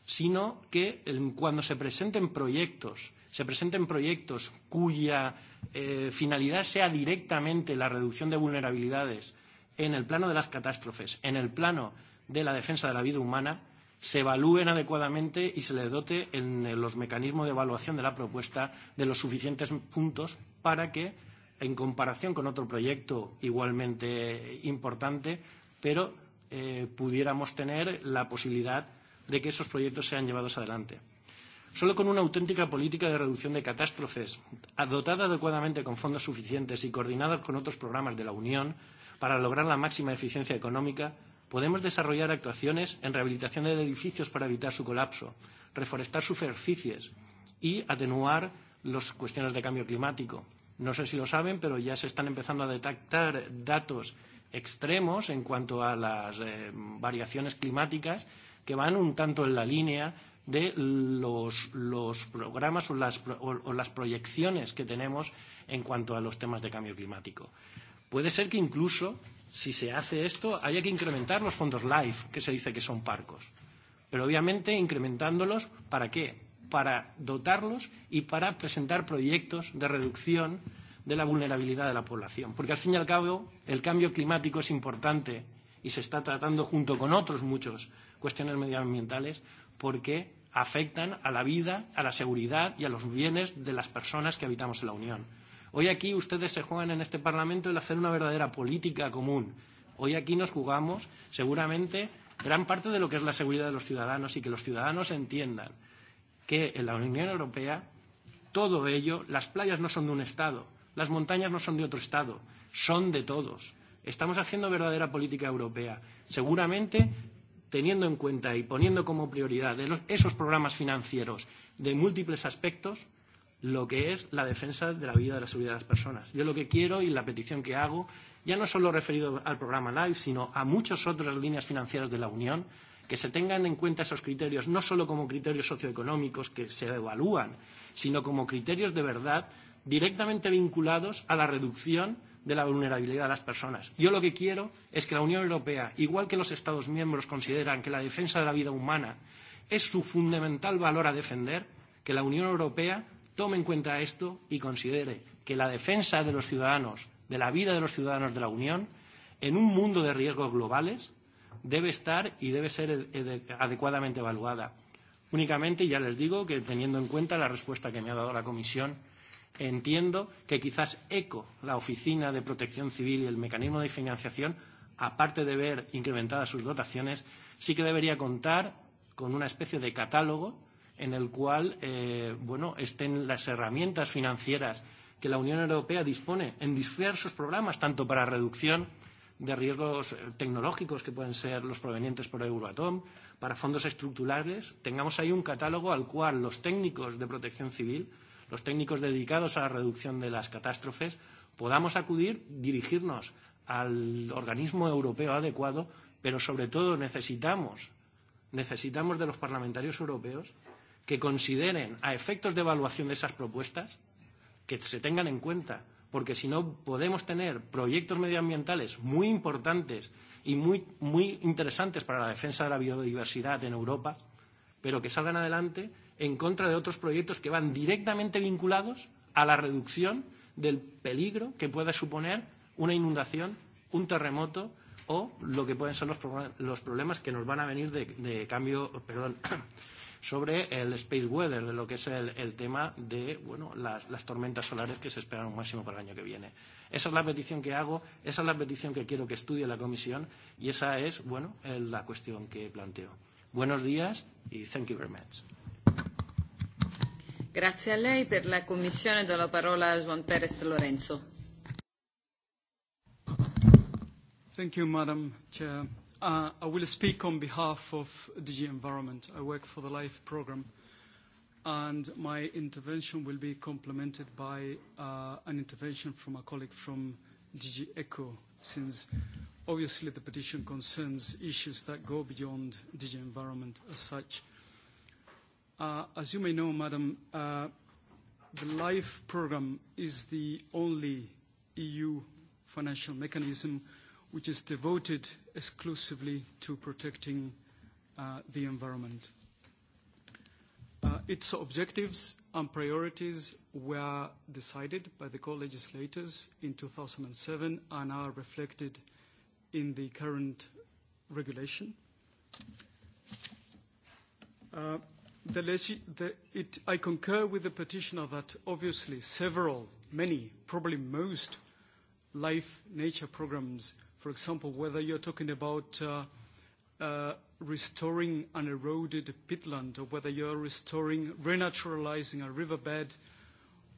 sino que el, cuando se presenten proyectos se presenten proyectos cuya eh, finalidad sea directamente la reducción de vulnerabilidades en el plano de las catástrofes, en el plano de la defensa de la vida humana, se evalúen adecuadamente y se le dote en los mecanismos de evaluación de la propuesta de los suficientes puntos para que, en comparación con otro proyecto igualmente importante, pero eh, pudiéramos tener la posibilidad de que esos proyectos sean llevados adelante. Solo con una auténtica política de reducción de catástrofes, dotada adecuadamente con fondos suficientes y coordinada con otros programas de la Unión para lograr la máxima eficiencia económica, podemos desarrollar actuaciones en rehabilitación de edificios para evitar su colapso, reforestar superficies y atenuar las cuestiones de cambio climático. No sé si lo saben, pero ya se están empezando a detectar datos extremos en cuanto a las eh, variaciones climáticas que van un tanto en la línea de los, los programas o las, o, o las proyecciones que tenemos en cuanto a los temas de cambio climático. Puede ser que incluso, si se hace esto, haya que incrementar los fondos LIFE, que se dice que son parcos. Pero obviamente incrementándolos, ¿para qué? Para dotarlos y para presentar proyectos de reducción de la vulnerabilidad de la población. Porque al fin y al cabo, el cambio climático es importante y se está tratando junto con otros muchos cuestiones medioambientales, porque afectan a la vida, a la seguridad y a los bienes de las personas que habitamos en la Unión. Hoy aquí ustedes se juegan en este Parlamento el hacer una verdadera política común. Hoy aquí nos jugamos seguramente gran parte de lo que es la seguridad de los ciudadanos y que los ciudadanos entiendan que en la Unión Europea todo ello, las playas no son de un Estado, las montañas no son de otro Estado, son de todos. Estamos haciendo verdadera política europea. Seguramente teniendo en cuenta y poniendo como prioridad de los, esos programas financieros de múltiples aspectos lo que es la defensa de la vida y de la seguridad de las personas. Yo lo que quiero y la petición que hago, ya no solo referido al programa LIFE, sino a muchas otras líneas financieras de la Unión, que se tengan en cuenta esos criterios, no solo como criterios socioeconómicos que se evalúan, sino como criterios de verdad directamente vinculados a la reducción de la vulnerabilidad de las personas. Yo lo que quiero es que la Unión Europea, igual que los Estados miembros consideran que la defensa de la vida humana es su fundamental valor a defender, que la Unión Europea tome en cuenta esto y considere que la defensa de los ciudadanos, de la vida de los ciudadanos de la Unión, en un mundo de riesgos globales, debe estar y debe ser eh, eh, adecuadamente evaluada. Únicamente, ya les digo que teniendo en cuenta la respuesta que me ha dado la Comisión Entiendo que quizás ECO, la Oficina de Protección Civil y el Mecanismo de Financiación, aparte de ver incrementadas sus dotaciones, sí que debería contar con una especie de catálogo en el cual eh, bueno, estén las herramientas financieras que la Unión Europea dispone en diversos programas, tanto para reducción de riesgos eh, tecnológicos que pueden ser los provenientes por Euroatom, para fondos estructurales, tengamos ahí un catálogo al cual los técnicos de protección civil los técnicos dedicados a la reducción de las catástrofes, podamos acudir, dirigirnos al organismo europeo adecuado, pero sobre todo necesitamos, necesitamos de los parlamentarios europeos que consideren a efectos de evaluación de esas propuestas que se tengan en cuenta, porque si no podemos tener proyectos medioambientales muy importantes y muy, muy interesantes para la defensa de la biodiversidad en Europa, pero que salgan adelante en contra de otros proyectos que van directamente vinculados a la reducción del peligro que pueda suponer una inundación, un terremoto o lo que pueden ser los, los problemas que nos van a venir de, de cambio, [coughs] perdón, [coughs] sobre el space weather, de lo que es el, el tema de bueno, las, las tormentas solares que se esperan un máximo para el año que viene. Esa es la petición que hago, esa es la petición que quiero que estudie la comisión y esa es bueno, la cuestión que planteo. Buenos días y thank you very much. Grazie a lei. Per la Commissione do la parola a Juan Pérez Lorenzo. Thank you, Madam Chair. Uh, I will speak on behalf of DG Environment. I work for the LIFE program, and my intervention will be complemented by uh, an intervention from a colleague from DG ECHO, since obviously the petition concerns issues that go beyond DG Environment as such. Uh, as you may know, Madam, uh, the LIFE program is the only EU financial mechanism which is devoted exclusively to protecting uh, the environment. Uh, its objectives and priorities were decided by the co-legislators in 2007 and are reflected in the current regulation. Uh, The, the, it, I concur with the petitioner that obviously several, many, probably most life nature programs, for example, whether you're talking about uh, uh, restoring an eroded peatland or whether you're restoring, renaturalizing a riverbed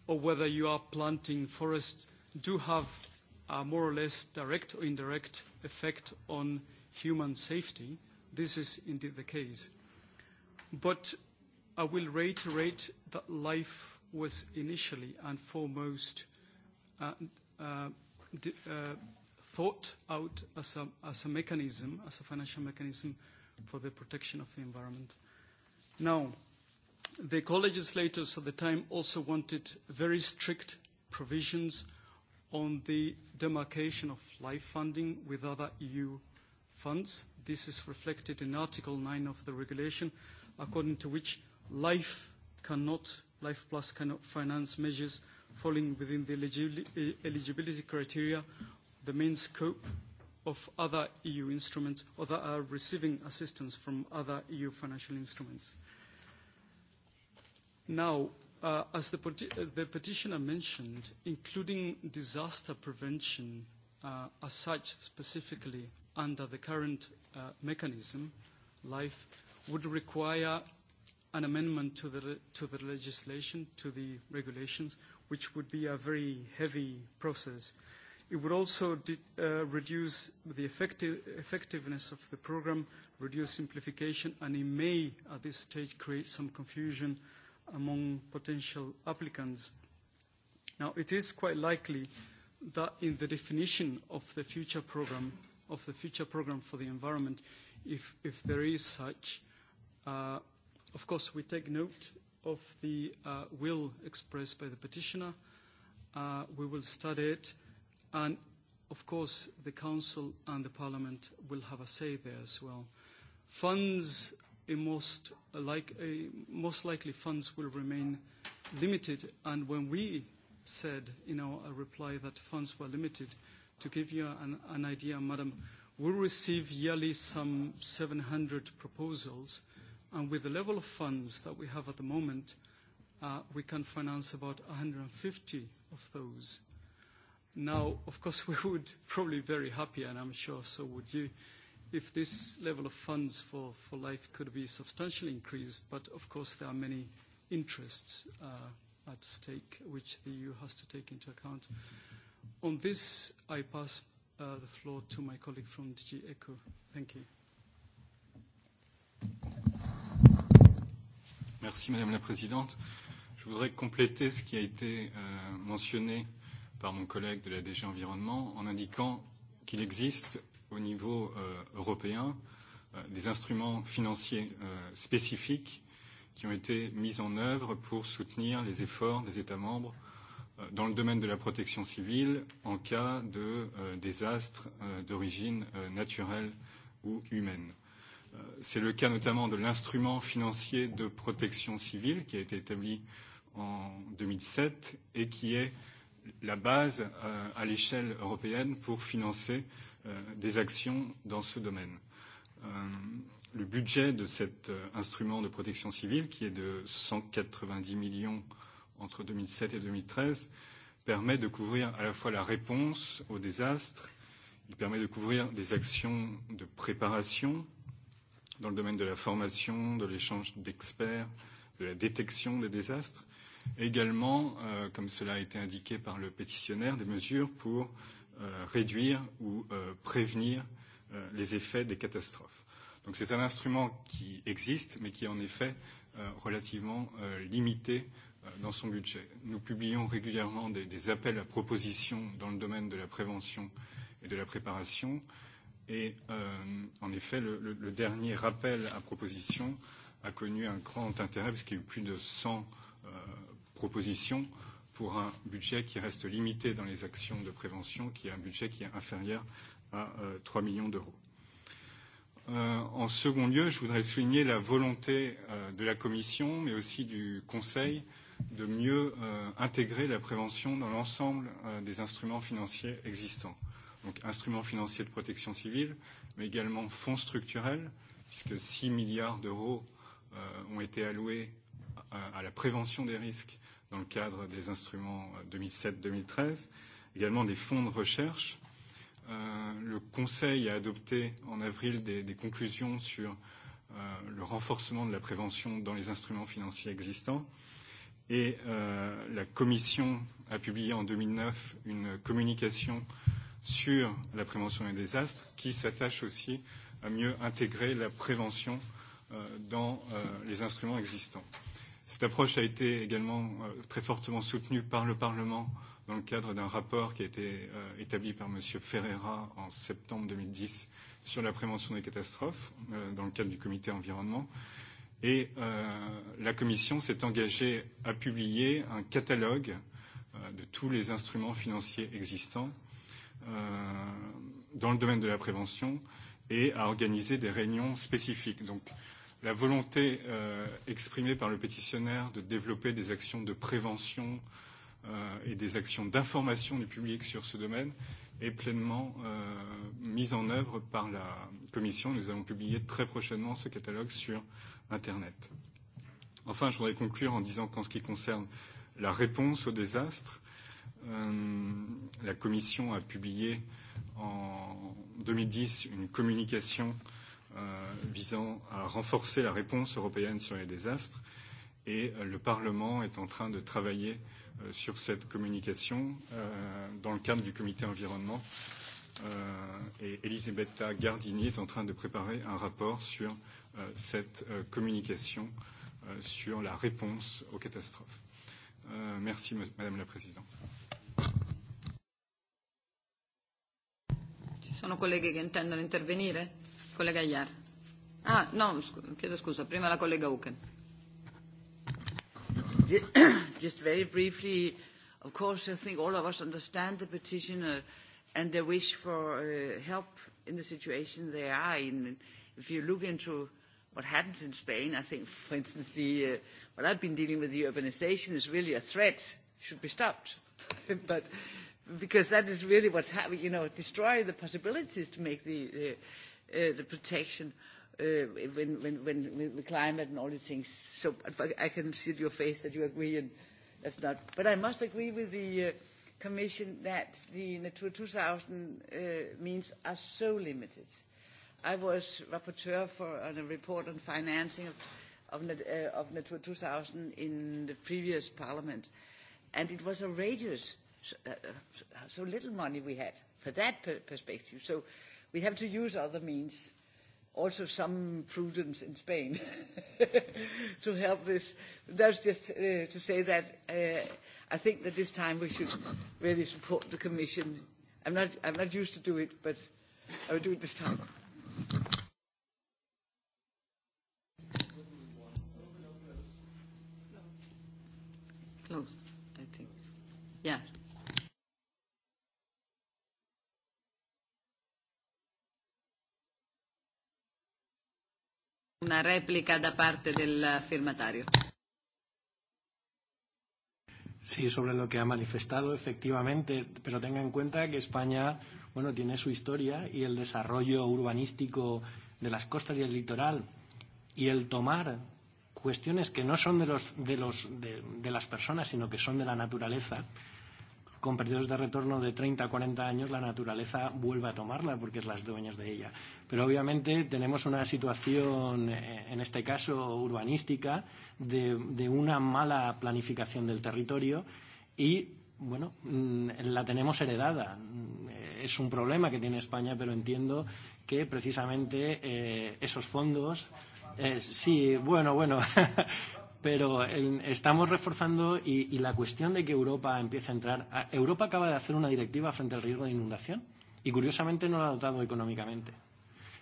or whether you are planting forests do have a more or less direct or indirect effect on human safety. This is indeed the case. But I will reiterate that life was initially and foremost uh, uh, uh, thought out as a, as a mechanism, as a financial mechanism for the protection of the environment. Now, the co-legislators at the time also wanted very strict provisions on the demarcation of life funding with other EU funds. This is reflected in Article 9 of the regulation, according to which Life cannot, Life Plus cannot finance measures falling within the eligibility criteria, the main scope of other EU instruments or that are receiving assistance from other EU financial instruments. Now, uh, as the, uh, the petitioner mentioned, including disaster prevention uh, as such specifically under the current uh, mechanism, LIFE, would require an amendment to the, to the legislation, to the regulations, which would be a very heavy process. It would also uh, reduce the effective, effectiveness of the program, reduce simplification, and it may, at this stage, create some confusion among potential applicants. Now, it is quite likely that in the definition of the future program, of the future program for the environment, if, if there is such, uh, Of course, we take note of the uh, will expressed by the petitioner. Uh, we will study it, and of course, the Council and the Parliament will have a say there as well. Funds, most, like, uh, most likely funds will remain limited, and when we said in our uh, reply that funds were limited, to give you an, an idea, Madam, we receive yearly some 700 proposals, And with the level of funds that we have at the moment, uh, we can finance about 150 of those. Now, of course, [laughs] we would probably be very happy, and I'm sure so would you, if this level of funds for, for life could be substantially increased. But of course, there are many interests uh, at stake, which the EU has to take into account. On this, I pass uh, the floor to my colleague from DG ECHO. Thank you. Merci Madame la Présidente. Je voudrais compléter ce qui a été euh, mentionné par mon collègue de la DG Environnement en indiquant qu'il existe au niveau euh, européen euh, des instruments financiers euh, spécifiques qui ont été mis en œuvre pour soutenir les efforts des États membres euh, dans le domaine de la protection civile en cas de euh, désastre euh, d'origine euh, naturelle ou humaine. Euh, c'est le cas notamment de l'instrument financier de protection civile qui a été établi en 2007 et qui est la base euh, à l'échelle européenne pour financer euh, des actions dans ce domaine. le budget de cet instrument de protection civile, qui est de 190 millions entre 2007 et 2013, permet de couvrir à la fois la réponse au désastre, il permet de couvrir des actions de préparation, dans le domaine de la formation, de l'échange d'experts, de la détection des désastres. Également, euh, comme cela a été indiqué par le pétitionnaire, des mesures pour euh, réduire ou euh, prévenir euh, les effets des catastrophes. Donc c'est un instrument qui existe, mais qui est en effet euh, relativement euh, limité euh, dans son budget. Nous publions régulièrement des, des appels à propositions dans le domaine de la prévention et de la préparation. Euh, Et euh, en effet, le, le, le dernier rappel à proposition a connu un grand intérêt parce qu'il y a eu plus de 100 euh, propositions pour un budget qui reste limité dans les actions de prévention, qui est un budget qui est inférieur à euh, 3 millions d'euros. Euh, en second lieu, je voudrais souligner la volonté euh, de la Commission, mais aussi du Conseil, de mieux euh, intégrer la prévention dans l'ensemble euh, des instruments financiers existants. Euh, donc instruments financiers de protection civile, mais également fonds structurels, puisque 6 milliards d'euros euh, ont été alloués à, à la prévention des risques dans le cadre des instruments 2007-2013, euh, également des fonds de recherche. Euh, le Conseil a adopté en avril des, des conclusions sur euh, le renforcement de la prévention dans les instruments financiers existants. Et euh, la Commission a publié en 2009 une communication euh, sur la prévention des désastres qui s'attache aussi à mieux intégrer la prévention euh, dans euh, les instruments existants. Cette approche a été également euh, très fortement soutenue par le Parlement dans le cadre d'un rapport qui a été euh, établi par M. Ferreira en septembre 2010 sur la prévention des catastrophes euh, dans le cadre du comité environnement. Et euh, la Commission s'est engagée à publier un catalogue euh, de tous les instruments financiers existants euh, Euh, dans le domaine de la prévention et à organiser des réunions spécifiques. Donc, la volonté euh, exprimée par le pétitionnaire de développer des actions de prévention euh, et des actions d'information du public sur ce domaine est pleinement euh, mise en œuvre par la Commission. Nous allons publier très prochainement ce catalogue sur Internet. Enfin, je voudrais conclure en disant qu'en ce qui concerne la réponse au désastre, Euh, la Commission a publié en 2010 une communication euh, visant à renforcer la réponse européenne sur les désastres et euh, le Parlement est en train de travailler euh, sur cette communication euh, dans le cadre du comité environnement euh, et Elisabetta Gardini est en train de préparer un rapport sur euh, cette euh, communication euh, sur la réponse aux catastrophes. Euh, merci Madame la Présidente. Sono colleghi che intendono intervenire? Collega Iar. Ah, no, scu- chiedo scusa, prima la collega Uken. [coughs] Just very briefly, of course, I think all of us understand the petitioner and the wish for uh, help in the situation they are in. If you look into what happens in Spain, I think, [laughs] for instance, the, uh, what I've been dealing with, the urbanization, is really a threat, should be stopped. [laughs] but because that is really what's happening, you know, destroy the possibilities to make the, uh, uh, the protection uh, when, when, when, when the climate and all the things. So I can see your face that you agree and that's not. But I must agree with the uh, Commission that the Natura 2000 uh, means are so limited. I was rapporteur for on a report on financing of, of, uh, of Natura 2000 in the previous parliament, and it was outrageous Uh, uh, so, little money we had for that per perspective. So we have to use other means, also some prudence in Spain [laughs] to help this. That's just uh, to say that uh, I think that this time we should really support the Commission. I'm not, I'm not used to do it, but I will do it this time. una replica da parte del firmatario. Sí, sobre lo que ha manifestado, efectivamente, pero tenga en cuenta que España, bueno, tiene su historia y el desarrollo urbanístico de las costas y el litoral y el tomar cuestiones que no son de los de los de, de las personas, sino que son de la naturaleza, con periodos de retorno de 30 a 40 años la naturaleza vuelva a tomarla porque es las dueñas de ella. Pero obviamente tenemos una situación, eh, en este caso urbanística, de, de una mala planificación del territorio y bueno, mm, la tenemos heredada. Mm, es un problema que tiene España, pero entiendo que precisamente eh, esos fondos. Eh, sí, bueno, bueno. [laughs] pero eh, estamos reforzando y, y la cuestión de que Europa empiece a entrar. A, Europa acaba de hacer una directiva frente al riesgo de inundación y curiosamente no la ha dotado económicamente.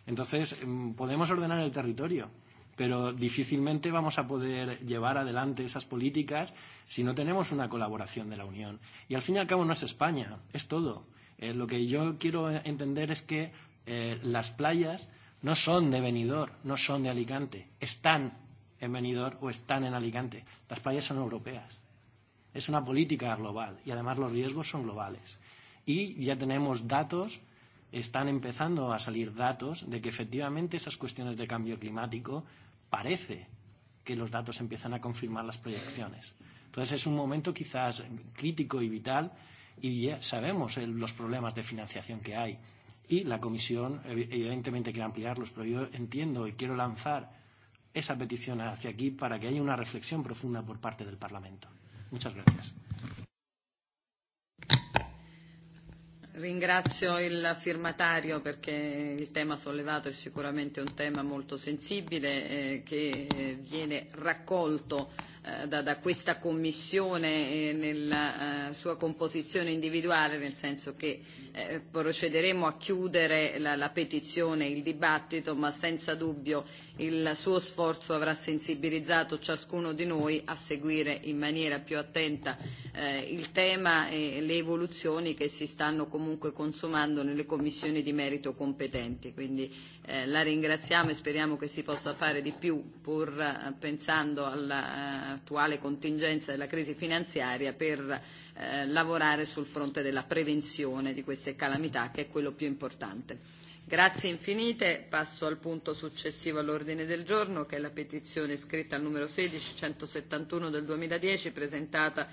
Entonces, eh, podemos ordenar el territorio, pero difícilmente vamos a poder llevar adelante esas políticas si no tenemos una colaboración de la Unión. Y al fin y al cabo no es España, es todo. Eh, lo que yo quiero entender es que eh, las playas no son de Benidorm, no son de Alicante, están en Benidorm o están en Alicante. Las playas son europeas. Es una política global y además los riesgos son globales. Y ya tenemos datos, están empezando a salir datos de que efectivamente esas cuestiones de cambio climático parece que los datos empiezan a confirmar las proyecciones. Entonces es un momento quizás crítico y vital y ya sabemos el, los problemas de financiación que hay. Y la Comisión evidentemente quiere ampliarlos, pero yo entiendo y quiero lanzar esa petición hacia aquí para que haya una reflexión profunda por parte del Parlamento. Muchas gracias. Ringrazio il firmatario perché il tema sollevato è sicuramente un tema molto sensibile eh, che eh, viene raccolto Eh, da, da questa commissione nella eh, sua composizione individuale, nel senso che eh, procederemo a chiudere la, la petizione, il dibattito, ma senza dubbio il suo sforzo avrà sensibilizzato ciascuno di noi a seguire in maniera più attenta eh, il tema e le evoluzioni che si stanno comunque consumando nelle commissioni di merito competenti. Quindi Eh, la ringraziamo e speriamo che si possa fare di più pur eh, pensando all'attuale contingenza della crisi finanziaria per eh, lavorare sul fronte della prevenzione di queste calamità che è quello più importante. Grazie infinite, passo al punto successivo all'ordine del giorno che è la petizione scritta al numero 16171 del 2010 presentata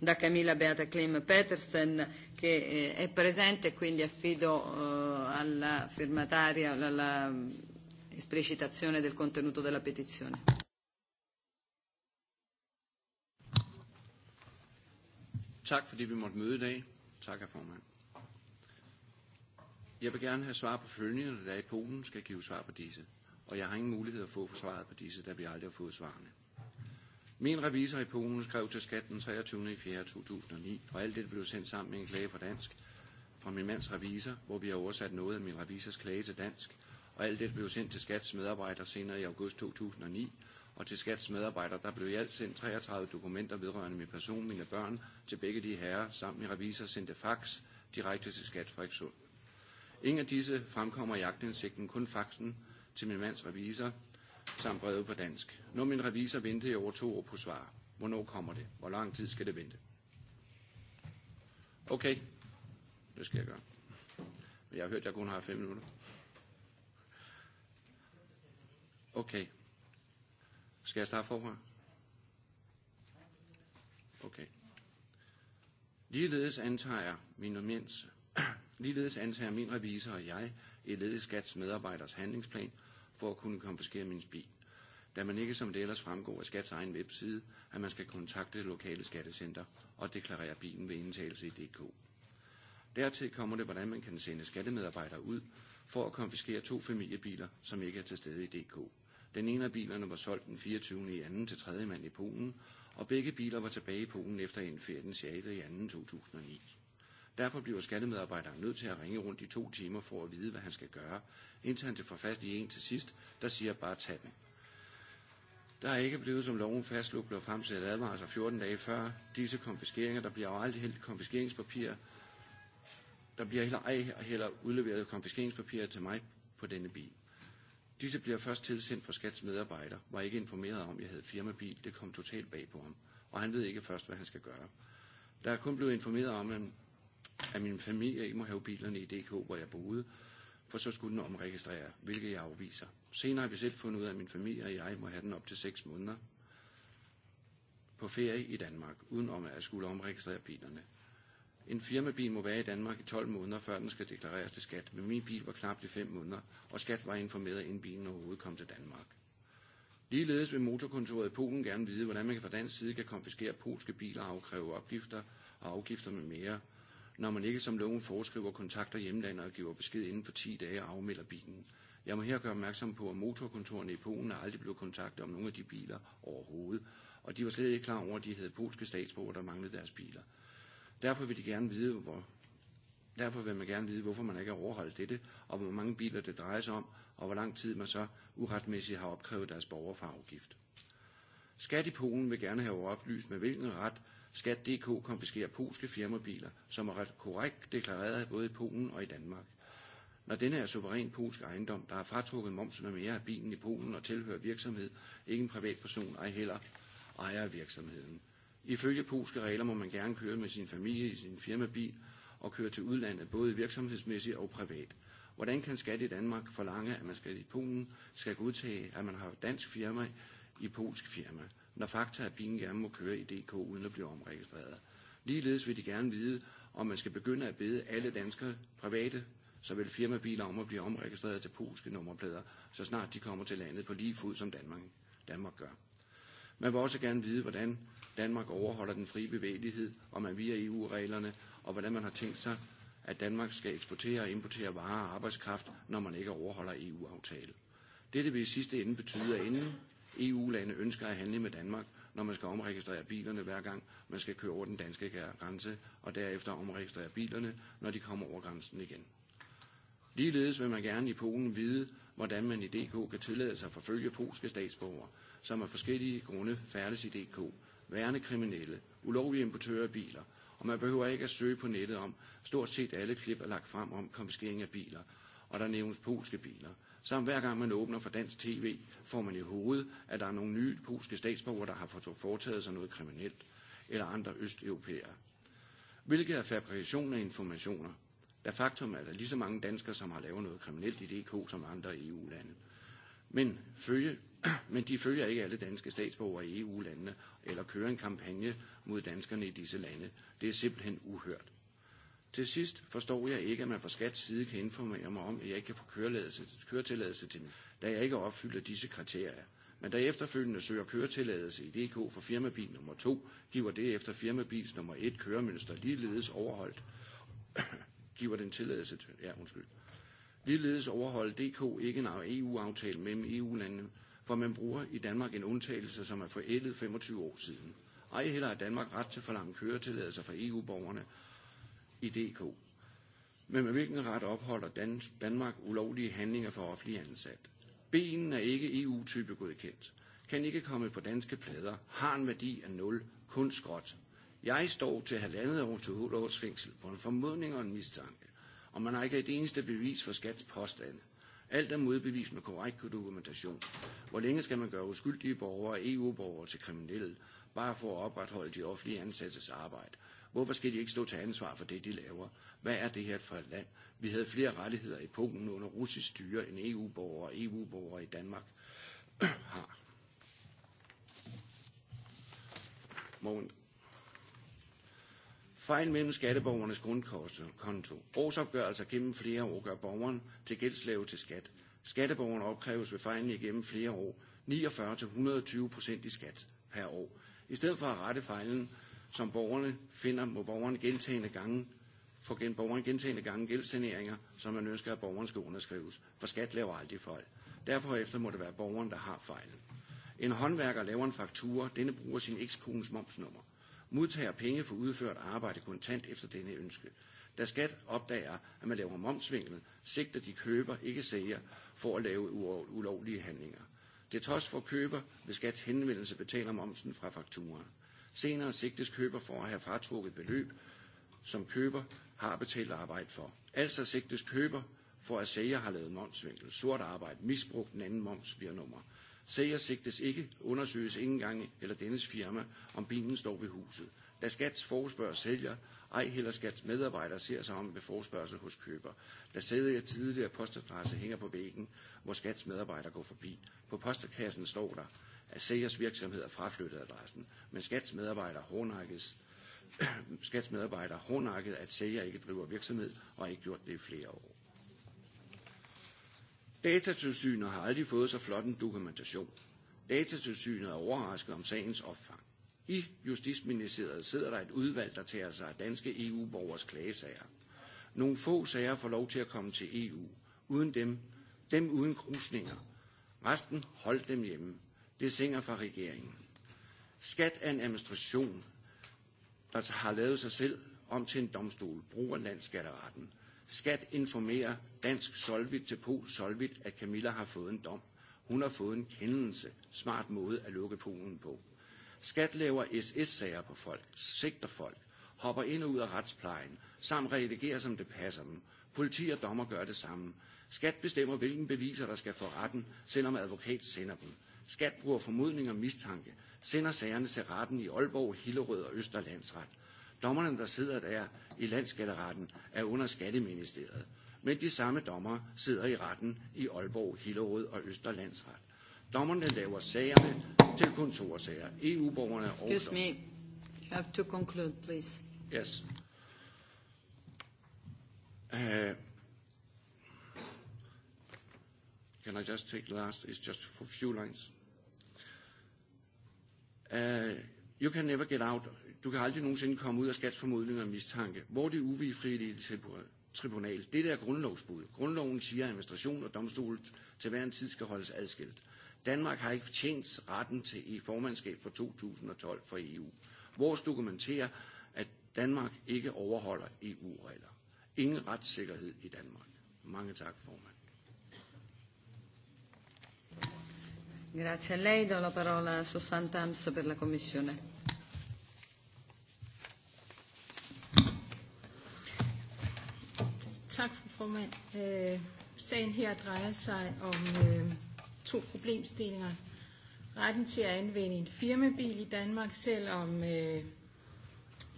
da Camilla Beata Clem Petersen che eh, è presente, quindi affido eh, alla firmataria l'esplicitazione del contenuto della petizione. Tak fordi vi måtte møde i dag. Tak, herr formand. Jeg vil gerne have svar på følgende, da i Polen skal give svar på disse. Og jeg har ingen mulighed at få svaret på disse, da vi aldrig har fået svarene. Min revisor i Polen skrev til skat den 23. i 4. 2009, og alt det blev sendt sammen med en klage på dansk fra min mands revisor, hvor vi har oversat noget af min revisors klage til dansk, og alt det blev sendt til skats medarbejdere senere i august 2009, og til skats medarbejdere, der blev i alt sendt 33 dokumenter vedrørende min person, mine børn, til begge de herrer, samt min revisor sendte fax direkte til skat Frederikssund. Ingen af disse fremkommer i agtindsigten, kun faxen til min mands revisor, samt breve på dansk. Når min revisor ventede i over to år på svar. Hvornår kommer det? Hvor lang tid skal det vente? Okay, det skal jeg gøre. Men jeg har hørt, at jeg kun har fem minutter. Okay. Skal jeg starte forfra? Okay. Ligeledes antager min, mens, [clears throat] ligeledes antager min revisor og jeg, i ledet skats medarbejders handlingsplan, for at kunne konfiskere min bil, da man ikke, som det ellers fremgår af Skats egen webside, at man skal kontakte det lokale skattecenter og deklarere bilen ved indtagelse i DK. Dertil kommer det, hvordan man kan sende skattemedarbejdere ud for at konfiskere to familiebiler, som ikke er til stede i DK. Den ene af bilerne var solgt den 24. i anden til 3. mand i Polen, og begge biler var tilbage i Polen efter en ferie den 6. i anden 2009. Derfor bliver skattemedarbejderen nødt til at ringe rundt i to timer for at vide, hvad han skal gøre, indtil han får fast i en til sidst, der siger bare tag den. Der er ikke blevet, som loven fastslog, blev fremsat advarsler 14 dage før. Disse konfiskeringer, der bliver jo aldrig helt konfiskeringspapirer, der bliver heller ej heller udleveret konfiskeringspapirer til mig på denne bil. Disse bliver først tilsendt fra Skats medarbejder, var ikke informeret om, at jeg havde firmabil. Det kom totalt bag på ham, og han ved ikke først, hvad han skal gøre. Der er kun blevet informeret om, af min familie ikke må have bilerne i DK, hvor jeg boede, for så skulle den omregistrere, hvilket jeg afviser. Senere har vi selv fundet ud af, at min familie og jeg må have den op til 6 måneder på ferie i Danmark, uden om at jeg skulle omregistrere bilerne. En firmabil må være i Danmark i 12 måneder, før den skal deklareres til skat, men min bil var knap i 5 måneder, og skat var informeret, inden bilen overhovedet kom til Danmark. Ligeledes vil motorkontoret i Polen gerne vide, hvordan man fra dansk side kan konfiskere polske biler og afkræve opgifter og afgifter med mere, når man ikke som loven foreskriver kontakter hjemlandet og giver besked inden for 10 dage og afmelder bilen. Jeg må her gøre opmærksom på, at motorkontorerne i Polen er aldrig blevet kontaktet om nogle af de biler overhovedet, og de var slet ikke klar over, at de havde polske statsborger, der manglede deres biler. Derfor vil de gerne vide, hvor, Derfor vil man gerne vide, hvorfor man ikke har overholdt dette, og hvor mange biler det drejer sig om, og hvor lang tid man så uretmæssigt har opkrævet deres borgerfarafgift. Skat i Polen vil gerne have oplyst, med hvilken ret Skat.dk konfiskerer polske firmabiler, som er korrekt deklareret både i Polen og i Danmark. Når denne er suveræn polsk ejendom, der har er fratrukket moms med mere af bilen i Polen og tilhører virksomhed, ikke en privatperson, ej heller ejer af virksomheden. Ifølge polske regler må man gerne køre med sin familie i sin firmabil og køre til udlandet, både virksomhedsmæssigt og privat. Hvordan kan skat i Danmark forlange, at man skal i Polen skal godtage, at man har dansk firma i polsk firma? når fakta at bilen gerne må køre i DK uden at blive omregistreret. Ligeledes vil de gerne vide, om man skal begynde at bede alle danskere private så vil firmabiler om at blive omregistreret til polske nummerplader, så snart de kommer til landet på lige fod som Danmark, Danmark gør. Man vil også gerne vide, hvordan Danmark overholder den frie bevægelighed, om man via EU-reglerne, og hvordan man har tænkt sig, at Danmark skal eksportere og importere varer og arbejdskraft, når man ikke overholder EU-aftale. Dette vil i sidste ende betyde, at inden EU-lande ønsker at handle med Danmark, når man skal omregistrere bilerne hver gang man skal køre over den danske grænse, og derefter omregistrere bilerne, når de kommer over grænsen igen. Ligeledes vil man gerne i Polen vide, hvordan man i DK kan tillade sig at forfølge polske statsborgere, som af forskellige grunde færdes i DK, værende kriminelle, ulovlige importører af biler, og man behøver ikke at søge på nettet om, stort set alle klip er lagt frem om konfiskering af biler, og der nævnes polske biler. Samt hver gang man åbner for dansk tv, får man i hovedet, at der er nogle nye polske statsborger, der har foretaget sig noget kriminelt, eller andre østeuropæere. Hvilket er fabrikation af informationer, da faktum er, at der er lige så mange danskere, som har lavet noget kriminelt i DK, som andre EU-lande. Men, følge, [clears throat] men de følger ikke alle danske statsborgere i EU-landene, eller kører en kampagne mod danskerne i disse lande. Det er simpelthen uhørt. Til sidst forstår jeg ikke, at man fra skats side kan informere mig om, at jeg ikke kan få køretilladelse, køretilladelse til, da jeg ikke opfylder disse kriterier. Men da jeg efterfølgende søger køretilladelse i DK for firmabil nummer 2, giver det efter firmabils nummer 1 køremønster ligeledes overholdt, [coughs] giver den tilladelse til, ja undskyld. Ligeledes overholder DK ikke en EU-aftale mellem EU-landene, for man bruger i Danmark en undtagelse, som er forældet 25 år siden. Ej heller har Danmark ret til at forlange køretilladelser fra EU-borgerne, i DK. Men med hvilken ret opholder Dan Danmark ulovlige handlinger for offentlige ansat? Benen er ikke EU-type godkendt. Kan ikke komme på danske plader. Har en værdi af 0. Kun skråt. Jeg står til halvandet år til års fængsel på en formodning og en mistanke. Og man har ikke et eneste bevis for skats påstande. Alt er modbevist med korrekt dokumentation. Hvor længe skal man gøre uskyldige borgere og EU-borgere til kriminelle, bare for at opretholde de offentlige ansattes arbejde? Hvorfor skal de ikke stå til ansvar for det, de laver? Hvad er det her for et land? Vi havde flere rettigheder i Polen under russisk styre end EU-borgere og EU-borgere i Danmark [clears throat] har. Moment. Fejl mellem skatteborgernes grundkonto. Årsopgørelser gennem flere år gør borgeren til gældslave til skat. Skatteborgerne opkræves ved fejlen igennem flere år 49-120 procent i skat per år. I stedet for at rette fejlen som borgerne finder, må borgeren gentagende gange for gen, borgeren gentagende gange gældsaneringer, som man ønsker, at borgeren skal underskrives. For skat laver aldrig fejl. Derfor efter må det være borgeren, der har fejlen. En håndværker laver en faktura, denne bruger sin ekskones momsnummer. Modtager penge for udført arbejde kontant efter denne ønske. Da skat opdager, at man laver momsvingel, sigter de køber, ikke sælger, for at lave ulovlige handlinger. Det trods for køber ved skat henvendelse betaler momsen fra fakturen. Senere sigtes køber for at have fratrukket beløb, som køber har betalt arbejde for. Altså sigtes køber for at sælger har lavet momsvindel, sort arbejde, misbrugt den anden moms via nummer. Sælger sigtes ikke, undersøges ingen engang eller dennes firma, om bilen står ved huset. Da Skats forespørger sælger, ej heller Skats medarbejdere ser sig om ved forespørgsel hos køber. Da sælger jeg tidligere postadresse hænger på væggen, hvor Skats medarbejdere går forbi. På postkassen står der, at Segers virksomheder fraflyttede adressen, men Skats medarbejdere hårdnakkes [clears throat] Skats hårdnakket, at Seger ikke driver virksomhed og har ikke gjort det i flere år. Datatilsynet har aldrig fået så flot en dokumentation. Datatilsynet er overrasket om sagens opfang. I Justitsministeriet sidder der et udvalg, der tager sig af danske EU-borgers klagesager. Nogle få sager får lov til at komme til EU. Uden dem, dem uden krusninger. Resten, holdt dem hjemme det er singer fra regeringen. Skat er en administration, der har lavet sig selv om til en domstol, bruger landskatteretten. Skat informerer dansk Solvit til Pol Solvit, at Camilla har fået en dom. Hun har fået en kendelse. Smart måde at lukke Polen på. Skat laver SS-sager på folk, sigter folk, hopper ind og ud af retsplejen, samt redigerer, som det passer dem. Politi og dommer gør det samme. Skat bestemmer, hvilken beviser, der skal få retten, selvom advokat sender dem. Skat bruger formodning og mistanke, sender sagerne til retten i Aalborg, Hillerød og Østerlandsret. Dommerne, der sidder der i landsskatteretten, er under skatteministeriet, men de samme dommere sidder i retten i Aalborg, Hillerød og Østerlandsret. Dommerne laver sagerne til kontorsager. EU-borgerne og... Excuse me. You have to conclude, please. Yes. Uh, Can I just take last? It's just for few lines. Uh, you can never get out. Du kan aldrig nogensinde komme ud af skatsformodning og mistanke. Hvor er det uvigfrivillige tribunal, det er grundlovsbud. Grundloven siger, at administration og domstol til hver en tid skal holdes adskilt. Danmark har ikke tjent retten til i formandskab for 2012 for EU. Vores dokumenterer, at Danmark ikke overholder EU-regler. Ingen retssikkerhed i Danmark. Mange tak, formand. Grazie a lei. Do la parola a Susanne Tams per la Commissione. Tak, fru formand. Øh, sagen her drejer sig om øh, to problemstillinger. Retten til at anvende en firmabil i Danmark, selvom øh,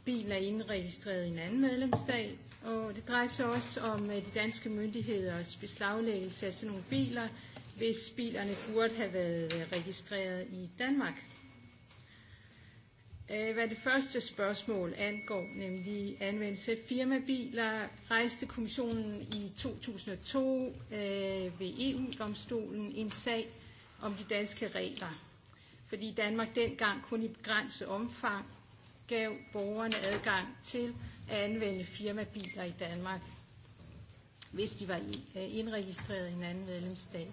bilen er indregistreret i en anden medlemsstat. Og det drejer sig også om øh, de danske myndigheders beslaglæggelse af sådan nogle biler, hvis bilerne burde have været registreret i Danmark. Øh, hvad det første spørgsmål angår, nemlig anvendelse af firmabiler, rejste kommissionen i 2002 øh, ved EU-domstolen en sag om de danske regler. Fordi Danmark dengang kun i begrænset omfang gav borgerne adgang til at anvende firmabiler i Danmark, hvis de var er indregistreret i en anden medlemsstat.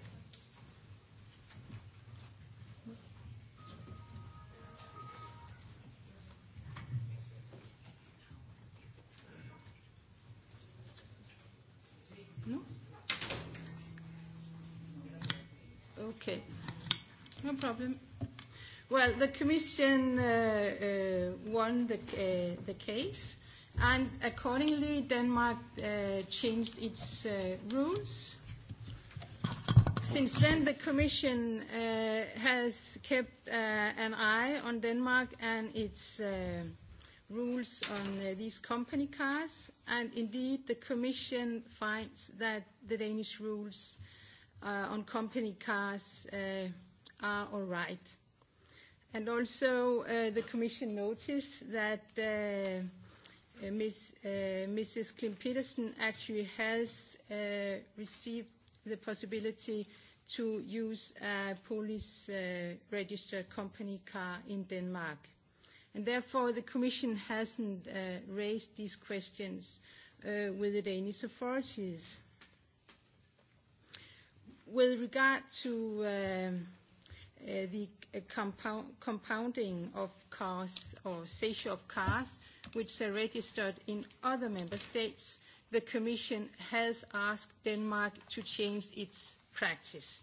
Okay. No problem. Well, the Commission uh, uh, won the, uh, the case, and accordingly, Denmark uh, changed its uh, rules. Since then, the Commission uh, has kept uh, an eye on Denmark and its uh, rules on uh, these company cars, and indeed, the Commission finds that the Danish rules uh, uh, on company cars uh, are all right. And also, uh, the commission noticed that uh, Ms., uh, Mrs. Uh, Klim-Petersen actually has uh, received the possibility to use a Polish uh, registered company car in Denmark. And therefore, the commission hasn't raised these questions with the Danish authorities. With regard to um, uh, the uh, compound, compounding of cars or seizure of cars which are registered in other member states, the Commission has asked Denmark to change its practice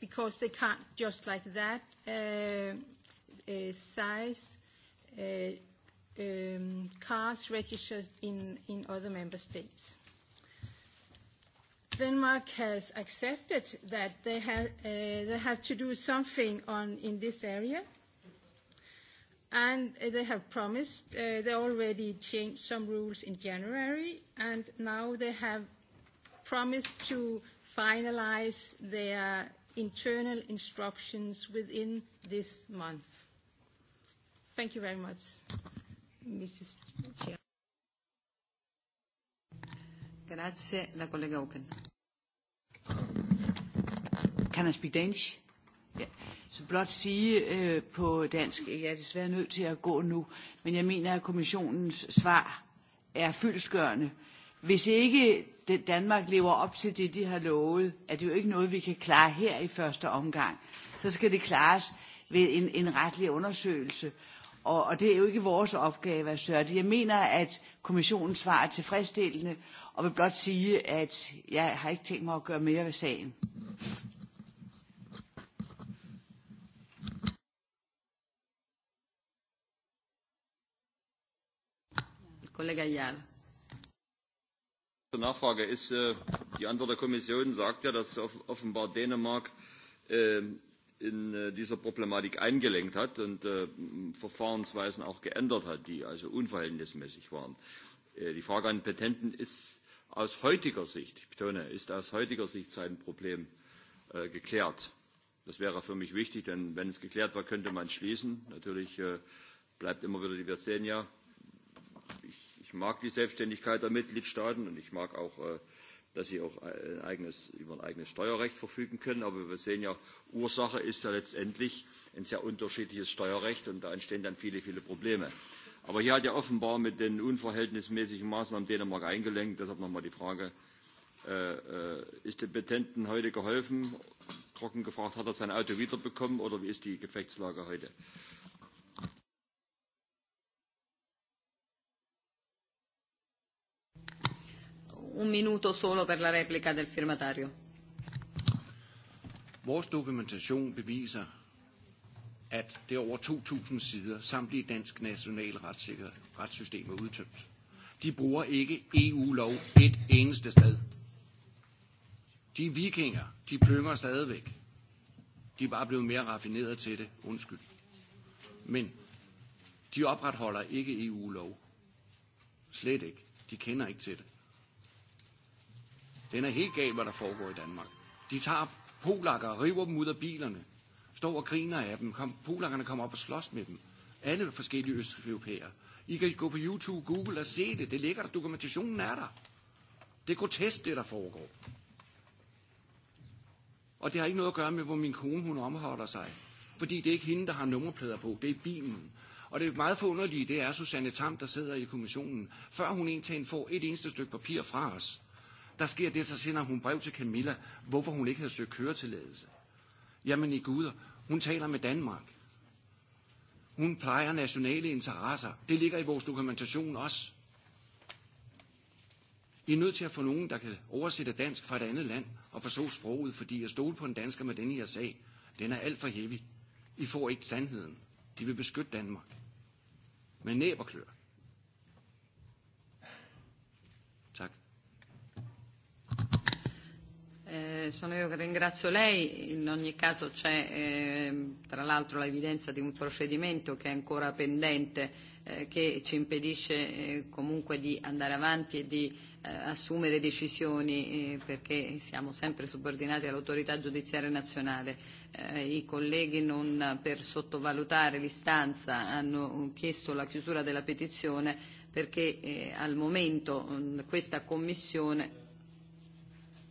because they can't just like that uh, uh, size uh, um, cars registered in, in other member states. Denmark has accepted that they, have, uh, they have to do something on, in this area. And uh, they have promised, uh, they already changed some rules in January, and now they have promised to finalize their internal instructions within this month. Thank you very much, Mrs. Chair. Grazie, la collega Oken. Can I speak Danish? Ja. Så blot sige øh, på dansk, jeg er desværre nødt til at gå nu, men jeg mener, at kommissionens svar er fyldskørende. Hvis ikke Danmark lever op til det, de har lovet, er det jo ikke noget, vi kan klare her i første omgang. Så skal det klares ved en, en retlig undersøgelse. Og, og det er jo ikke vores opgave at sørge Jeg mener, at kommissionens svar er tilfredsstillende, og vil blot sige, at jeg har ikke tænkt mig at gøre mere ved sagen. Kollege Jarl. Nachfrage ist, äh, die Antwort der Kommission sagt ja, dass offenbar Dänemark äh, in äh, dieser Problematik eingelenkt hat und äh, Verfahrensweisen auch geändert hat, die also unverhältnismäßig waren. Äh, die Frage an Petenten ist aus heutiger Sicht, ich betone, ist aus heutiger Sicht sein Problem geklärt. Das wäre für mich wichtig, denn wenn es geklärt war, könnte man schließen. Natürlich bleibt immer wieder die Vesenia. Ich, ich mag die Selbstständigkeit der Mitgliedstaaten und ich mag auch äh, dass sie auch äh, ein eigenes, über ein eigenes Steuerrecht verfügen können. Aber wir sehen ja, Ursache ist ja letztendlich ein sehr unterschiedliches Steuerrecht und da entstehen dann viele, viele Probleme. Aber hier hat ja offenbar mit den unverhältnismäßigen Maßnahmen Dänemark eingelenkt. Deshalb nochmal die Frage, äh, äh ist dem Petenten heute geholfen? Trocken gefragt, hat er sein Auto wiederbekommen oder wie ist die Gefechtslage heute? un minuto solo per la replica del firmatario. Vores dokumentation beviser, at det er over 2.000 sider samtlige dansk national retssystem er udtømt. De bruger ikke EU-lov et eneste sted. De er vikinger, de plynger stadigvæk. De er bare blevet mere raffineret til det, undskyld. Men de opretholder ikke EU-lov. Slet ikke. De kender ikke til det. Den er helt gal, hvad der foregår i Danmark. De tager polakker og river dem ud af bilerne. Står og griner af dem. Kom, polakkerne kommer op og slås med dem. Alle forskellige østeuropæere. I kan gå på YouTube, Google og se det. Det ligger der. Dokumentationen er der. Det er grotesk, det der foregår. Og det har ikke noget at gøre med, hvor min kone hun omholder sig. Fordi det er ikke hende, der har nummerplader på. Det er bilen. Og det er meget forunderlige, det er Susanne Tam, der sidder i kommissionen. Før hun egentlig får et eneste stykke papir fra os, Der sker det, så sender hun brev til Camilla, hvorfor hun ikke havde søgt køretilladelse. Jamen i guder, hun taler med Danmark. Hun plejer nationale interesser. Det ligger i vores dokumentation også. I er nødt til at få nogen, der kan oversætte dansk fra et andet land og forstå sproget, fordi jeg stole på en dansker med denne her sag, den er alt for heavy. I får ikke sandheden. De vil beskytte Danmark. Med næb og klør. sono io che ringrazio lei. In ogni caso c'è eh, tra l'altro l'evidenza di un procedimento che è ancora pendente eh, che ci impedisce eh, comunque di andare avanti e di eh, assumere decisioni eh, perché siamo sempre subordinati all'autorità giudiziaria nazionale. Eh, I colleghi non per sottovalutare l'istanza hanno chiesto la chiusura della petizione perché eh, al momento mh, mm, questa commissione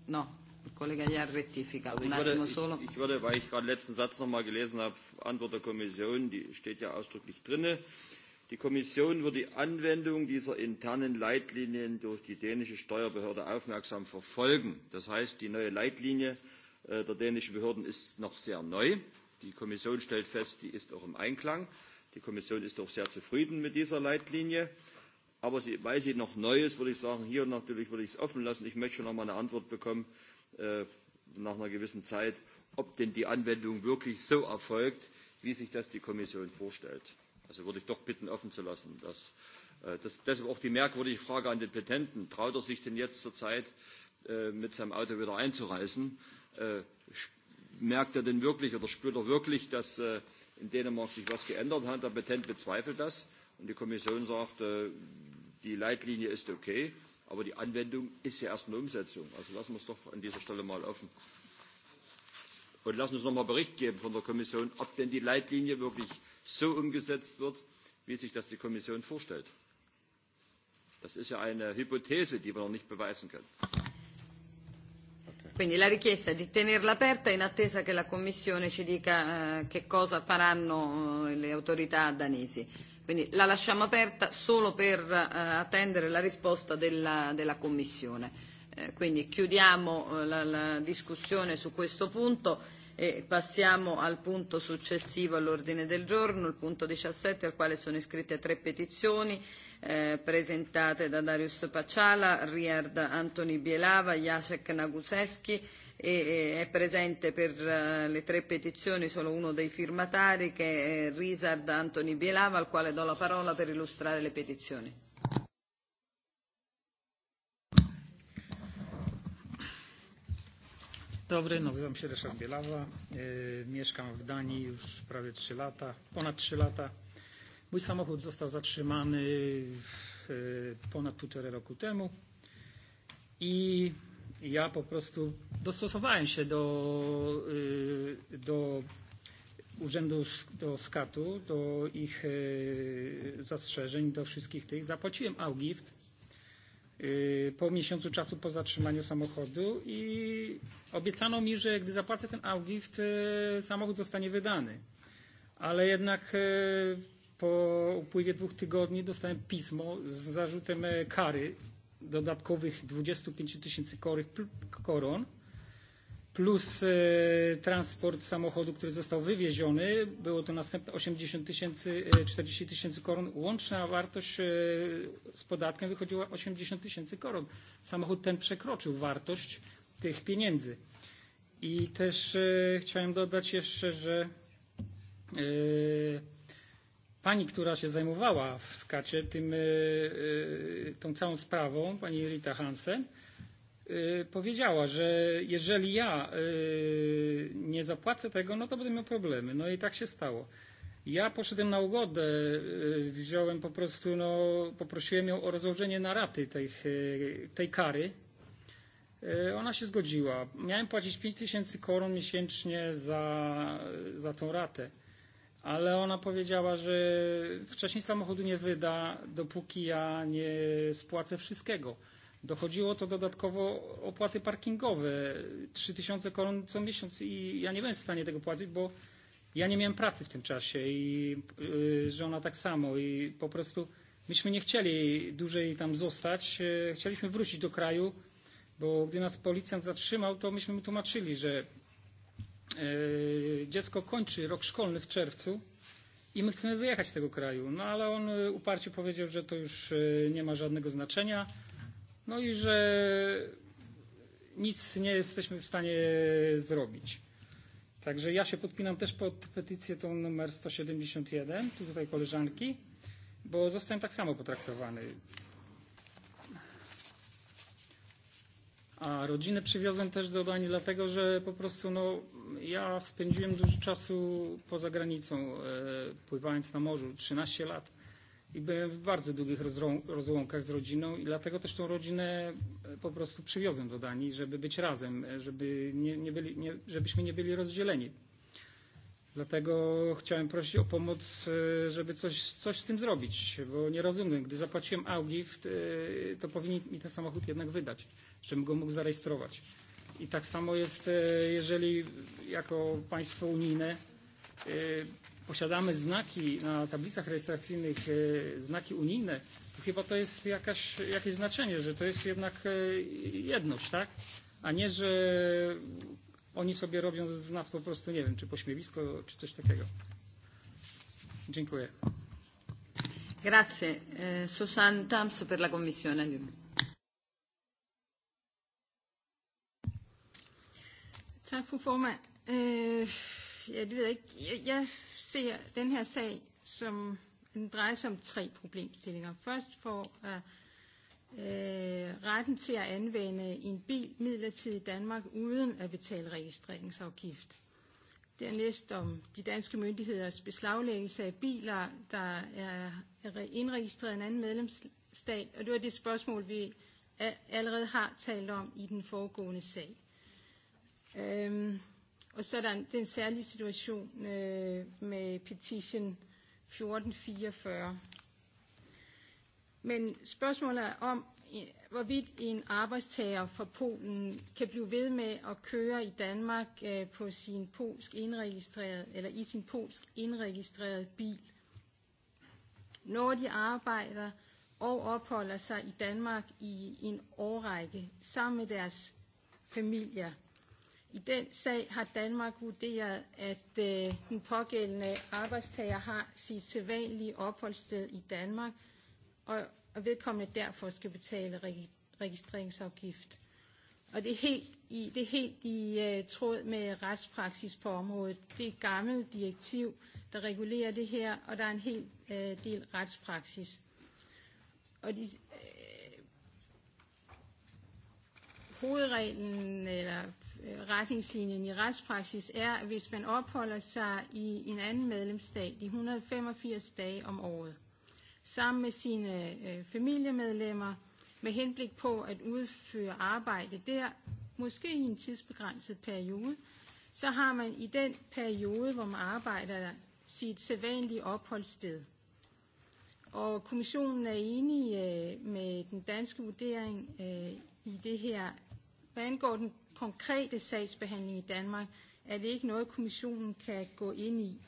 No, Kollege Jahr rettifica. Also ich, würde, solo. Ich, ich würde, weil ich gerade den letzten Satz noch mal gelesen habe, Antwort der Kommission, die steht ja ausdrücklich drinne. Die Kommission wird die Anwendung dieser internen Leitlinien durch die dänische Steuerbehörde aufmerksam verfolgen. Das heißt, die neue Leitlinie äh, der dänischen Behörden ist noch sehr neu. Die Kommission stellt fest, die ist auch im Einklang. Die Kommission ist auch sehr zufrieden mit dieser Leitlinie. Aber sie, weil sie noch neu ist, würde ich sagen, hier natürlich würde ich es offen lassen. Ich möchte schon noch mal eine Antwort bekommen, Äh, nach einer gewissen Zeit, ob denn die Anwendung wirklich so erfolgt, wie sich das die Kommission vorstellt. Also würde ich doch bitten, offen zu lassen. Dass, äh, deshalb auch die merkwürdige Frage an den Petenten. Traut er sich denn jetzt zur Zeit, äh, mit seinem Auto wieder einzureisen? Äh, merkt er denn wirklich oder spürt er wirklich, dass äh, in Dänemark sich was geändert hat? Der Petent bezweifelt das. Und die Kommission sagt, die Leitlinie ist okay Aber die Anwendung ist ja erst eine Umsetzung. Also lassen wir es doch an dieser Stelle mal offen. Und lassen uns noch mal Bericht geben von der Kommission, ob denn die Leitlinie wirklich so umgesetzt wird, wie sich das die Kommission vorstellt. Das ist ja eine Hypothese, die wir noch nicht beweisen können. Quindi la richiesta è di tenerla aperta in attesa che la Commissione ci dica eh, che cosa faranno eh, le autorità danesi. Quindi la lasciamo aperta solo per eh, attendere la risposta della, della Commissione. Eh, quindi chiudiamo eh, la, la discussione su questo punto e passiamo al punto successivo all'ordine del giorno, il punto 17, al quale sono iscritte tre petizioni eh, presentate da Darius Paciala, Riard Antoni Bielava, Jacek Naguseschi e è presente per eh, le tre petizioni solo uno dei firmatari che è Risard Antoni Bielava al quale do la parola per illustrare le petizioni. Dobry, nazywam się Ryszard Bielawa, E, mieszkam w Danii już prawie 3 lata, ponad 3 lata. Mój samochód został zatrzymany w, e, ponad półtorej roku temu i ja po prostu dostosowałem się do, do urzędu, do skatu, do ich zastrzeżeń, do wszystkich tych. Zapłaciłem Augift po miesiącu czasu po zatrzymaniu samochodu i obiecano mi, że gdy zapłacę ten Augift, samochód zostanie wydany. Ale jednak po upływie dwóch tygodni dostałem pismo z zarzutem kary dodatkowych 25 tysięcy koron plus transport samochodu, który został wywieziony. Było to następne 80 tysięcy, 40 tysięcy koron. Łączna wartość z podatkiem wychodziła 80 tysięcy koron. Samochód ten przekroczył wartość tych pieniędzy. I też chciałem dodać jeszcze, że pani, która się zajmowała w skacie tym, tą całą sprawą, pani Rita Hansen, powiedziała, że jeżeli ja nie zapłacę tego, no to będę miał problemy. No i tak się stało. Ja poszedłem na ugodę, wziąłem po prostu, no, poprosiłem ją o rozłożenie na raty tej, tej kary. Ona się zgodziła. Miałem płacić 5000 koron miesięcznie za, za tą ratę ale ona powiedziała, że wcześniej samochodu nie wyda, dopóki ja nie spłacę wszystkiego. Dochodziło to dodatkowo opłaty parkingowe, 3000 koron co miesiąc i ja nie będę w stanie tego płacić, bo ja nie miałem pracy w tym czasie i yy, żona tak samo i po prostu myśmy nie chcieli dłużej tam zostać, chcieliśmy wrócić do kraju, bo gdy nas policjant zatrzymał, to myśmy mu tłumaczyli, że dziecko kończy rok szkolny w czerwcu i my chcemy wyjechać z tego kraju. No ale on uparcie powiedział, że to już nie ma żadnego znaczenia. No i że nic nie jesteśmy w stanie zrobić. Także ja się podpinam też pod petycję tą numer 171, tutaj koleżanki, bo zostałem tak samo potraktowany. A rodzinę przywiozłem też do Danii, dlatego że po prostu no, ja spędziłem dużo czasu poza granicą, pływając na morzu, 13 lat. I byłem w bardzo długich rozłąkach z rodziną i dlatego też tą rodzinę po prostu przywiozłem do Danii, żeby być razem, żeby nie, nie byli, nie, żebyśmy nie byli rozdzieleni. Dlatego chciałem prosić o pomoc, żeby coś, coś z tym zrobić, bo nie rozumiem, gdy zapłaciłem Augift, to powinni mi ten samochód jednak wydać żebym go mógł zarejestrować. I tak samo jest, jeżeli jako państwo unijne posiadamy znaki na tablicach rejestracyjnych, znaki unijne, to chyba to jest jakaś, jakieś znaczenie, że to jest jednak jedność, tak? A nie, że oni sobie robią z nas po prostu, nie wiem, czy pośmiewisko, czy coś takiego. Dziękuję. Grazie. Eh, Susanne Tams per la Commissione. Tak, fru formand. Øh, ja, det ved jeg ikke. Jeg, jeg ser den her sag, som den drejer sig om tre problemstillinger. Først får øh, retten til at anvende en bil midlertidigt i Danmark uden at betale registreringsafgift. Dernæst om de danske myndigheders beslaglæggelse af biler, der er, er indregistreret i en anden medlemsstat. Og det var det spørgsmål, vi allerede har talt om i den foregående sag. Øhm, og så er der en, det er en særlig situation øh, med petition 1444. Men spørgsmålet er om, hvorvidt en arbejdstager fra Polen kan blive ved med at køre i Danmark øh, på sin polsk indregistreret, eller i sin polsk indregistreret bil. Når de arbejder og opholder sig i Danmark i en årrække sammen med deres familier, I den sag har Danmark vurderet, at øh, den pågældende arbejdstager har sit sædvanlige opholdssted i Danmark, og vedkommende derfor skal betale registreringsafgift. Og det er helt i, det er helt i uh, tråd med retspraksis på området. Det er et gammelt direktiv, der regulerer det her, og der er en hel uh, del retspraksis. Og de, hovedreglen eller øh, retningslinjen i retspraksis er, at hvis man opholder sig i en anden medlemsstat i 185 dage om året, sammen med sine øh, familiemedlemmer, med henblik på at udføre arbejde der, måske i en tidsbegrænset periode, så har man i den periode, hvor man arbejder sit sædvanlige opholdssted. Og kommissionen er enig øh, med den danske vurdering i det her, Hvad angår den konkrete sagsbehandling i Danmark, er det ikke noget, kommissionen kan gå ind i.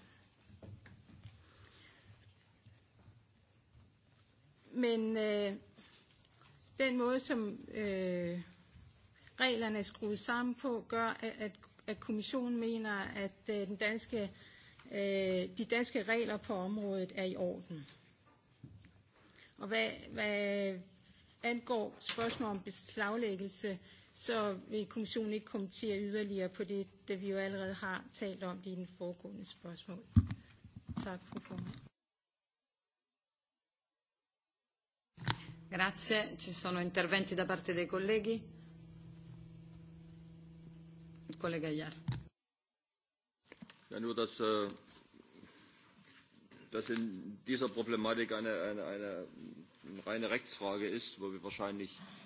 Men øh, den måde, som øh, reglerne er skruet sammen på, gør, at, at kommissionen mener, at øh, den danske, øh, de danske regler på området er i orden. Og hvad, hvad angår spørgsmål om beslaglæggelse øh, så vil kommissionen ikke kommentere yderligere på det, da vi jo allerede har talt om det i den foregående spørgsmål. Tak, fru formand. Grazie. Ci sono interventi da parte dei colleghi? Il collega Iar. Ja, nur, dass, äh, dass in dieser Problematik eine, eine, eine reine Rechtsfrage ist, wo wir wahrscheinlich äh,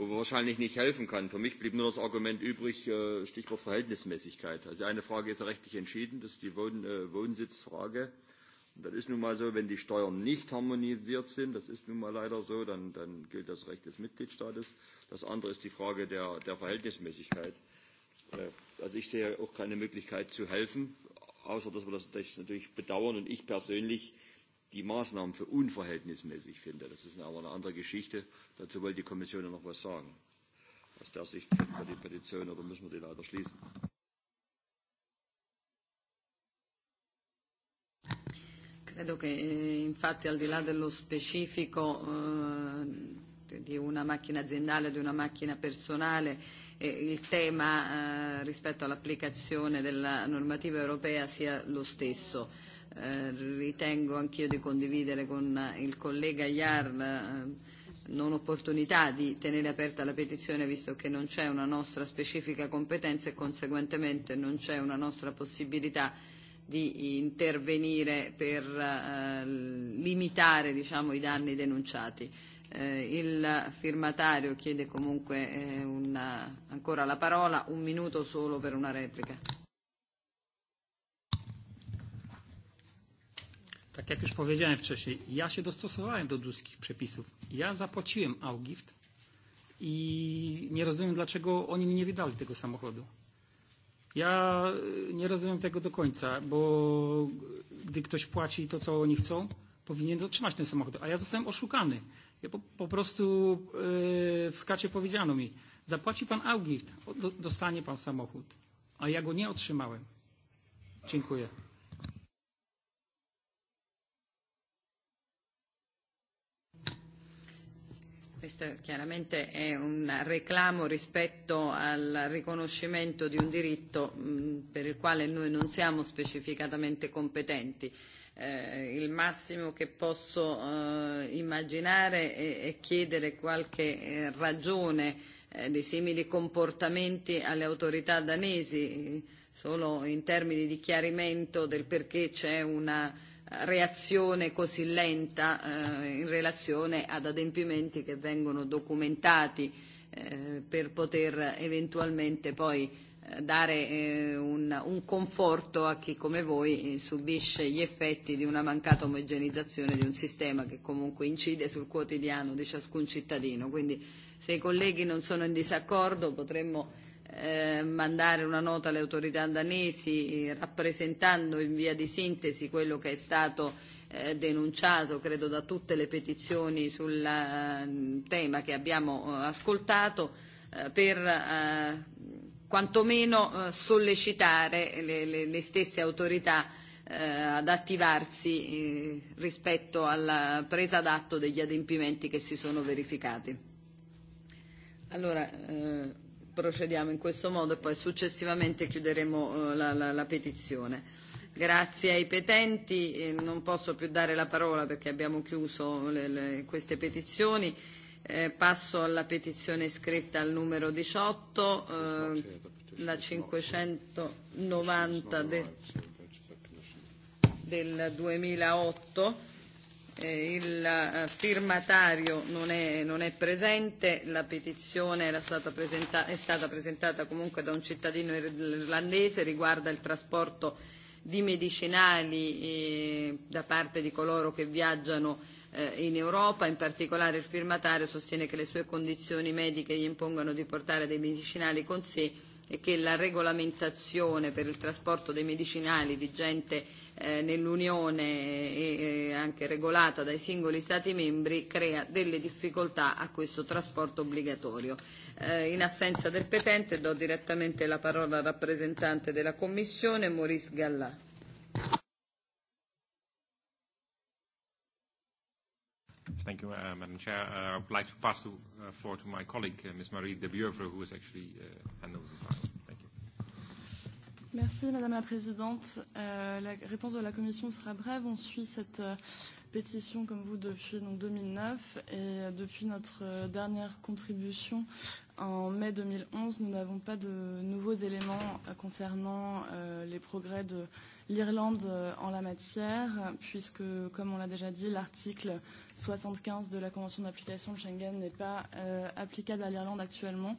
wo man wahrscheinlich nicht helfen kann. Für mich blieb nur das Argument übrig, äh, Stichwort Verhältnismäßigkeit. Also eine Frage ist rechtlich entschieden, das ist die Wohn äh, Wohnsitzfrage. Und das ist nun mal so, wenn die Steuern nicht harmonisiert sind, das ist nun mal leider so, dann, dann gilt das Recht des Mitgliedstaates. Das andere ist die Frage der, der Verhältnismäßigkeit. Äh, also ich sehe auch keine Möglichkeit zu helfen, außer dass wir das natürlich bedauern. Und ich persönlich äh, die Maßnahmen für unverhältnismäßig finde. Das ist aber eine andere Geschichte. Dazu wollte die Kommission ja noch was sagen. Aus der Sicht finden wir die Petition oder müssen wir die leider schließen. Credo che eh, infatti al di là dello specifico eh, di una macchina aziendale o di una macchina personale, eh, il tema eh, rispetto all'applicazione della normativa europea sia lo stesso Eh, ritengo anch'io di condividere con eh, il collega Jarl eh, non opportunità di tenere aperta la petizione visto che non c'è una nostra specifica competenza e conseguentemente non c'è una nostra possibilità di intervenire per eh, limitare diciamo, i danni denunciati. Eh, il firmatario chiede comunque eh, una, ancora la parola, un minuto solo per una replica. tak jak już powiedziałem wcześniej, ja się dostosowałem do duskich przepisów. Ja zapłaciłem Augift i nie rozumiem, dlaczego oni mi nie wydali tego samochodu. Ja nie rozumiem tego do końca, bo gdy ktoś płaci to, co oni chcą, powinien otrzymać ten samochód. A ja zostałem oszukany. Ja po, po prostu yy, w skacie powiedziano mi, zapłaci pan Augift, dostanie pan samochód. A ja go nie otrzymałem. Dziękuję. Questo chiaramente è un reclamo rispetto al riconoscimento di un diritto mh, mm, per il quale noi non siamo specificatamente competenti. Eh, il massimo che posso eh, immaginare è, è chiedere qualche eh, ragione eh, dei simili comportamenti alle autorità danesi, solo in termini di chiarimento del perché c'è una reazione così lenta eh, in relazione ad adempimenti che vengono documentati eh, per poter eventualmente poi eh, dare eh, un, un conforto a chi come voi eh, subisce gli effetti di una mancata omogenizzazione di un sistema che comunque incide sul quotidiano di ciascun cittadino. Quindi se i colleghi non sono in disaccordo potremmo Eh, mandare una nota alle autorità danesi rappresentando in via di sintesi quello che è stato eh, denunciato, credo, da tutte le petizioni sul eh, tema che abbiamo ascoltato per eh, quantomeno sollecitare le, stesse autorità ad attivarsi rispetto alla presa d'atto degli adempimenti che si sono verificati. Allora, eh, procediamo in questo modo e poi successivamente chiuderemo eh, la, la, la petizione. Grazie ai petenti, eh, non posso più dare la parola perché abbiamo chiuso le, le, queste petizioni. Eh, passo alla petizione scritta al numero 18, eh, la 590 de, del 2008 Eh, il eh, firmatario non è, non è presente, la petizione era stata è stata presentata comunque da un cittadino irlandese, riguarda il trasporto di medicinali eh, da parte di coloro che viaggiano eh, in Europa, in particolare il firmatario sostiene che le sue condizioni mediche gli impongano di portare dei medicinali con sé e che la regolamentazione per il trasporto dei medicinali vigente eh, nell'Unione eh, e eh, anche regolata dai singoli Stati membri crea delle difficoltà a questo trasporto obbligatorio. in assenza del petente do direttamente la parola al rappresentante della Commissione, Maurice Gallat. Thank you, uh, Madam Chair. Uh, I would like to pass the uh, floor to my colleague, uh, Ms. Marie de Bieuvre, who is actually uh, handles this file. Thank you. Merci, Madame la Présidente. Euh, la réponse de la Commission sera brève. On suit cette euh, pétition, comme vous, depuis donc, 2009. Et euh, depuis notre euh, dernière contribution En mai 2011, nous n'avons pas de nouveaux éléments concernant euh, les progrès de l'Irlande euh, en la matière, puisque, comme on l'a déjà dit, l'article 75 de la Convention d'application de Schengen n'est pas euh, applicable à l'Irlande actuellement.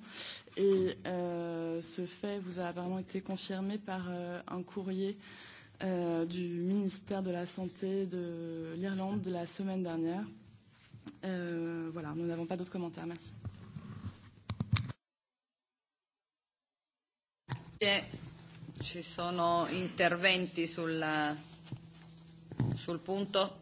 Et euh, ce fait vous a apparemment été confirmé par euh, un courrier euh, du ministère de la Santé de l'Irlande la semaine dernière. Euh, voilà, nous n'avons pas d'autres commentaires. Merci. Grazie. Ci sono interventi sul, sul punto?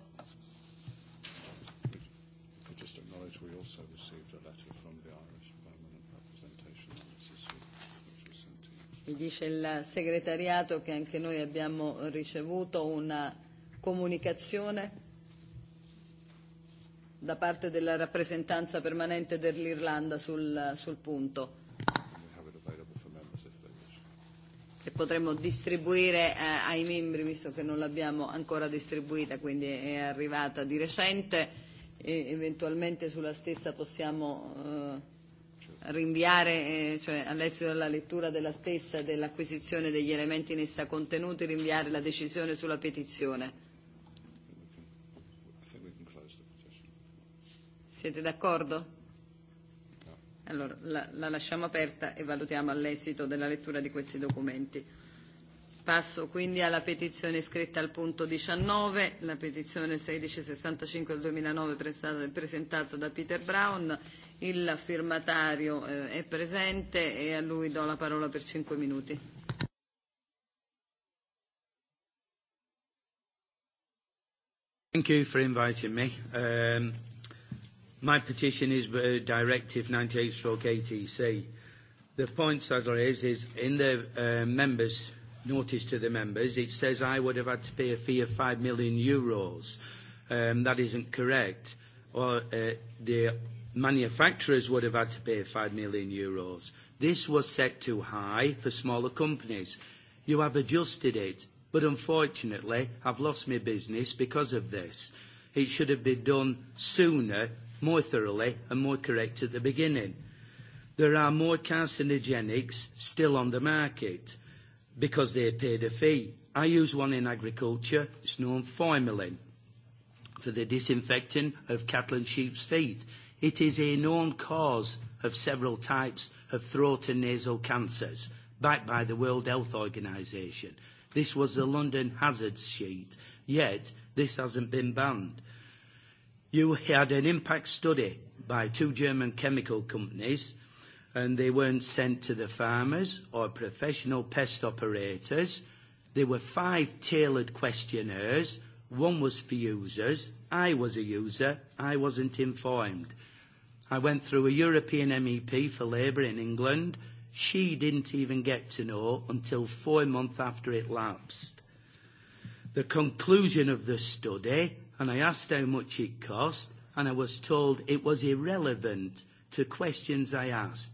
Mi dice il segretariato che anche noi abbiamo ricevuto una comunicazione da parte della rappresentanza permanente dell'Irlanda sul, sul punto. potremmo distribuire eh, ai membri, visto che non l'abbiamo ancora distribuita, quindi è arrivata di recente, e eventualmente sulla stessa possiamo eh, rinviare, eh, cioè all'esito della lettura della stessa e dell'acquisizione degli elementi in essa contenuti, rinviare la decisione sulla petizione. Siete d'accordo? Allora, la, la lasciamo aperta e valutiamo all'esito della lettura di questi documenti. Passo quindi alla petizione iscritta al punto 19, la petizione 1665 del 2009 presentata da Peter Brown. Il firmatario eh, è presente e a lui do la parola per 5 minuti. Thank you for inviting me. Um, My petition is uh, Directive 98 c The point I'd raise is in the uh, members' notice to the members, it says I would have had to pay a fee of 5 million euros. Um, that isn't correct. Or uh, the manufacturers would have had to pay 5 million euros. This was set too high for smaller companies. You have adjusted it, but unfortunately, I've lost my business because of this. It should have been done sooner more thoroughly and more correct at the beginning. There are more carcinogenics still on the market because they paid a fee. I use one in agriculture. It's known formalin for the disinfecting of cattle and sheep's feet. It is a known cause of several types of throat and nasal cancers, backed by the World Health Organization. This was the London hazards sheet, yet this hasn't been banned you had an impact study by two German chemical companies, and they weren't sent to the farmers or professional pest operators. There were five tailored questionnaires. One was for users. I was a user. I wasn't informed. I went through a European MEP for Labour in England. She didn't even get to know until four months after it lapsed. The conclusion of the study and I asked how much it cost, and I was told it was irrelevant to questions I asked.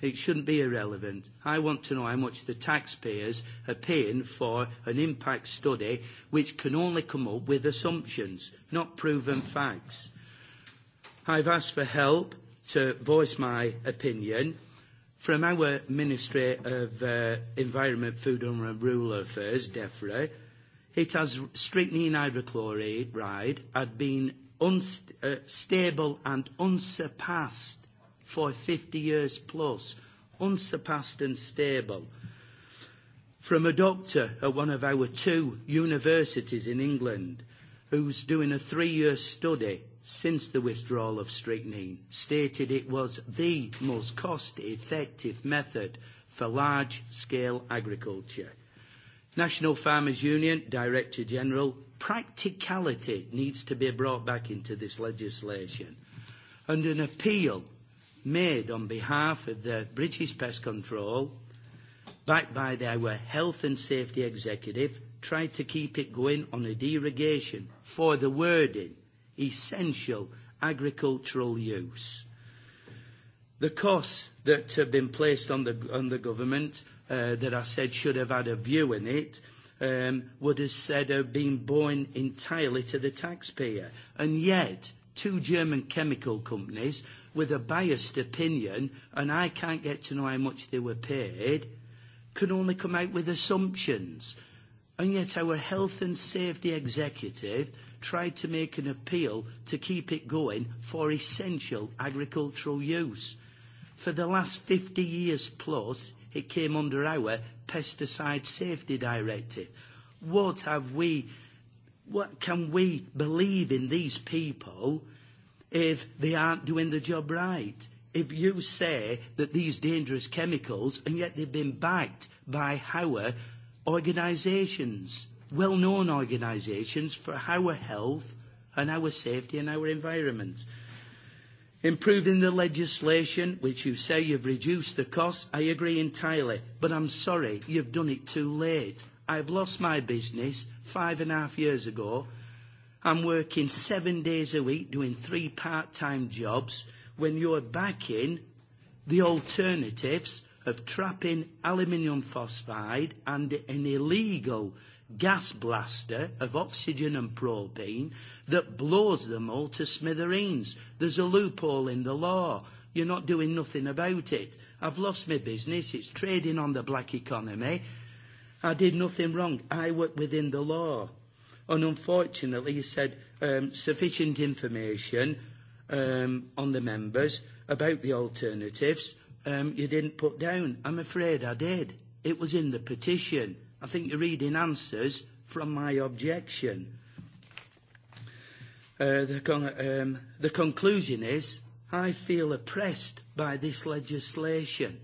It shouldn't be irrelevant. I want to know how much the taxpayers are paying for an impact study which can only come up with assumptions, not proven facts. I've asked for help to voice my opinion from our Ministry of uh, Environment, Food and Rural Affairs, DEFRA, it has strychnine hydrochloride had been unstable uh, and unsurpassed for 50 years plus, unsurpassed and stable. From a doctor at one of our two universities in England who's doing a three-year study since the withdrawal of strychnine stated it was the most cost-effective method for large-scale agriculture. National Farmers Union, Director General, practicality needs to be brought back into this legislation. And an appeal made on behalf of the British Pest Control, backed by their Health and Safety Executive, tried to keep it going on a derogation for the wording essential agricultural use. The costs that have been placed on the, on the government Uh, that I said should have had a view in it um, would have said have been borne entirely to the taxpayer. And yet, two German chemical companies with a biased opinion, and I can't get to know how much they were paid, can only come out with assumptions. And yet our health and safety executive tried to make an appeal to keep it going for essential agricultural use. For the last 50 years plus, It came under our pesticide safety directive. What have we, what can we believe in these people if they aren't doing the job right? If you say that these dangerous chemicals, and yet they've been backed by our organisations, well-known organisations for our health and our safety and our environment. Improving the legislation, which you say you've reduced the cost, I agree entirely, but I'm sorry, you've done it too late. I've lost my business five and a half years ago. I'm working seven days a week doing three part-time jobs when you're backing the alternatives of trapping aluminium phosphide and an illegal gas blaster of oxygen and propane that blows them all to smithereens. There's a loophole in the law. You're not doing nothing about it. I've lost my business. It's trading on the black economy. I did nothing wrong. I work within the law. And unfortunately, you said um, sufficient information um, on the members about the alternatives um, you didn't put down. I'm afraid I did. It was in the petition. I think you're reading answers from my objection. Uh, the, con- um, the conclusion is I feel oppressed by this legislation.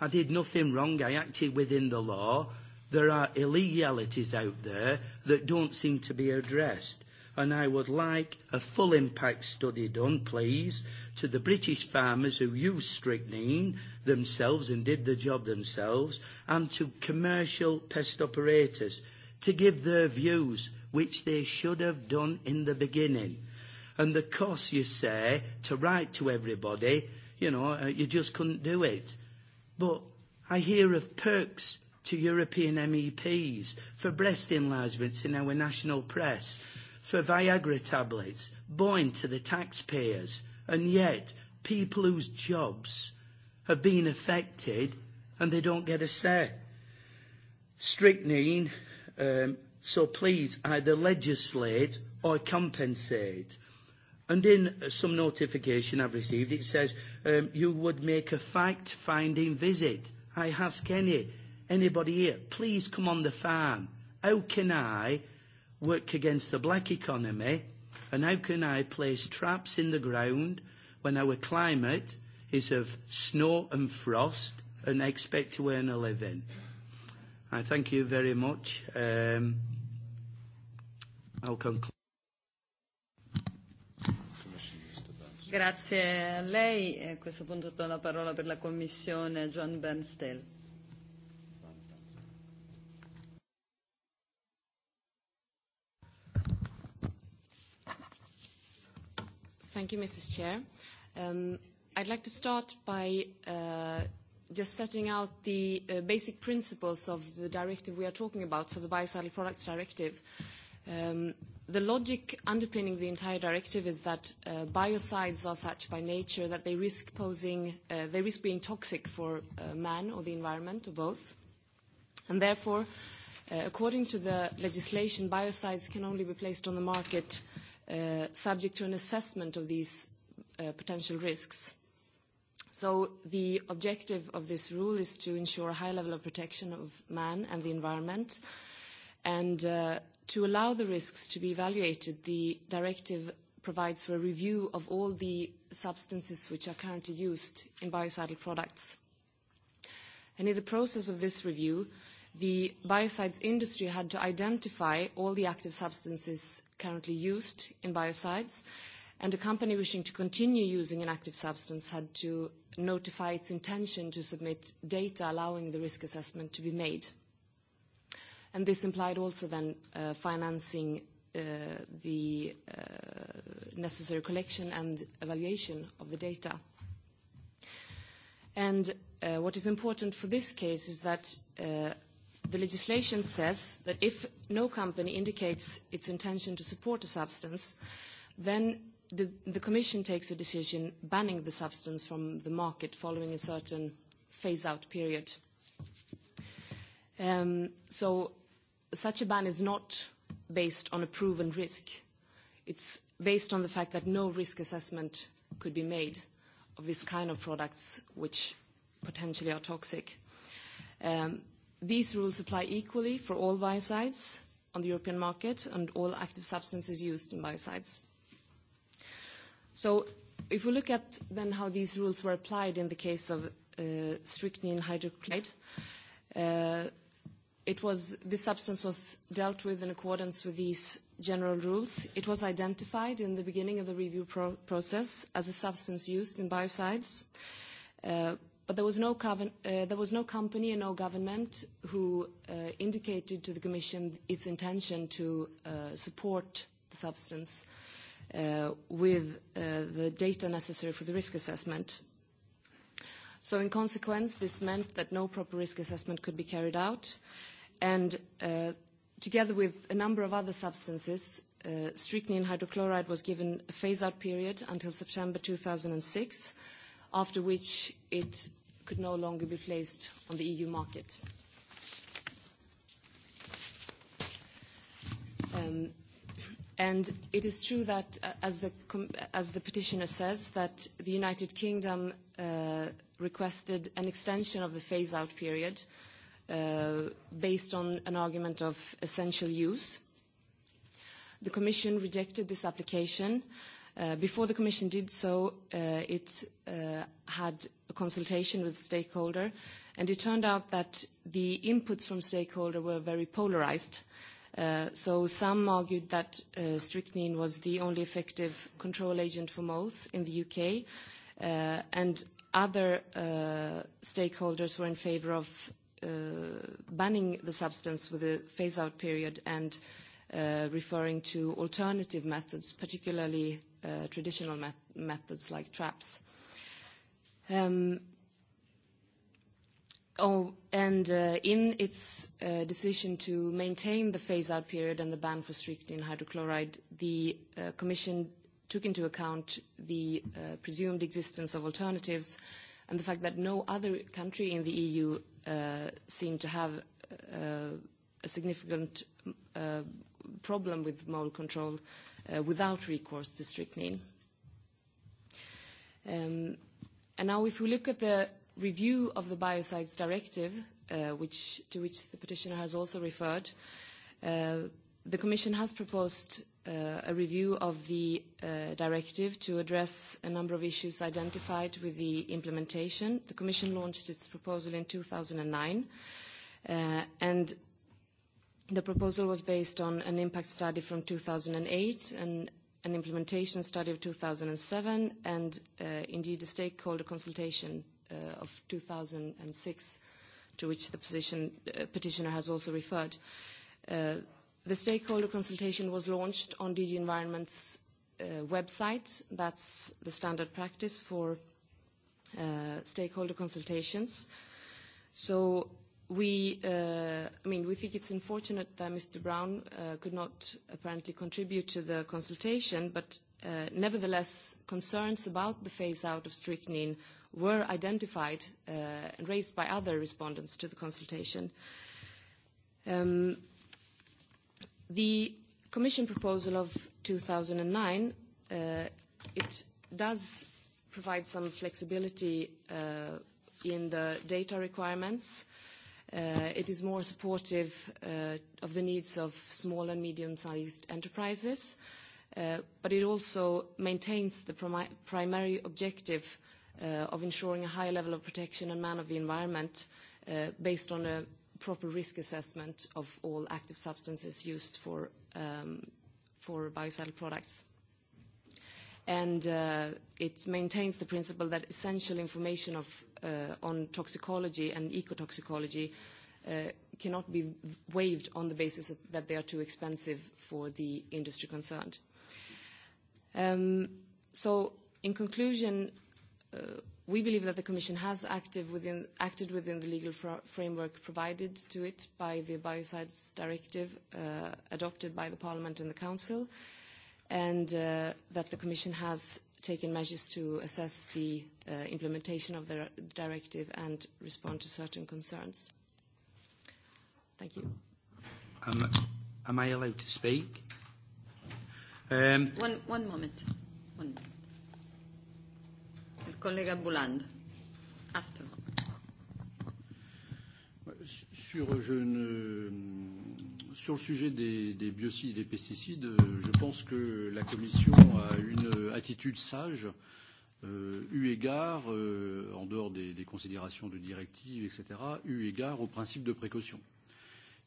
I did nothing wrong. I acted within the law. There are illegalities out there that don't seem to be addressed and I would like a full impact study done, please, to the British farmers who used strychnine themselves and did the job themselves, and to commercial pest operators to give their views, which they should have done in the beginning. And the cost, you say, to write to everybody, you know, uh, you just couldn't do it. But I hear of perks to European MEPs for breast enlargements in our national press for Viagra tablets, born to the taxpayers, and yet people whose jobs have been affected and they don't get a say. Strychnine, um, so please either legislate or compensate. And in uh, some notification I've received, it says um, you would make a fact-finding visit. I ask any, anybody here, please come on the farm. How can I work against the black economy? And how can I place traps in the ground when our climate is of snow and frost and expect to earn a living? I thank you very much. Um, I'll conclude. Grazie a lei. A questo punto do la parola per la Commissione John Bernstein. Thank you, Mrs. Chair. Um, I'd like to start by uh, just setting out the uh, basic principles of the directive we are talking about, so the Biocidal Products Directive. Um, the logic underpinning the entire directive is that uh, biocides are such by nature that they risk posing, uh, they risk being toxic for uh, man or the environment or both. And therefore, uh, according to the legislation, biocides can only be placed on the market Uh, subject to an assessment of these uh, potential risks. So the objective of this rule is to ensure a high level of protection of man and the environment. And uh, to allow the risks to be evaluated, the directive provides for a review of all the substances which are currently used in biocidal products. And in the process of this review, the biocides industry had to identify all the active substances currently used in biocides, and a company wishing to continue using an active substance had to notify its intention to submit data allowing the risk assessment to be made. And this implied also then uh, financing uh, the uh, necessary collection and evaluation of the data. And uh, what is important for this case is that uh, the legislation says that if no company indicates its intention to support a substance, then the, the Commission takes a decision banning the substance from the market following a certain phase-out period. Um, so such a ban is not based on a proven risk. It's based on the fact that no risk assessment could be made of this kind of products which potentially are toxic. Um, These rules apply equally for all biocides on the European market and all active substances used in biocides. So if we look at then how these rules were applied in the case of uh, strychnine hydrochloride, uh, it was, this substance was dealt with in accordance with these general rules. It was identified in the beginning of the review pro process as a substance used in biocides. Uh, But there was no, uh, there was no company and no government who uh, indicated to the Commission its intention to uh, support the substance uh, with uh, the data necessary for the risk assessment. So in consequence, this meant that no proper risk assessment could be carried out. And uh, together with a number of other substances, strychnine hydrochloride was given a phase-out period until September 2006, after which it could no longer be placed on the EU market. Um, and it is true that, uh, as, the as the petitioner says, that the United Kingdom uh, requested an extension of the phase-out period uh, based on an argument of essential use. The Commission rejected this application uh, Uh, before the Commission did so, uh, it uh, had a consultation with stakeholder, and it turned out that the inputs from stakeholder were very polarized. Uh, so some argued that uh, strychnine was the only effective control agent for moles in the UK, uh, and other uh, stakeholders were in favour of uh, banning the substance with a phase-out period and referring to alternative methods, particularly Uh, traditional met methods like traps. Um, oh, and uh, in its uh, decision to maintain the phase-out period and the ban for strychnine hydrochloride, the uh, Commission took into account the uh, presumed existence of alternatives and the fact that no other country in the EU uh, seemed to have uh, a significant uh, problem with mole control uh, uh, without recourse to strychnine. Um, and now if we look at the review of the Biocides Directive, uh, which, to which the petitioner has also referred, uh, the Commission has proposed uh, a review of the uh, directive to address a number of issues identified with the implementation. The Commission launched its proposal in 2009, uh, and The proposal was based on an impact study from 2008 and an implementation study of 2007 and uh, indeed a stakeholder consultation uh, of 2006 to which the position, uh, petitioner has also referred. Uh, the stakeholder consultation was launched on DG Environment's uh, website. That's the standard practice for uh, stakeholder consultations. So We, uh, I mean, we think it's unfortunate that Mr. Brown uh, could not apparently contribute to the consultation, but uh, nevertheless, concerns about the phase-out of strychnine were identified uh, and raised by other respondents to the consultation. Um, the Commission proposal of 2009, uh, it does provide some flexibility uh, in the data requirements, Uh, it is more supportive uh, of the needs of small and medium-sized enterprises, uh, but it also maintains the primary objective uh, of ensuring a high level of protection and man of the environment uh, based on a proper risk assessment of all active substances used for, um, for biocidal products. And it maintains the principle that essential information of uh, on toxicology and ecotoxicology uh, cannot be waived on the basis that they are too expensive for the industry concerned. Um, so, in conclusion, uh, we believe that the Commission has within, acted within the legal fr framework provided to it by the Biocides Directive uh, adopted by the Parliament and the Council, and uh, that the Commission has taken measures to assess the uh, implementation of the directive and respond to certain concerns. Thank you. Um, am I allowed to speak? Um, one, one moment. One. El Bouland. After. Sur, je ne sur le sujet des, des biocides et des pesticides, euh, je pense que la Commission a une attitude sage euh, eu égard, euh, en dehors des, des considérations de directive, etc., eu égard au principe de précaution.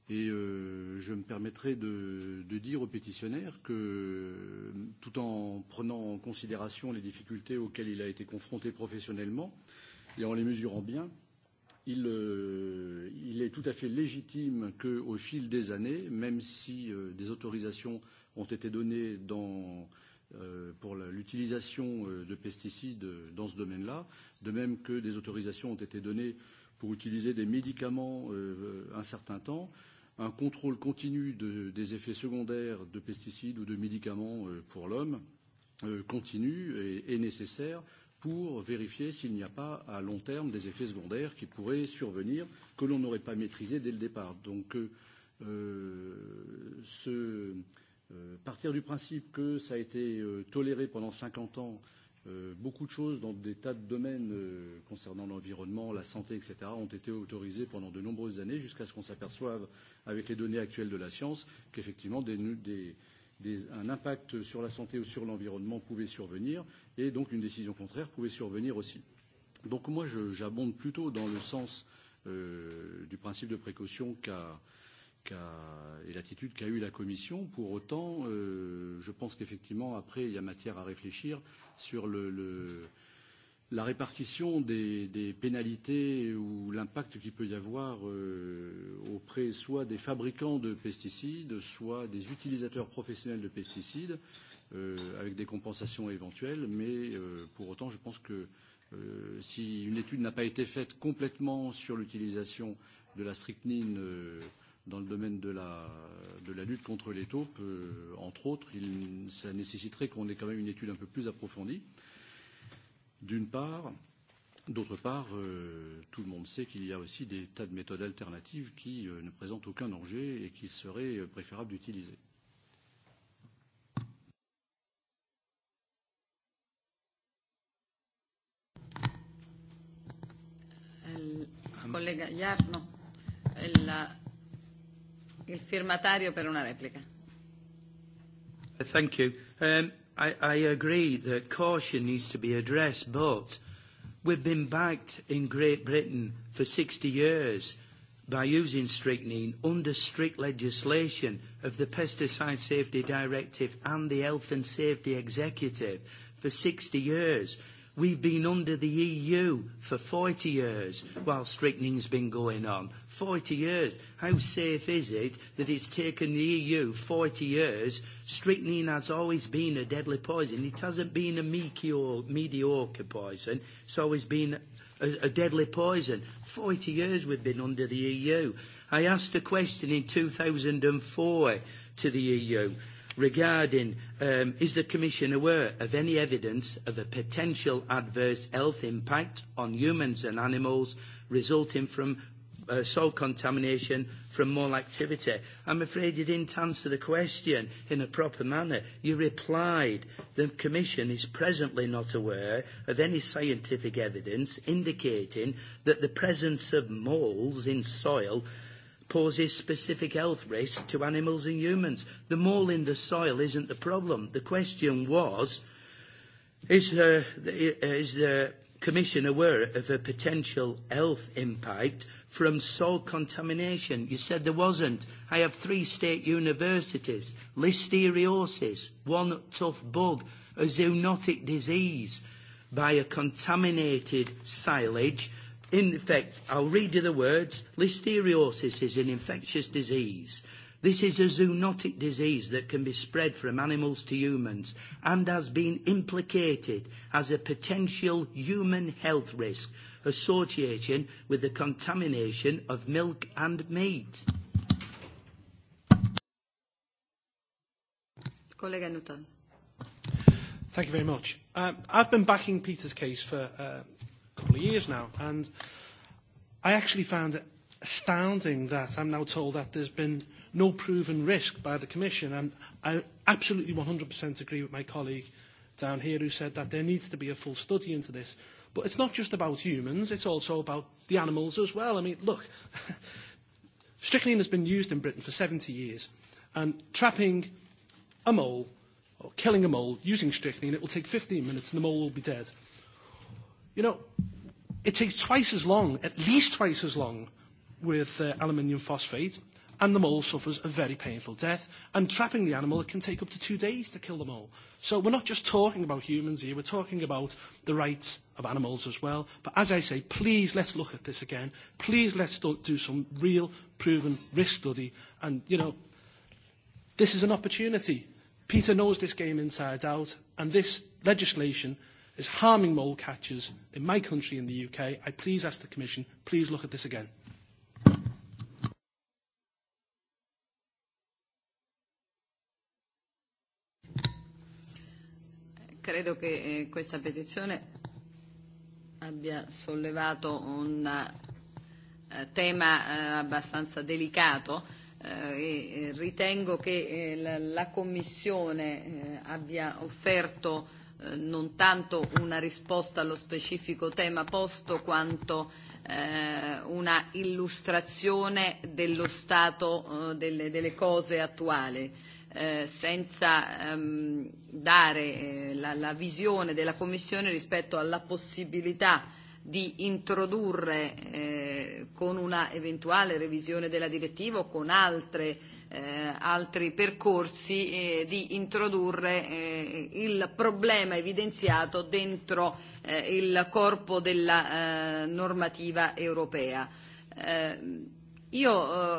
Et euh, je me permettrai de, de dire aux pétitionnaires que, tout en prenant en considération les difficultés auxquelles il a été confronté professionnellement et en les mesurant bien, euh, il, euh, il est tout à fait légitime qu'au fil des années, même si euh, des autorisations ont été données dans, euh, pour l'utilisation euh, de pesticides euh, dans ce domaine-là, de même que des autorisations ont été données pour utiliser des médicaments euh, euh, un certain temps, un contrôle continu de, des effets secondaires de pesticides ou de médicaments euh, pour l'homme euh, continue et, et nécessaire pour vérifier s'il n'y a pas à long terme des effets secondaires qui pourraient survenir que l'on n'aurait pas maîtrisé dès le départ. Donc, euh, ce, euh, partir du principe que ça a été euh, toléré pendant 50 ans, euh, beaucoup de choses dans des tas de domaines euh, concernant l'environnement, la santé, etc., ont été autorisées pendant de nombreuses années jusqu'à ce qu'on s'aperçoive, avec les données actuelles de la science, qu'effectivement des, des, des, un impact sur la santé ou sur l'environnement pouvait survenir, et donc une décision contraire pouvait survenir aussi. Donc moi, j'abonde plutôt dans le sens euh, du principe de précaution qu'a qu et l'attitude qu'a eue la Commission. Pour autant, euh, je pense qu'effectivement, après, il y a matière à réfléchir sur le, le, euh, la répartition des, des pénalités ou l'impact qu'il peut y avoir euh, auprès soit des fabricants de pesticides, soit des utilisateurs professionnels de pesticides, euh, avec des compensations éventuelles. Mais euh, pour autant, je pense que euh, si une étude n'a pas été faite complètement sur l'utilisation de la strychnine euh, dans le domaine de la, de la lutte contre les taupes, euh, entre autres, il, ça nécessiterait qu'on ait quand même une étude un peu plus approfondie. Euh, d'une part. D'autre part, euh, tout le monde sait qu'il y a aussi des tas de méthodes alternatives qui euh, ne présentent aucun danger et qu'il serait euh, préférable d'utiliser. Ah, collega Iarno, il, il firmatario per una replica. Thank you. Um, I, I agree that caution needs to be addressed, but we've been backed in Great Britain for 60 years by using strychnine under strict legislation of the Pesticide Safety Directive and the Health and Safety Executive for 60 years. We've been under the EU for 40 years while has been going on. 40 years. How safe is it that it's taken the EU 40 years? Strychnine has always been a deadly poison. It hasn't been a mediocre poison. It's always been a, a deadly poison. 40 years we've been under the EU. I asked a question in 2004 to the EU regarding um, is the Commission aware of any evidence of a potential adverse health impact on humans and animals resulting from uh, soil contamination from mole activity? I'm afraid you didn't answer the question in a proper manner. You replied, the Commission is presently not aware of any scientific evidence indicating that the presence of moles in soil poses specific health risks to animals and humans. The mole in the soil isn't the problem. The question was, is, uh, the, uh, is the Commission aware of a potential health impact from soil contamination? You said there wasn't. I have three state universities, listeriosis, one tough bug, a zoonotic disease by a contaminated silage, in effect, I'll read you the words, listeriosis is an infectious disease. This is a zoonotic disease that can be spread from animals to humans and has been implicated as a potential human health risk associated with the contamination of milk and meat. Colleague Newton. Thank you very much. Um, I've been backing Peter's case for uh, couple of years now. And I actually found it astounding that I'm now told that there's been no proven risk by the Commission. And I absolutely 100% agree with my colleague down here who said that there needs to be a full study into this. But it's not just about humans, it's also about the animals as well. I mean, look, [laughs] strychnine has been used in Britain for 70 years. And trapping a mole or killing a mole using strychnine, it will take 15 minutes and the mole will be dead. You know, It takes twice as long, at least twice as long, with uh, aluminium phosphate, and the mole suffers a very painful death. And trapping the animal, it can take up to two days to kill the mole. So we're not just talking about humans here, we're talking about the rights of animals as well. But as I say, please let's look at this again. Please let's do some real, proven risk study. And, you know, this is an opportunity. Peter knows this game inside out, and this legislation – is harming mole catchers in my country, in the UK. I please ask the Commission, please look at this again. Credo che eh, questa petizione abbia sollevato un eh, tema eh, abbastanza delicato e ritengo che la, Commissione abbia offerto Eh, non tanto una risposta allo specifico tema posto quanto eh, una illustrazione dello stato eh, delle, delle cose attuali. Eh, senza ehm, dare eh, la, la visione della Commissione rispetto alla possibilità eh, di introdurre eh, con una eventuale revisione della direttiva o con altre, eh, altri percorsi eh, di introdurre eh, il problema evidenziato dentro eh, il corpo della eh, normativa europea. Eh, Io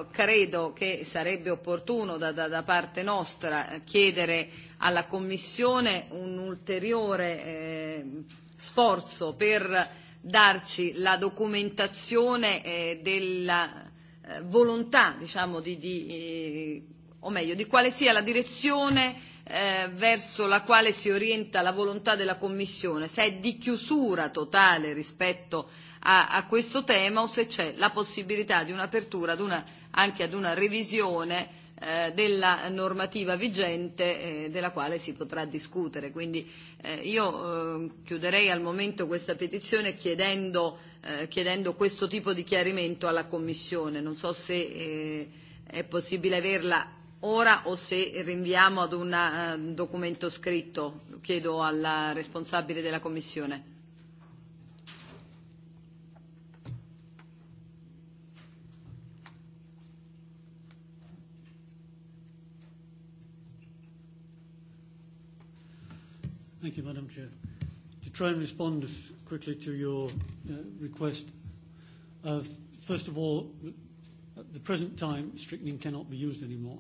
eh, credo che sarebbe opportuno da, da, da parte nostra chiedere alla Commissione un ulteriore eh, sforzo per darci la documentazione eh, della eh, volontà, diciamo, di, di, eh, o meglio, di quale sia la direzione eh, verso la quale si orienta la volontà della Commissione, se è di chiusura totale rispetto a, a questo tema o se c'è la possibilità di un'apertura ad una, anche ad una revisione Eh, della normativa vigente eh, della quale si potrà discutere. Quindi eh, io eh, chiuderei al momento questa petizione chiedendo, eh, chiedendo questo tipo di chiarimento alla Commissione. Non so se eh, è possibile averla ora o se rinviamo ad un eh, documento scritto. Lo chiedo alla responsabile della Commissione. Thank you, Madam Chair. To try and respond quickly to your uh, request, uh, first of all, at the present time, strychnine cannot be used anymore.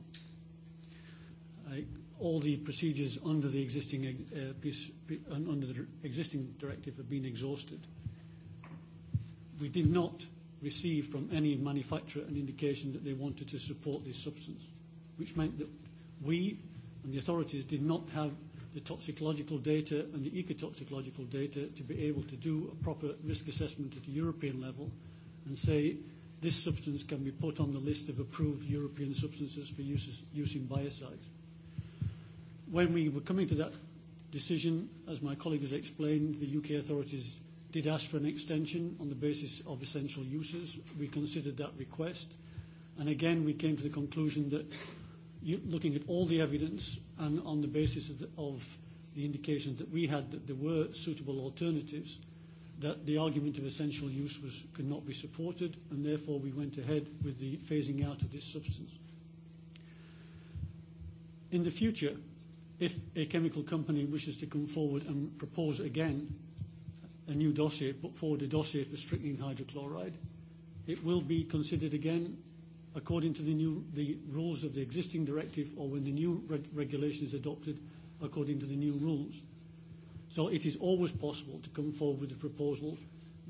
I, all the procedures under the existing uh, piece, uh, under the existing directive have been exhausted. We did not receive from any manufacturer an indication that they wanted to support this substance, which meant that we and the authorities did not have the toxicological data and the ecotoxicological data to be able to do a proper risk assessment at the European level and say this substance can be put on the list of approved European substances for uses, use in biocides. When we were coming to that decision, as my colleague has explained, the UK authorities did ask for an extension on the basis of essential uses. We considered that request. And again, we came to the conclusion that looking at all the evidence and on the basis of the, of the indications that we had that there were suitable alternatives, that the argument of essential use was, could not be supported, and therefore we went ahead with the phasing out of this substance. In the future, if a chemical company wishes to come forward and propose again a new dossier, put forward a dossier for strychnine hydrochloride, it will be considered again according to the new the rules of the existing directive or when the new reg regulation is adopted according to the new rules. So it is always possible to come forward with a proposal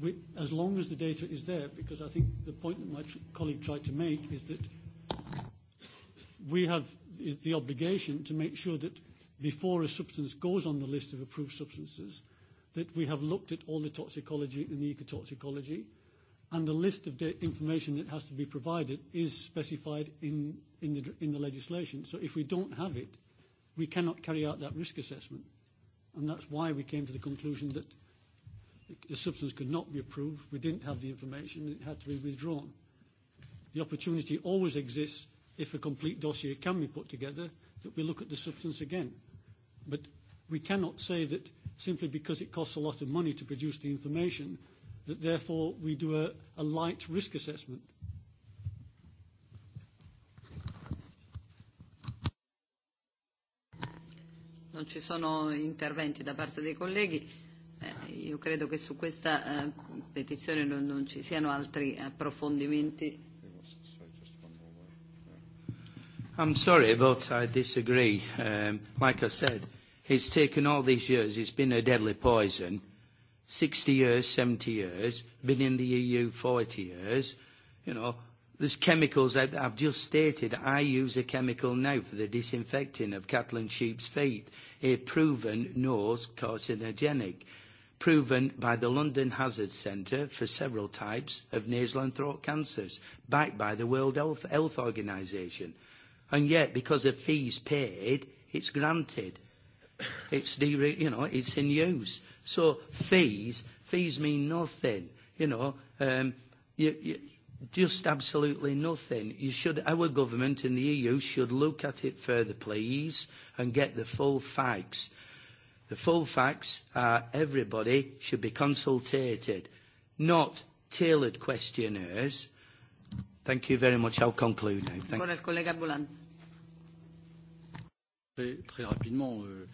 with, as long as the data is there, because I think the point that my tr- colleague tried to make is that we have the obligation to make sure that before a substance goes on the list of approved substances, that we have looked at all the toxicology and the ecotoxicology, and the list of the da-, information that has to be provided is specified in, in, the, in the legislation. So if we don't have it, we cannot carry out that risk assessment. And that's why we came to the conclusion that the substance could not be approved. We didn't have the information. It had to be withdrawn. The opportunity always exists if a complete dossier can be put together that we look at the substance again. But we cannot say that simply because it costs a lot of money to produce the information that therefore we do a, a light risk assessment. Non ci sono interventi da parte dei colleghi. Eh, io credo che su questa eh, petizione non, non ci siano altri approfondimenti. I'm sorry, but I disagree. Um, like I said, it's taken all these years. It's been a deadly poison 60 years, 70 years, been in the EU 40 years. You know, there's chemicals out there. I've just stated I use a chemical now for the disinfecting of cattle and sheep's feet, a proven nose carcinogenic, proven by the London Hazard Centre for several types of nasal and throat cancers, backed by the World Health, Health Organization. And yet, because of fees paid, it's granted. It's, you know, it's in use. So fees, fees mean nothing, you know. Um, you, you, just absolutely nothing. You should, our government in the EU should look at it further, please, and get the full facts. The full facts are everybody should be consulted, not tailored questionnaires. Thank you very much. I'll conclude now. Thank you. Très, très rapidement, euh,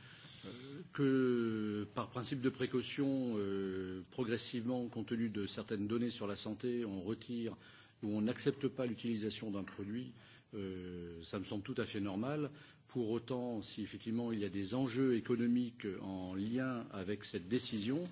que, par principe de précaution, euh, progressivement, compte tenu de certaines données sur la santé, on retire ou on n'accepte pas l'utilisation d'un produit, euh, ça me semble tout à fait normal. Pour autant, si effectivement il y a des enjeux économiques en lien avec cette décision,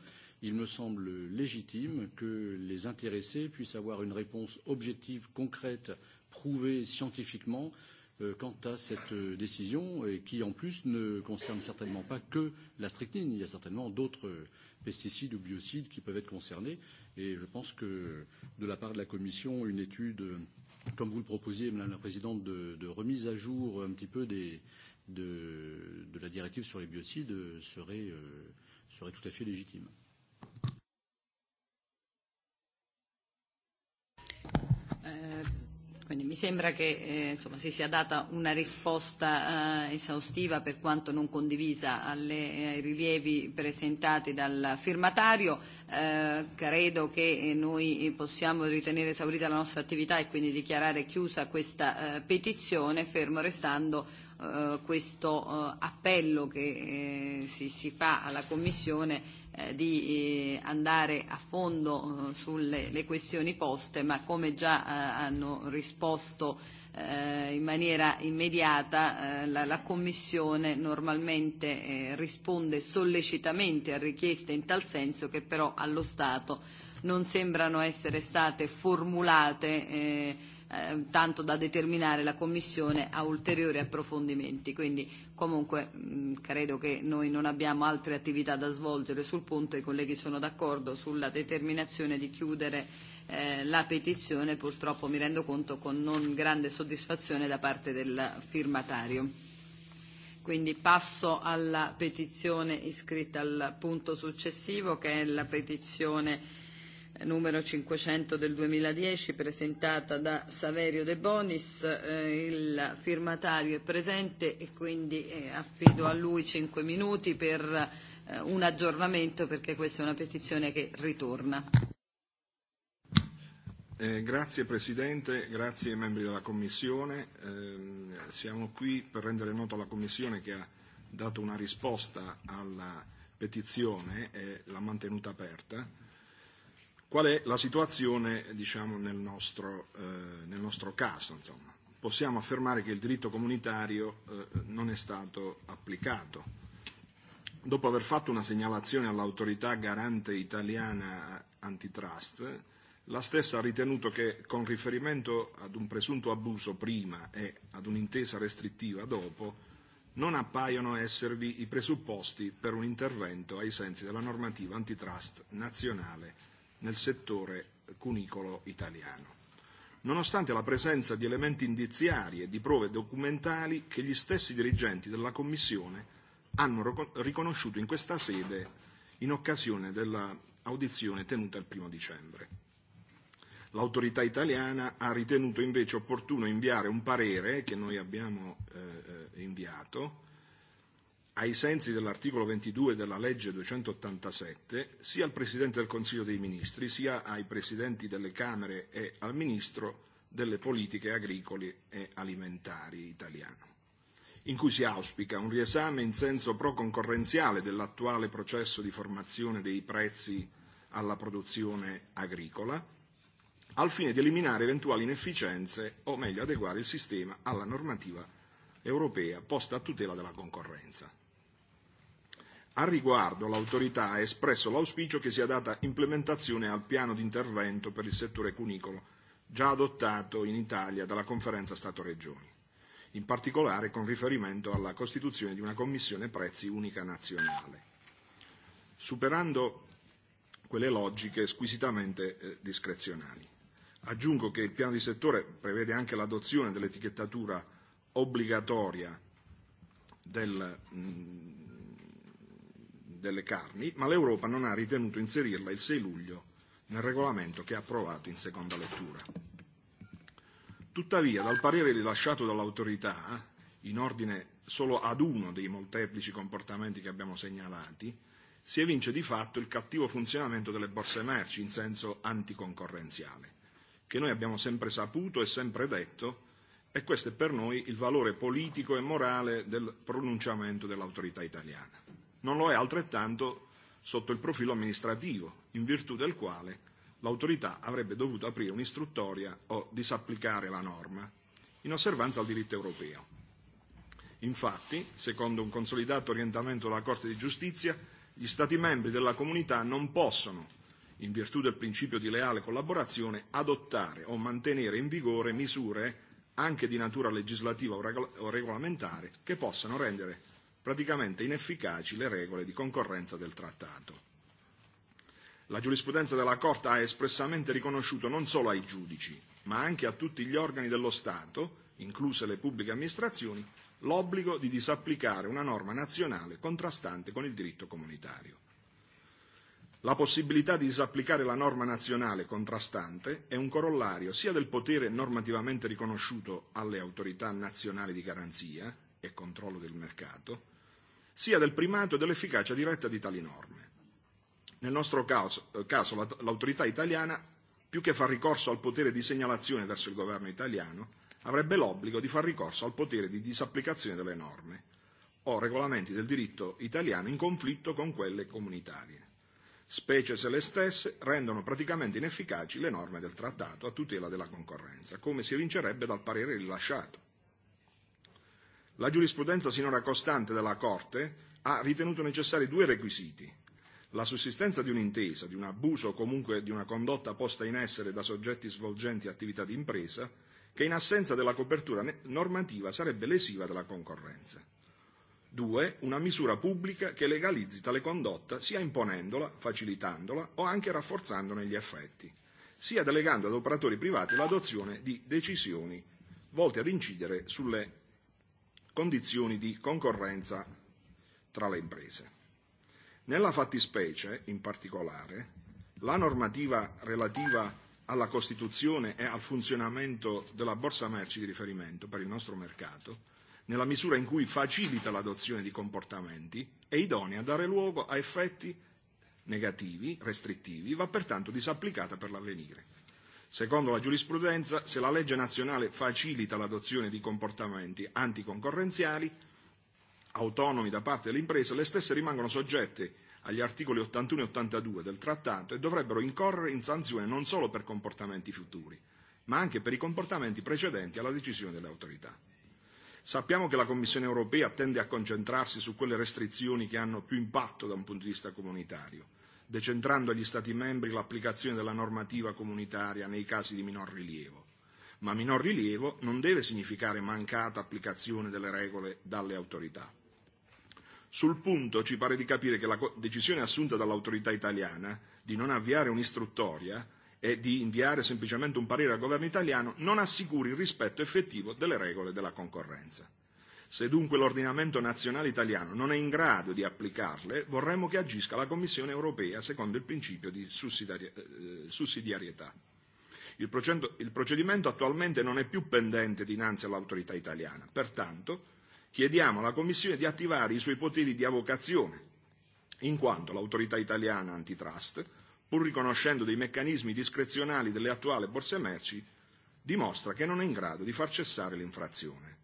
il me semble légitime que les intéressés puissent avoir une réponse objective, concrète, prouvée scientifiquement euh, Euh, quant à cette euh, décision et qui, en plus, ne concerne certainement pas que la strychnine. Il y a certainement d'autres euh, pesticides ou biocides qui peuvent être concernés. Et je pense que, de la part de la Commission, une étude, comme vous le proposiez, Madame la Présidente, de, de remise à jour un petit peu des, de, de la directive sur les biocides serait, euh, serait tout à fait légitime. Euh, Quindi mi sembra che eh, insomma, si sia data una risposta eh, esaustiva per quanto non condivisa alle, eh, ai rilievi presentati dal firmatario. Eh, credo che eh, noi possiamo ritenere esaurita la nostra attività e quindi dichiarare chiusa questa eh, petizione, fermo restando eh, questo eh, appello che eh, si, si fa alla Commissione Eh, di eh, andare a fondo eh, sulle le questioni poste, ma come già eh, hanno risposto eh, in maniera immediata eh, la, la Commissione normalmente eh, risponde sollecitamente a richieste in tal senso che però allo Stato non sembrano essere state formulate eh, Eh, tanto da determinare la Commissione a ulteriori approfondimenti. Quindi comunque mh, mm, credo che noi non abbiamo altre attività da svolgere sul punto, i colleghi sono d'accordo sulla determinazione di chiudere eh, la petizione, purtroppo mi rendo conto con non grande soddisfazione da parte del firmatario. Quindi passo alla petizione iscritta al punto successivo che è la petizione numero 500 del 2010 presentata da Saverio De Bonis, eh, il firmatario è presente e quindi eh, affido a lui 5 minuti per eh, un aggiornamento perché questa è una petizione che ritorna. Eh, grazie Presidente, grazie ai membri della Commissione. Eh, siamo qui per rendere noto alla Commissione che ha dato una risposta alla petizione e l'ha mantenuta aperta Qual è la situazione diciamo, nel, nostro, eh, nel nostro caso? Insomma? Possiamo affermare che il diritto comunitario eh, non è stato applicato. Dopo aver fatto una segnalazione all'autorità garante italiana antitrust, la stessa ha ritenuto che con riferimento ad un presunto abuso prima e ad un'intesa restrittiva dopo, non appaiono esservi i presupposti per un intervento ai sensi della normativa antitrust nazionale nel settore cunicolo italiano, nonostante la presenza di elementi indiziari e di prove documentali che gli stessi dirigenti della Commissione hanno riconosciuto in questa sede in occasione dell'audizione tenuta il primo dicembre. L'autorità italiana ha ritenuto invece opportuno inviare un parere che noi abbiamo eh, eh inviato ai sensi dell'articolo 22 della legge 287, sia al Presidente del Consiglio dei Ministri, sia ai Presidenti delle Camere e al Ministro delle Politiche Agricole e Alimentari italiano, in cui si auspica un riesame in senso pro-concorrenziale dell'attuale processo di formazione dei prezzi alla produzione agricola, al fine di eliminare eventuali inefficienze o meglio adeguare il sistema alla normativa europea posta a tutela della concorrenza. Al riguardo l'autorità ha espresso l'auspicio che sia data implementazione al piano di intervento per il settore cunicolo, già adottato in Italia dalla conferenza Stato-Regioni, in particolare con riferimento alla costituzione di una commissione prezzi unica nazionale, superando quelle logiche squisitamente eh, discrezionali. Aggiungo che il piano di settore prevede anche l'adozione dell'etichettatura obbligatoria del, mh, mm, delle carni, ma l'Europa non ha ritenuto inserirla il 6 luglio nel regolamento che ha approvato in seconda lettura. Tuttavia, dal parere rilasciato dall'autorità, in ordine solo ad uno dei molteplici comportamenti che abbiamo segnalati, si evince di fatto il cattivo funzionamento delle borse merci in senso anticoncorrenziale, che noi abbiamo sempre saputo e sempre detto e questo è per noi il valore politico e morale del pronunciamento dell'autorità italiana non lo è altrettanto sotto il profilo amministrativo, in virtù del quale l'autorità avrebbe dovuto aprire un'istruttoria o disapplicare la norma, in osservanza al diritto europeo. Infatti, secondo un consolidato orientamento della Corte di giustizia, gli Stati membri della comunità non possono, in virtù del principio di leale collaborazione, adottare o mantenere in vigore misure, anche di natura legislativa o regolamentare, che possano rendere praticamente inefficaci le regole di concorrenza del trattato. La giurisprudenza della Corte ha espressamente riconosciuto non solo ai giudici, ma anche a tutti gli organi dello Stato, incluse le pubbliche amministrazioni, l'obbligo di disapplicare una norma nazionale contrastante con il diritto comunitario. La possibilità di disapplicare la norma nazionale contrastante è un corollario sia del potere normativamente riconosciuto alle autorità nazionali di garanzia, e controllo del mercato, sia del primato e dell'efficacia diretta di tali norme. Nel nostro eh, caso, caso l'autorità italiana, più che far ricorso al potere di segnalazione verso il governo italiano, avrebbe l'obbligo di far ricorso al potere di disapplicazione delle norme o regolamenti del diritto italiano in conflitto con quelle comunitarie, specie se le stesse rendono praticamente inefficaci le norme del trattato a tutela della concorrenza, come si evincerebbe dal parere rilasciato la giurisprudenza sinora costante della Corte ha ritenuto necessari due requisiti. La sussistenza di un'intesa, di un abuso o comunque di una condotta posta in essere da soggetti svolgenti attività di impresa, che in assenza della copertura normativa sarebbe lesiva della concorrenza. Due, Una misura pubblica che legalizzi tale condotta sia imponendola, facilitandola o anche rafforzandone gli effetti, sia delegando ad operatori privati l'adozione di decisioni volte ad incidere sulle condizioni di concorrenza tra le imprese. Nella fattispecie, in particolare, la normativa relativa alla costituzione e al funzionamento della borsa merci di riferimento per il nostro mercato, nella misura in cui facilita l'adozione di comportamenti, è idonea a dare luogo a effetti negativi, restrittivi, va pertanto disapplicata per l'avvenire. Secondo la giurisprudenza, se la legge nazionale facilita l'adozione di comportamenti anticoncorrenziali autonomi da parte delle imprese, le stesse rimangono soggette agli articoli 81 e 82 del trattato e dovrebbero incorrere in sanzione non solo per comportamenti futuri, ma anche per i comportamenti precedenti alla decisione delle autorità. Sappiamo che la Commissione europea tende a concentrarsi su quelle restrizioni che hanno più impatto da un punto di vista comunitario decentrando agli Stati membri l'applicazione della normativa comunitaria nei casi di minor rilievo. Ma minor rilievo non deve significare mancata applicazione delle regole dalle autorità. Sul punto ci pare di capire che la decisione assunta dall'autorità italiana di non avviare un'istruttoria e di inviare semplicemente un parere al governo italiano non assicuri il rispetto effettivo delle regole della concorrenza. Se dunque l'ordinamento nazionale italiano non è in grado di applicarle, vorremmo che agisca la Commissione europea secondo il principio di eh, sussidiarietà. Il procedimento attualmente non è più pendente dinanzi all'autorità italiana, pertanto chiediamo alla Commissione di attivare i suoi poteri di avocazione, in quanto l'autorità italiana antitrust, pur riconoscendo dei meccanismi discrezionali delle attuali borse merci, dimostra che non è in grado di far cessare l'infrazione.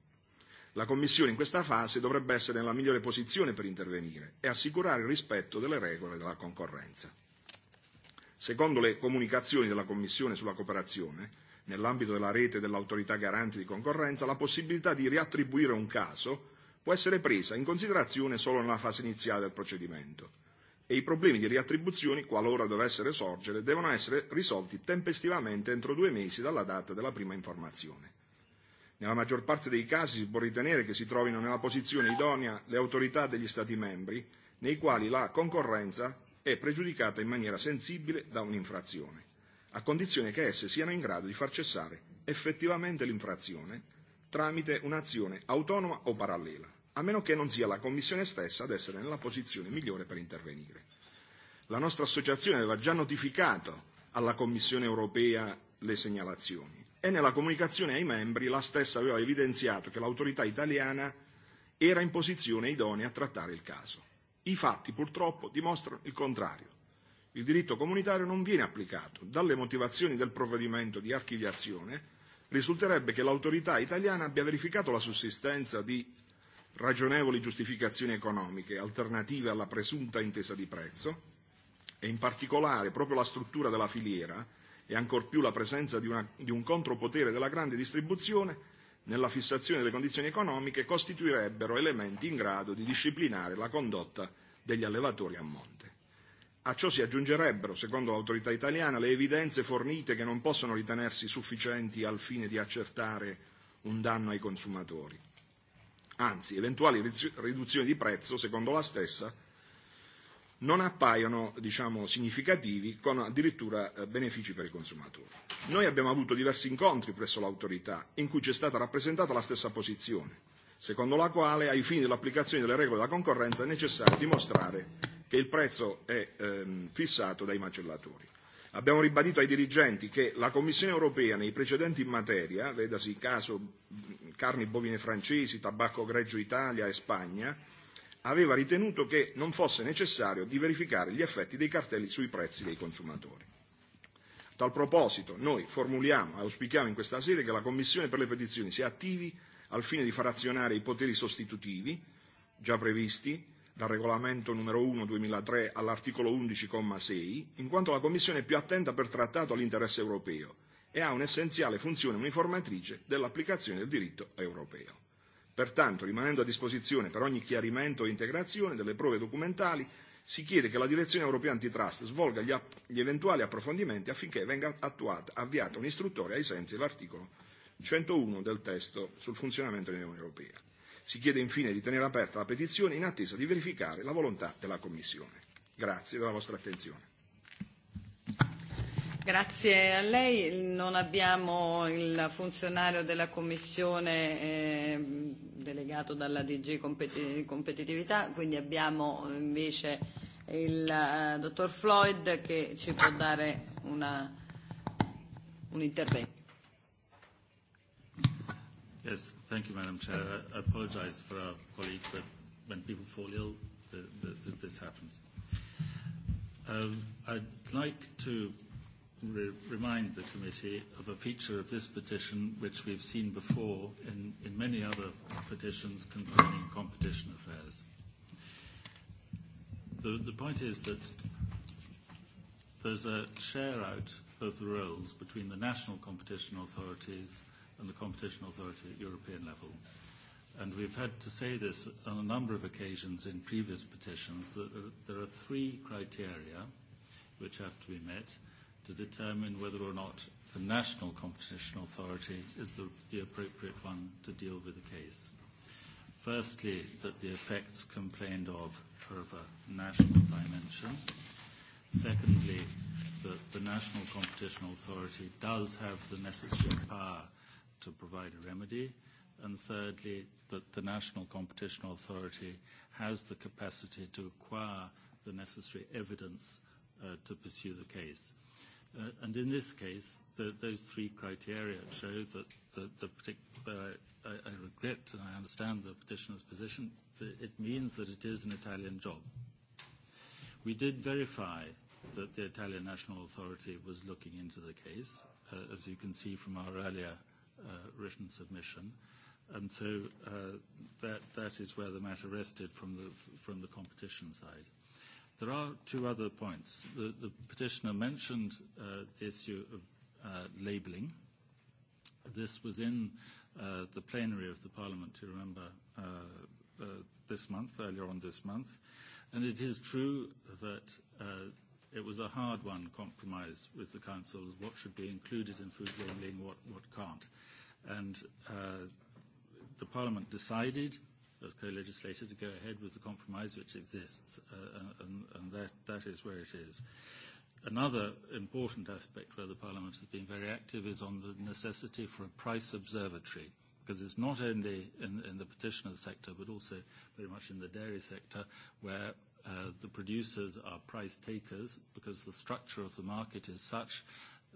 La Commissione in questa fase dovrebbe essere nella migliore posizione per intervenire e assicurare il rispetto delle regole della concorrenza. Secondo le comunicazioni della Commissione sulla cooperazione, nell'ambito della rete dell'autorità garante di concorrenza, la possibilità di riattribuire un caso può essere presa in considerazione solo nella fase iniziale del procedimento e i problemi di riattribuzione, qualora dovessero sorgere, devono essere risolti tempestivamente entro due mesi dalla data della prima informazione. Nella maggior parte dei casi si può ritenere che si trovino nella posizione idonea le autorità degli Stati membri, nei quali la concorrenza è pregiudicata in maniera sensibile da un'infrazione, a condizione che esse siano in grado di far cessare effettivamente l'infrazione tramite un'azione autonoma o parallela, a meno che non sia la Commissione stessa ad essere nella posizione migliore per intervenire. La nostra associazione aveva già notificato alla Commissione europea le segnalazioni e nella comunicazione ai membri la stessa aveva evidenziato che l'autorità italiana era in posizione idonea a trattare il caso. I fatti purtroppo dimostrano il contrario. Il diritto comunitario non viene applicato. Dalle motivazioni del provvedimento di archiviazione risulterebbe che l'autorità italiana abbia verificato la sussistenza di ragionevoli giustificazioni economiche alternative alla presunta intesa di prezzo e in particolare proprio la struttura della filiera e ancor più la presenza di, una, di un contropotere della grande distribuzione nella fissazione delle condizioni economiche costituirebbero elementi in grado di disciplinare la condotta degli allevatori a monte. A ciò si aggiungerebbero, secondo l'autorità italiana, le evidenze fornite che non possono ritenersi sufficienti al fine di accertare un danno ai consumatori. Anzi, eventuali riduzioni di prezzo, secondo la stessa, non appaiono diciamo, significativi con addirittura eh, benefici per i consumatori. Noi abbiamo avuto diversi incontri presso l'autorità in cui c'è stata rappresentata la stessa posizione, secondo la quale ai fini dell'applicazione delle regole della concorrenza è necessario dimostrare che il prezzo è ehm, fissato dai macellatori. Abbiamo ribadito ai dirigenti che la Commissione europea nei precedenti in materia, vedasi caso carni bovine francesi, tabacco greggio Italia e Spagna, aveva ritenuto che non fosse necessario di verificare gli effetti dei cartelli sui prezzi dei consumatori. A tal proposito noi formuliamo e auspichiamo in questa sede che la Commissione per le petizioni sia attivi al fine di far azionare i poteri sostitutivi già previsti dal regolamento numero 1 2003 all'articolo 11,6, in quanto la Commissione è più attenta per trattato all'interesse europeo e ha un'essenziale funzione uniformatrice dell'applicazione del diritto europeo. Pertanto, rimanendo a disposizione per ogni chiarimento e integrazione delle prove documentali, si chiede che la Direzione Europea Antitrust svolga gli, app- gli eventuali approfondimenti affinché venga attuata, avviata un'istruttoria ai sensi dell'articolo 101 del testo sul funzionamento dell'Unione Europea. Si chiede infine di tenere aperta la petizione in attesa di verificare la volontà della Commissione. Grazie della vostra attenzione. Grazie a lei. Non abbiamo il funzionario della Commissione eh, delegato dalla DG competi- Competitività, quindi abbiamo invece il eh, dottor Floyd che ci può dare una, un intervento. Yes, thank you, Madam Chair. I apologize for our colleague, but when people fall ill, the, the, the, this happens. Um, I'd like to remind the committee of a feature of this petition which we've seen before in, in many other petitions concerning competition affairs. The, the point is that there's a share out of the roles between the national competition authorities and the competition authority at European level. And we've had to say this on a number of occasions in previous petitions that there are three criteria which have to be met to determine whether or not the national competition authority is the, the appropriate one to deal with the case. Firstly, that the effects complained of are of a national dimension. Secondly, that the national competition authority does have the necessary power to provide a remedy. And thirdly, that the national competition authority has the capacity to acquire the necessary evidence uh, to pursue the case. Uh, and in this case, those three criteria show that the, particular, uh, I, regret and I understand the petitioner's position, that it means that it is an Italian job. We did verify that the Italian National Authority was looking into the case, uh, as you can see from our earlier written submission. And so that, is where the matter rested from the competition side. There are two other points. The, the petitioner mentioned uh, the issue of uh, labelling. This was in uh, the plenary of the Parliament, you remember, uh, uh, this month, earlier on this month. And it is true that uh, it was a hard one compromise with the council what should be included in food labelling, what, what can't. And uh, the Parliament decided as co-legislator to go ahead with the compromise which exists, uh, and, and that, that is where it is. Another important aspect where the Parliament has been very active is on the necessity for a price observatory, because it's not only in, in the petitioner sector, but also very much in the dairy sector, where uh, the producers are price takers because the structure of the market is such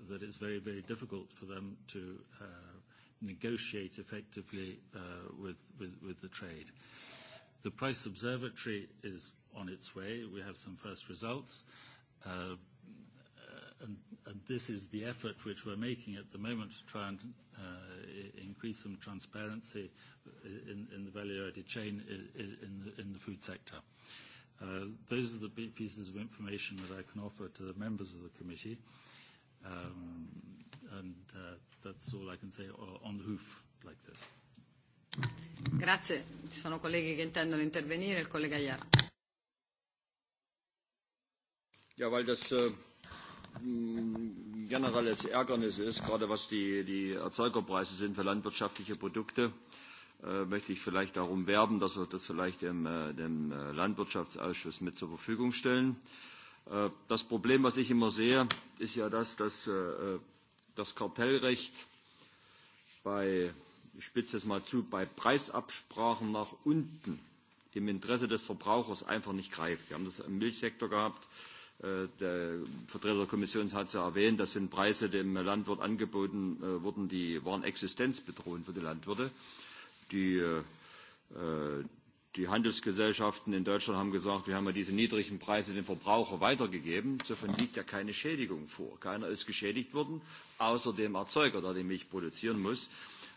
that it's very, very difficult for them to uh, negotiate effectively uh, with, with, with the trade. The price observatory is on its way. We have some first results. Uh, uh, and, and this is the effort which we're making at the moment to try and uh, increase some transparency in, in the value-added chain in, in the food sector. Uh, those are the pieces of information that I can offer to the members of the committee. Um, and uh, that's all I can say uh, on the hoof like this. Grazie. Ci sono colleghi che intendono intervenire. Il collega Iara. Ja, weil das äh, generelles Ärgernis ist, gerade was die, die Erzeugerpreise sind für landwirtschaftliche Produkte, äh, möchte ich vielleicht darum werben, dass wir das vielleicht dem, äh, dem äh, Landwirtschaftsausschuss mit zur Verfügung stellen. Äh, das Problem, was ich immer sehe, ist ja das, dass äh, äh das Kartellrecht bei, ich spitze es mal zu, bei Preisabsprachen nach unten im Interesse des Verbrauchers einfach nicht greift. Wir haben das im Milchsektor gehabt. Äh, der Vertreter der Kommission hat es ja erwähnt, das sind Preise, die dem Landwirt angeboten äh, wurden, die waren existenzbedrohend für die Landwirte. Die äh, Die Handelsgesellschaften in Deutschland haben gesagt, wir haben ja diese niedrigen Preise den Verbraucher weitergegeben. Insofern liegt ja keine Schädigung vor. Keiner ist geschädigt worden, außer dem Erzeuger, der die Milch produzieren muss.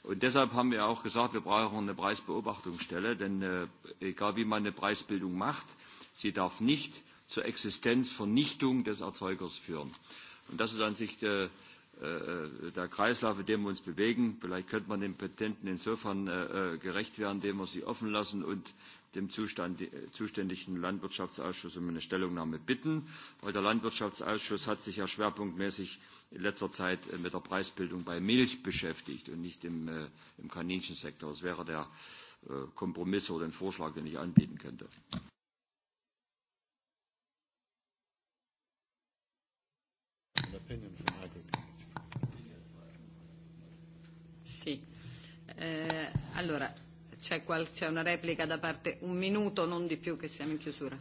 Und deshalb haben wir auch gesagt, wir brauchen eine Preisbeobachtungsstelle, denn äh, egal wie man eine Preisbildung macht, sie darf nicht zur Existenzvernichtung des Erzeugers führen. Und das ist an sich äh, Äh, äh, der Kreislauf, in dem wir uns bewegen. Vielleicht könnte man den Petenten insofern äh, gerecht werden, indem wir sie offen lassen und dem Zustand, zuständigen Landwirtschaftsausschuss um eine Stellungnahme bitten, weil der Landwirtschaftsausschuss hat sich ja schwerpunktmäßig in letzter Zeit mit der Preisbildung bei Milch beschäftigt und nicht im, im Kaninchensektor. Das wäre der Kompromiss oder ein Vorschlag, den ich anbieten könnte. An Eh, allora, c'è, qual- c'è una replica da parte, un minuto, non di più, che siamo in chiusura.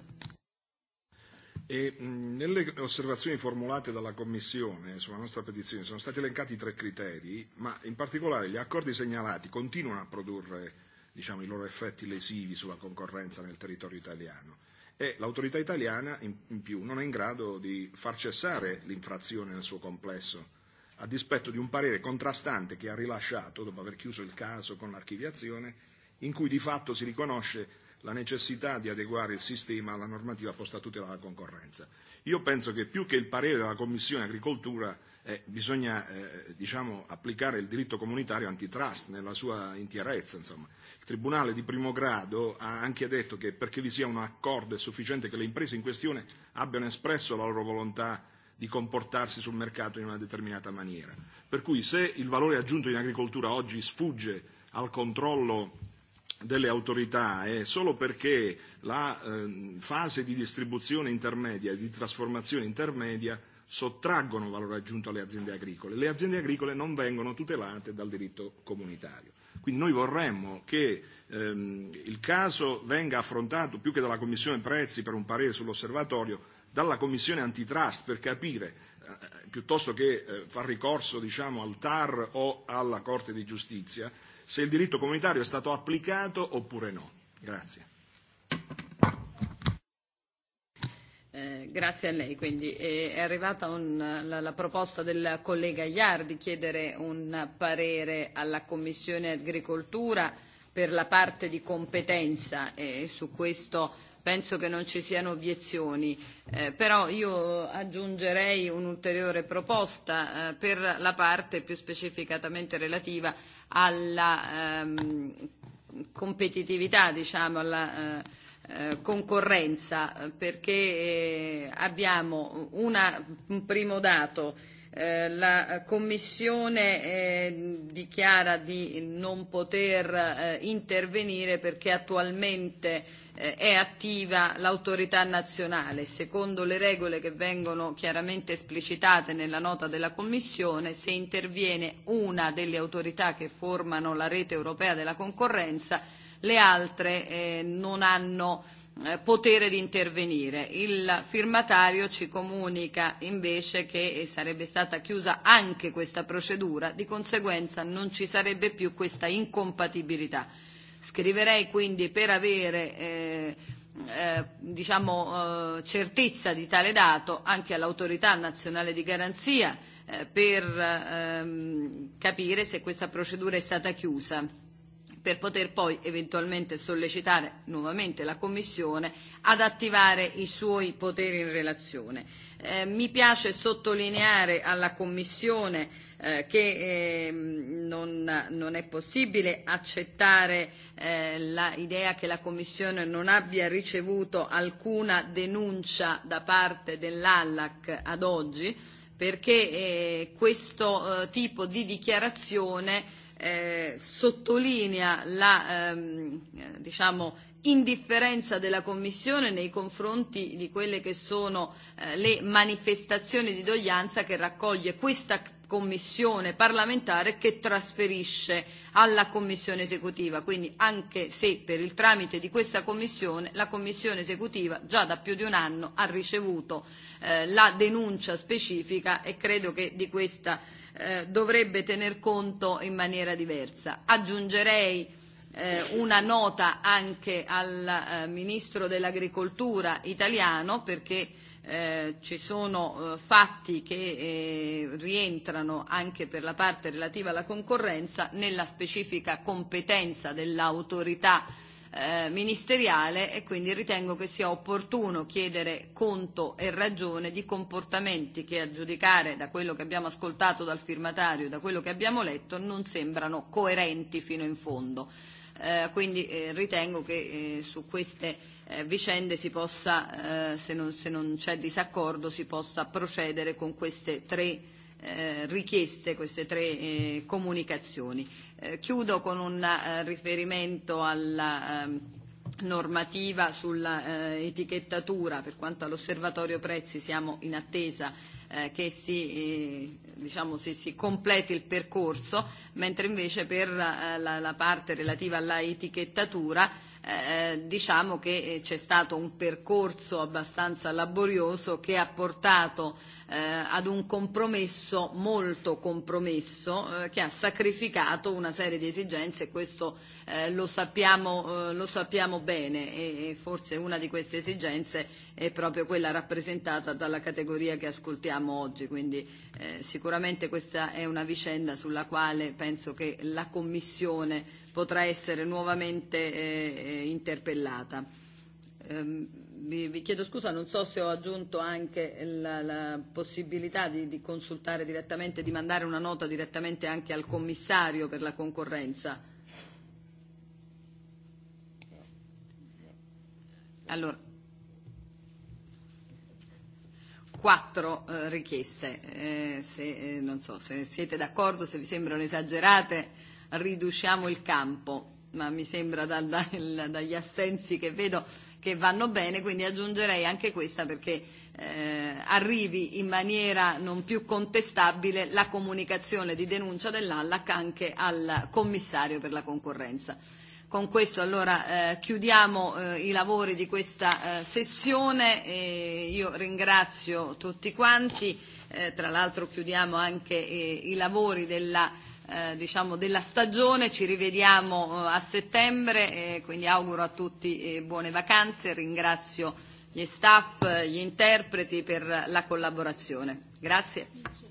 E mh, nelle osservazioni formulate dalla Commissione sulla nostra petizione sono stati elencati tre criteri, ma in particolare gli accordi segnalati continuano a produrre diciamo, i loro effetti lesivi sulla concorrenza nel territorio italiano e l'autorità italiana in, in più non è in grado di far cessare l'infrazione nel suo complesso a dispetto di un parere contrastante che ha rilasciato, dopo aver chiuso il caso con l'archiviazione, in cui di fatto si riconosce la necessità di adeguare il sistema alla normativa posta a tutela della concorrenza. Io penso che più che il parere della Commissione Agricoltura eh, bisogna eh, diciamo, applicare il diritto comunitario antitrust nella sua intierezza. Insomma. Il Tribunale di primo grado ha anche detto che perché vi sia un accordo è sufficiente che le imprese in questione abbiano espresso la loro volontà di comportarsi sul mercato in una determinata maniera. Per cui se il valore aggiunto in agricoltura oggi sfugge al controllo delle autorità è solo perché la eh, fase di distribuzione intermedia e di trasformazione intermedia sottraggono valore aggiunto alle aziende agricole. Le aziende agricole non vengono tutelate dal diritto comunitario. Quindi noi vorremmo che ehm, il caso venga affrontato più che dalla Commissione Prezzi per un parere sull'osservatorio, dalla Commissione antitrust per capire eh, piuttosto che eh, far ricorso diciamo, al TAR o alla Corte di Giustizia, se il diritto comunitario è stato applicato oppure no. Grazie. Eh, grazie a lei. Quindi eh, è arrivata un, la, la proposta del collega Iar di chiedere un parere alla Commissione Agricoltura per la parte di competenza e eh, su questo penso che non ci siano obiezioni, eh, però io aggiungerei un'ulteriore proposta eh, per la parte più specificatamente relativa alla ehm, competitività, diciamo, alla eh, eh concorrenza, eh, perché eh, abbiamo una, un primo dato Eh, la Commissione eh, dichiara di non poter eh, intervenire perché attualmente eh, è attiva l'autorità nazionale. Secondo le regole che vengono chiaramente esplicitate nella nota della Commissione, se interviene una delle autorità che formano la rete europea della concorrenza, le altre eh, non hanno eh, Eh, potere di intervenire. Il firmatario ci comunica invece che sarebbe stata chiusa anche questa procedura, di conseguenza non ci sarebbe più questa incompatibilità. Scriverei quindi per avere eh, eh, diciamo, eh, certezza di tale dato anche all'autorità nazionale di garanzia eh, per ehm, capire se questa procedura è stata chiusa per poter poi eventualmente sollecitare nuovamente la Commissione ad attivare i suoi poteri in relazione. Eh, mi piace sottolineare alla Commissione eh, che eh, non, non è possibile accettare eh, l'idea che la Commissione non abbia ricevuto alcuna denuncia da parte dell'ALAC ad oggi perché eh, questo eh, tipo di dichiarazione eh, eh, sottolinea la ehm, diciamo, indifferenza della Commissione nei confronti di quelle che sono eh, le manifestazioni di doglianza che raccoglie questa Commissione parlamentare che trasferisce alla Commissione esecutiva. Quindi anche se per il tramite di questa Commissione la Commissione esecutiva già da più di un anno ha ricevuto eh, la denuncia specifica e credo che di questa eh, dovrebbe tener conto in maniera diversa. Aggiungerei eh, una nota anche al eh, Ministro dell'Agricoltura italiano perché eh, ci sono eh, fatti che eh, rientrano anche per la parte relativa alla concorrenza nella specifica competenza dell'autorità eh, eh, ministeriale e quindi ritengo che sia opportuno chiedere conto e ragione di comportamenti che a giudicare da quello che abbiamo ascoltato dal firmatario e da quello che abbiamo letto non sembrano coerenti fino in fondo. Eh, quindi eh, ritengo che eh, su queste eh, vicende si possa, eh, se non, non c'è disaccordo, si possa procedere con queste tre eh, richieste, queste tre eh, comunicazioni. Eh, chiudo con un eh, riferimento alla eh, normativa sulla eh, etichettatura. Per quanto all'osservatorio prezzi siamo in attesa eh, che si, eh, diciamo, si, si completi il percorso, mentre invece per eh, la, la parte relativa alla etichettatura eh, diciamo che eh, c'è stato un percorso abbastanza laborioso che ha portato eh, ad un compromesso molto compromesso eh, che ha sacrificato una serie di esigenze e questo eh, lo, sappiamo, eh, lo sappiamo bene e, e forse una di queste esigenze è proprio quella rappresentata dalla categoria che ascoltiamo oggi, quindi eh, sicuramente questa è una vicenda sulla quale penso che la Commissione potrà essere nuovamente eh, eh interpellata. Eh, vi, vi chiedo scusa, non so se ho aggiunto anche la, la possibilità di, di consultare direttamente, di mandare una nota direttamente anche al commissario per la concorrenza. Allora, quattro eh, richieste, eh, se, eh, non so se siete d'accordo, se vi sembrano esagerate riduciamo il campo, ma mi sembra dal, dal, dagli assensi che vedo che vanno bene, quindi aggiungerei anche questa perché eh, arrivi in maniera non più contestabile la comunicazione di denuncia dell'ALAC anche al commissario per la concorrenza. Con questo allora eh, chiudiamo eh, i lavori di questa eh, sessione e io ringrazio tutti quanti, eh, tra l'altro chiudiamo anche eh, i lavori della Eh, diciamo della stagione, ci rivediamo eh, a settembre e quindi auguro a tutti eh, buone vacanze, ringrazio gli staff, gli interpreti per la collaborazione. Grazie.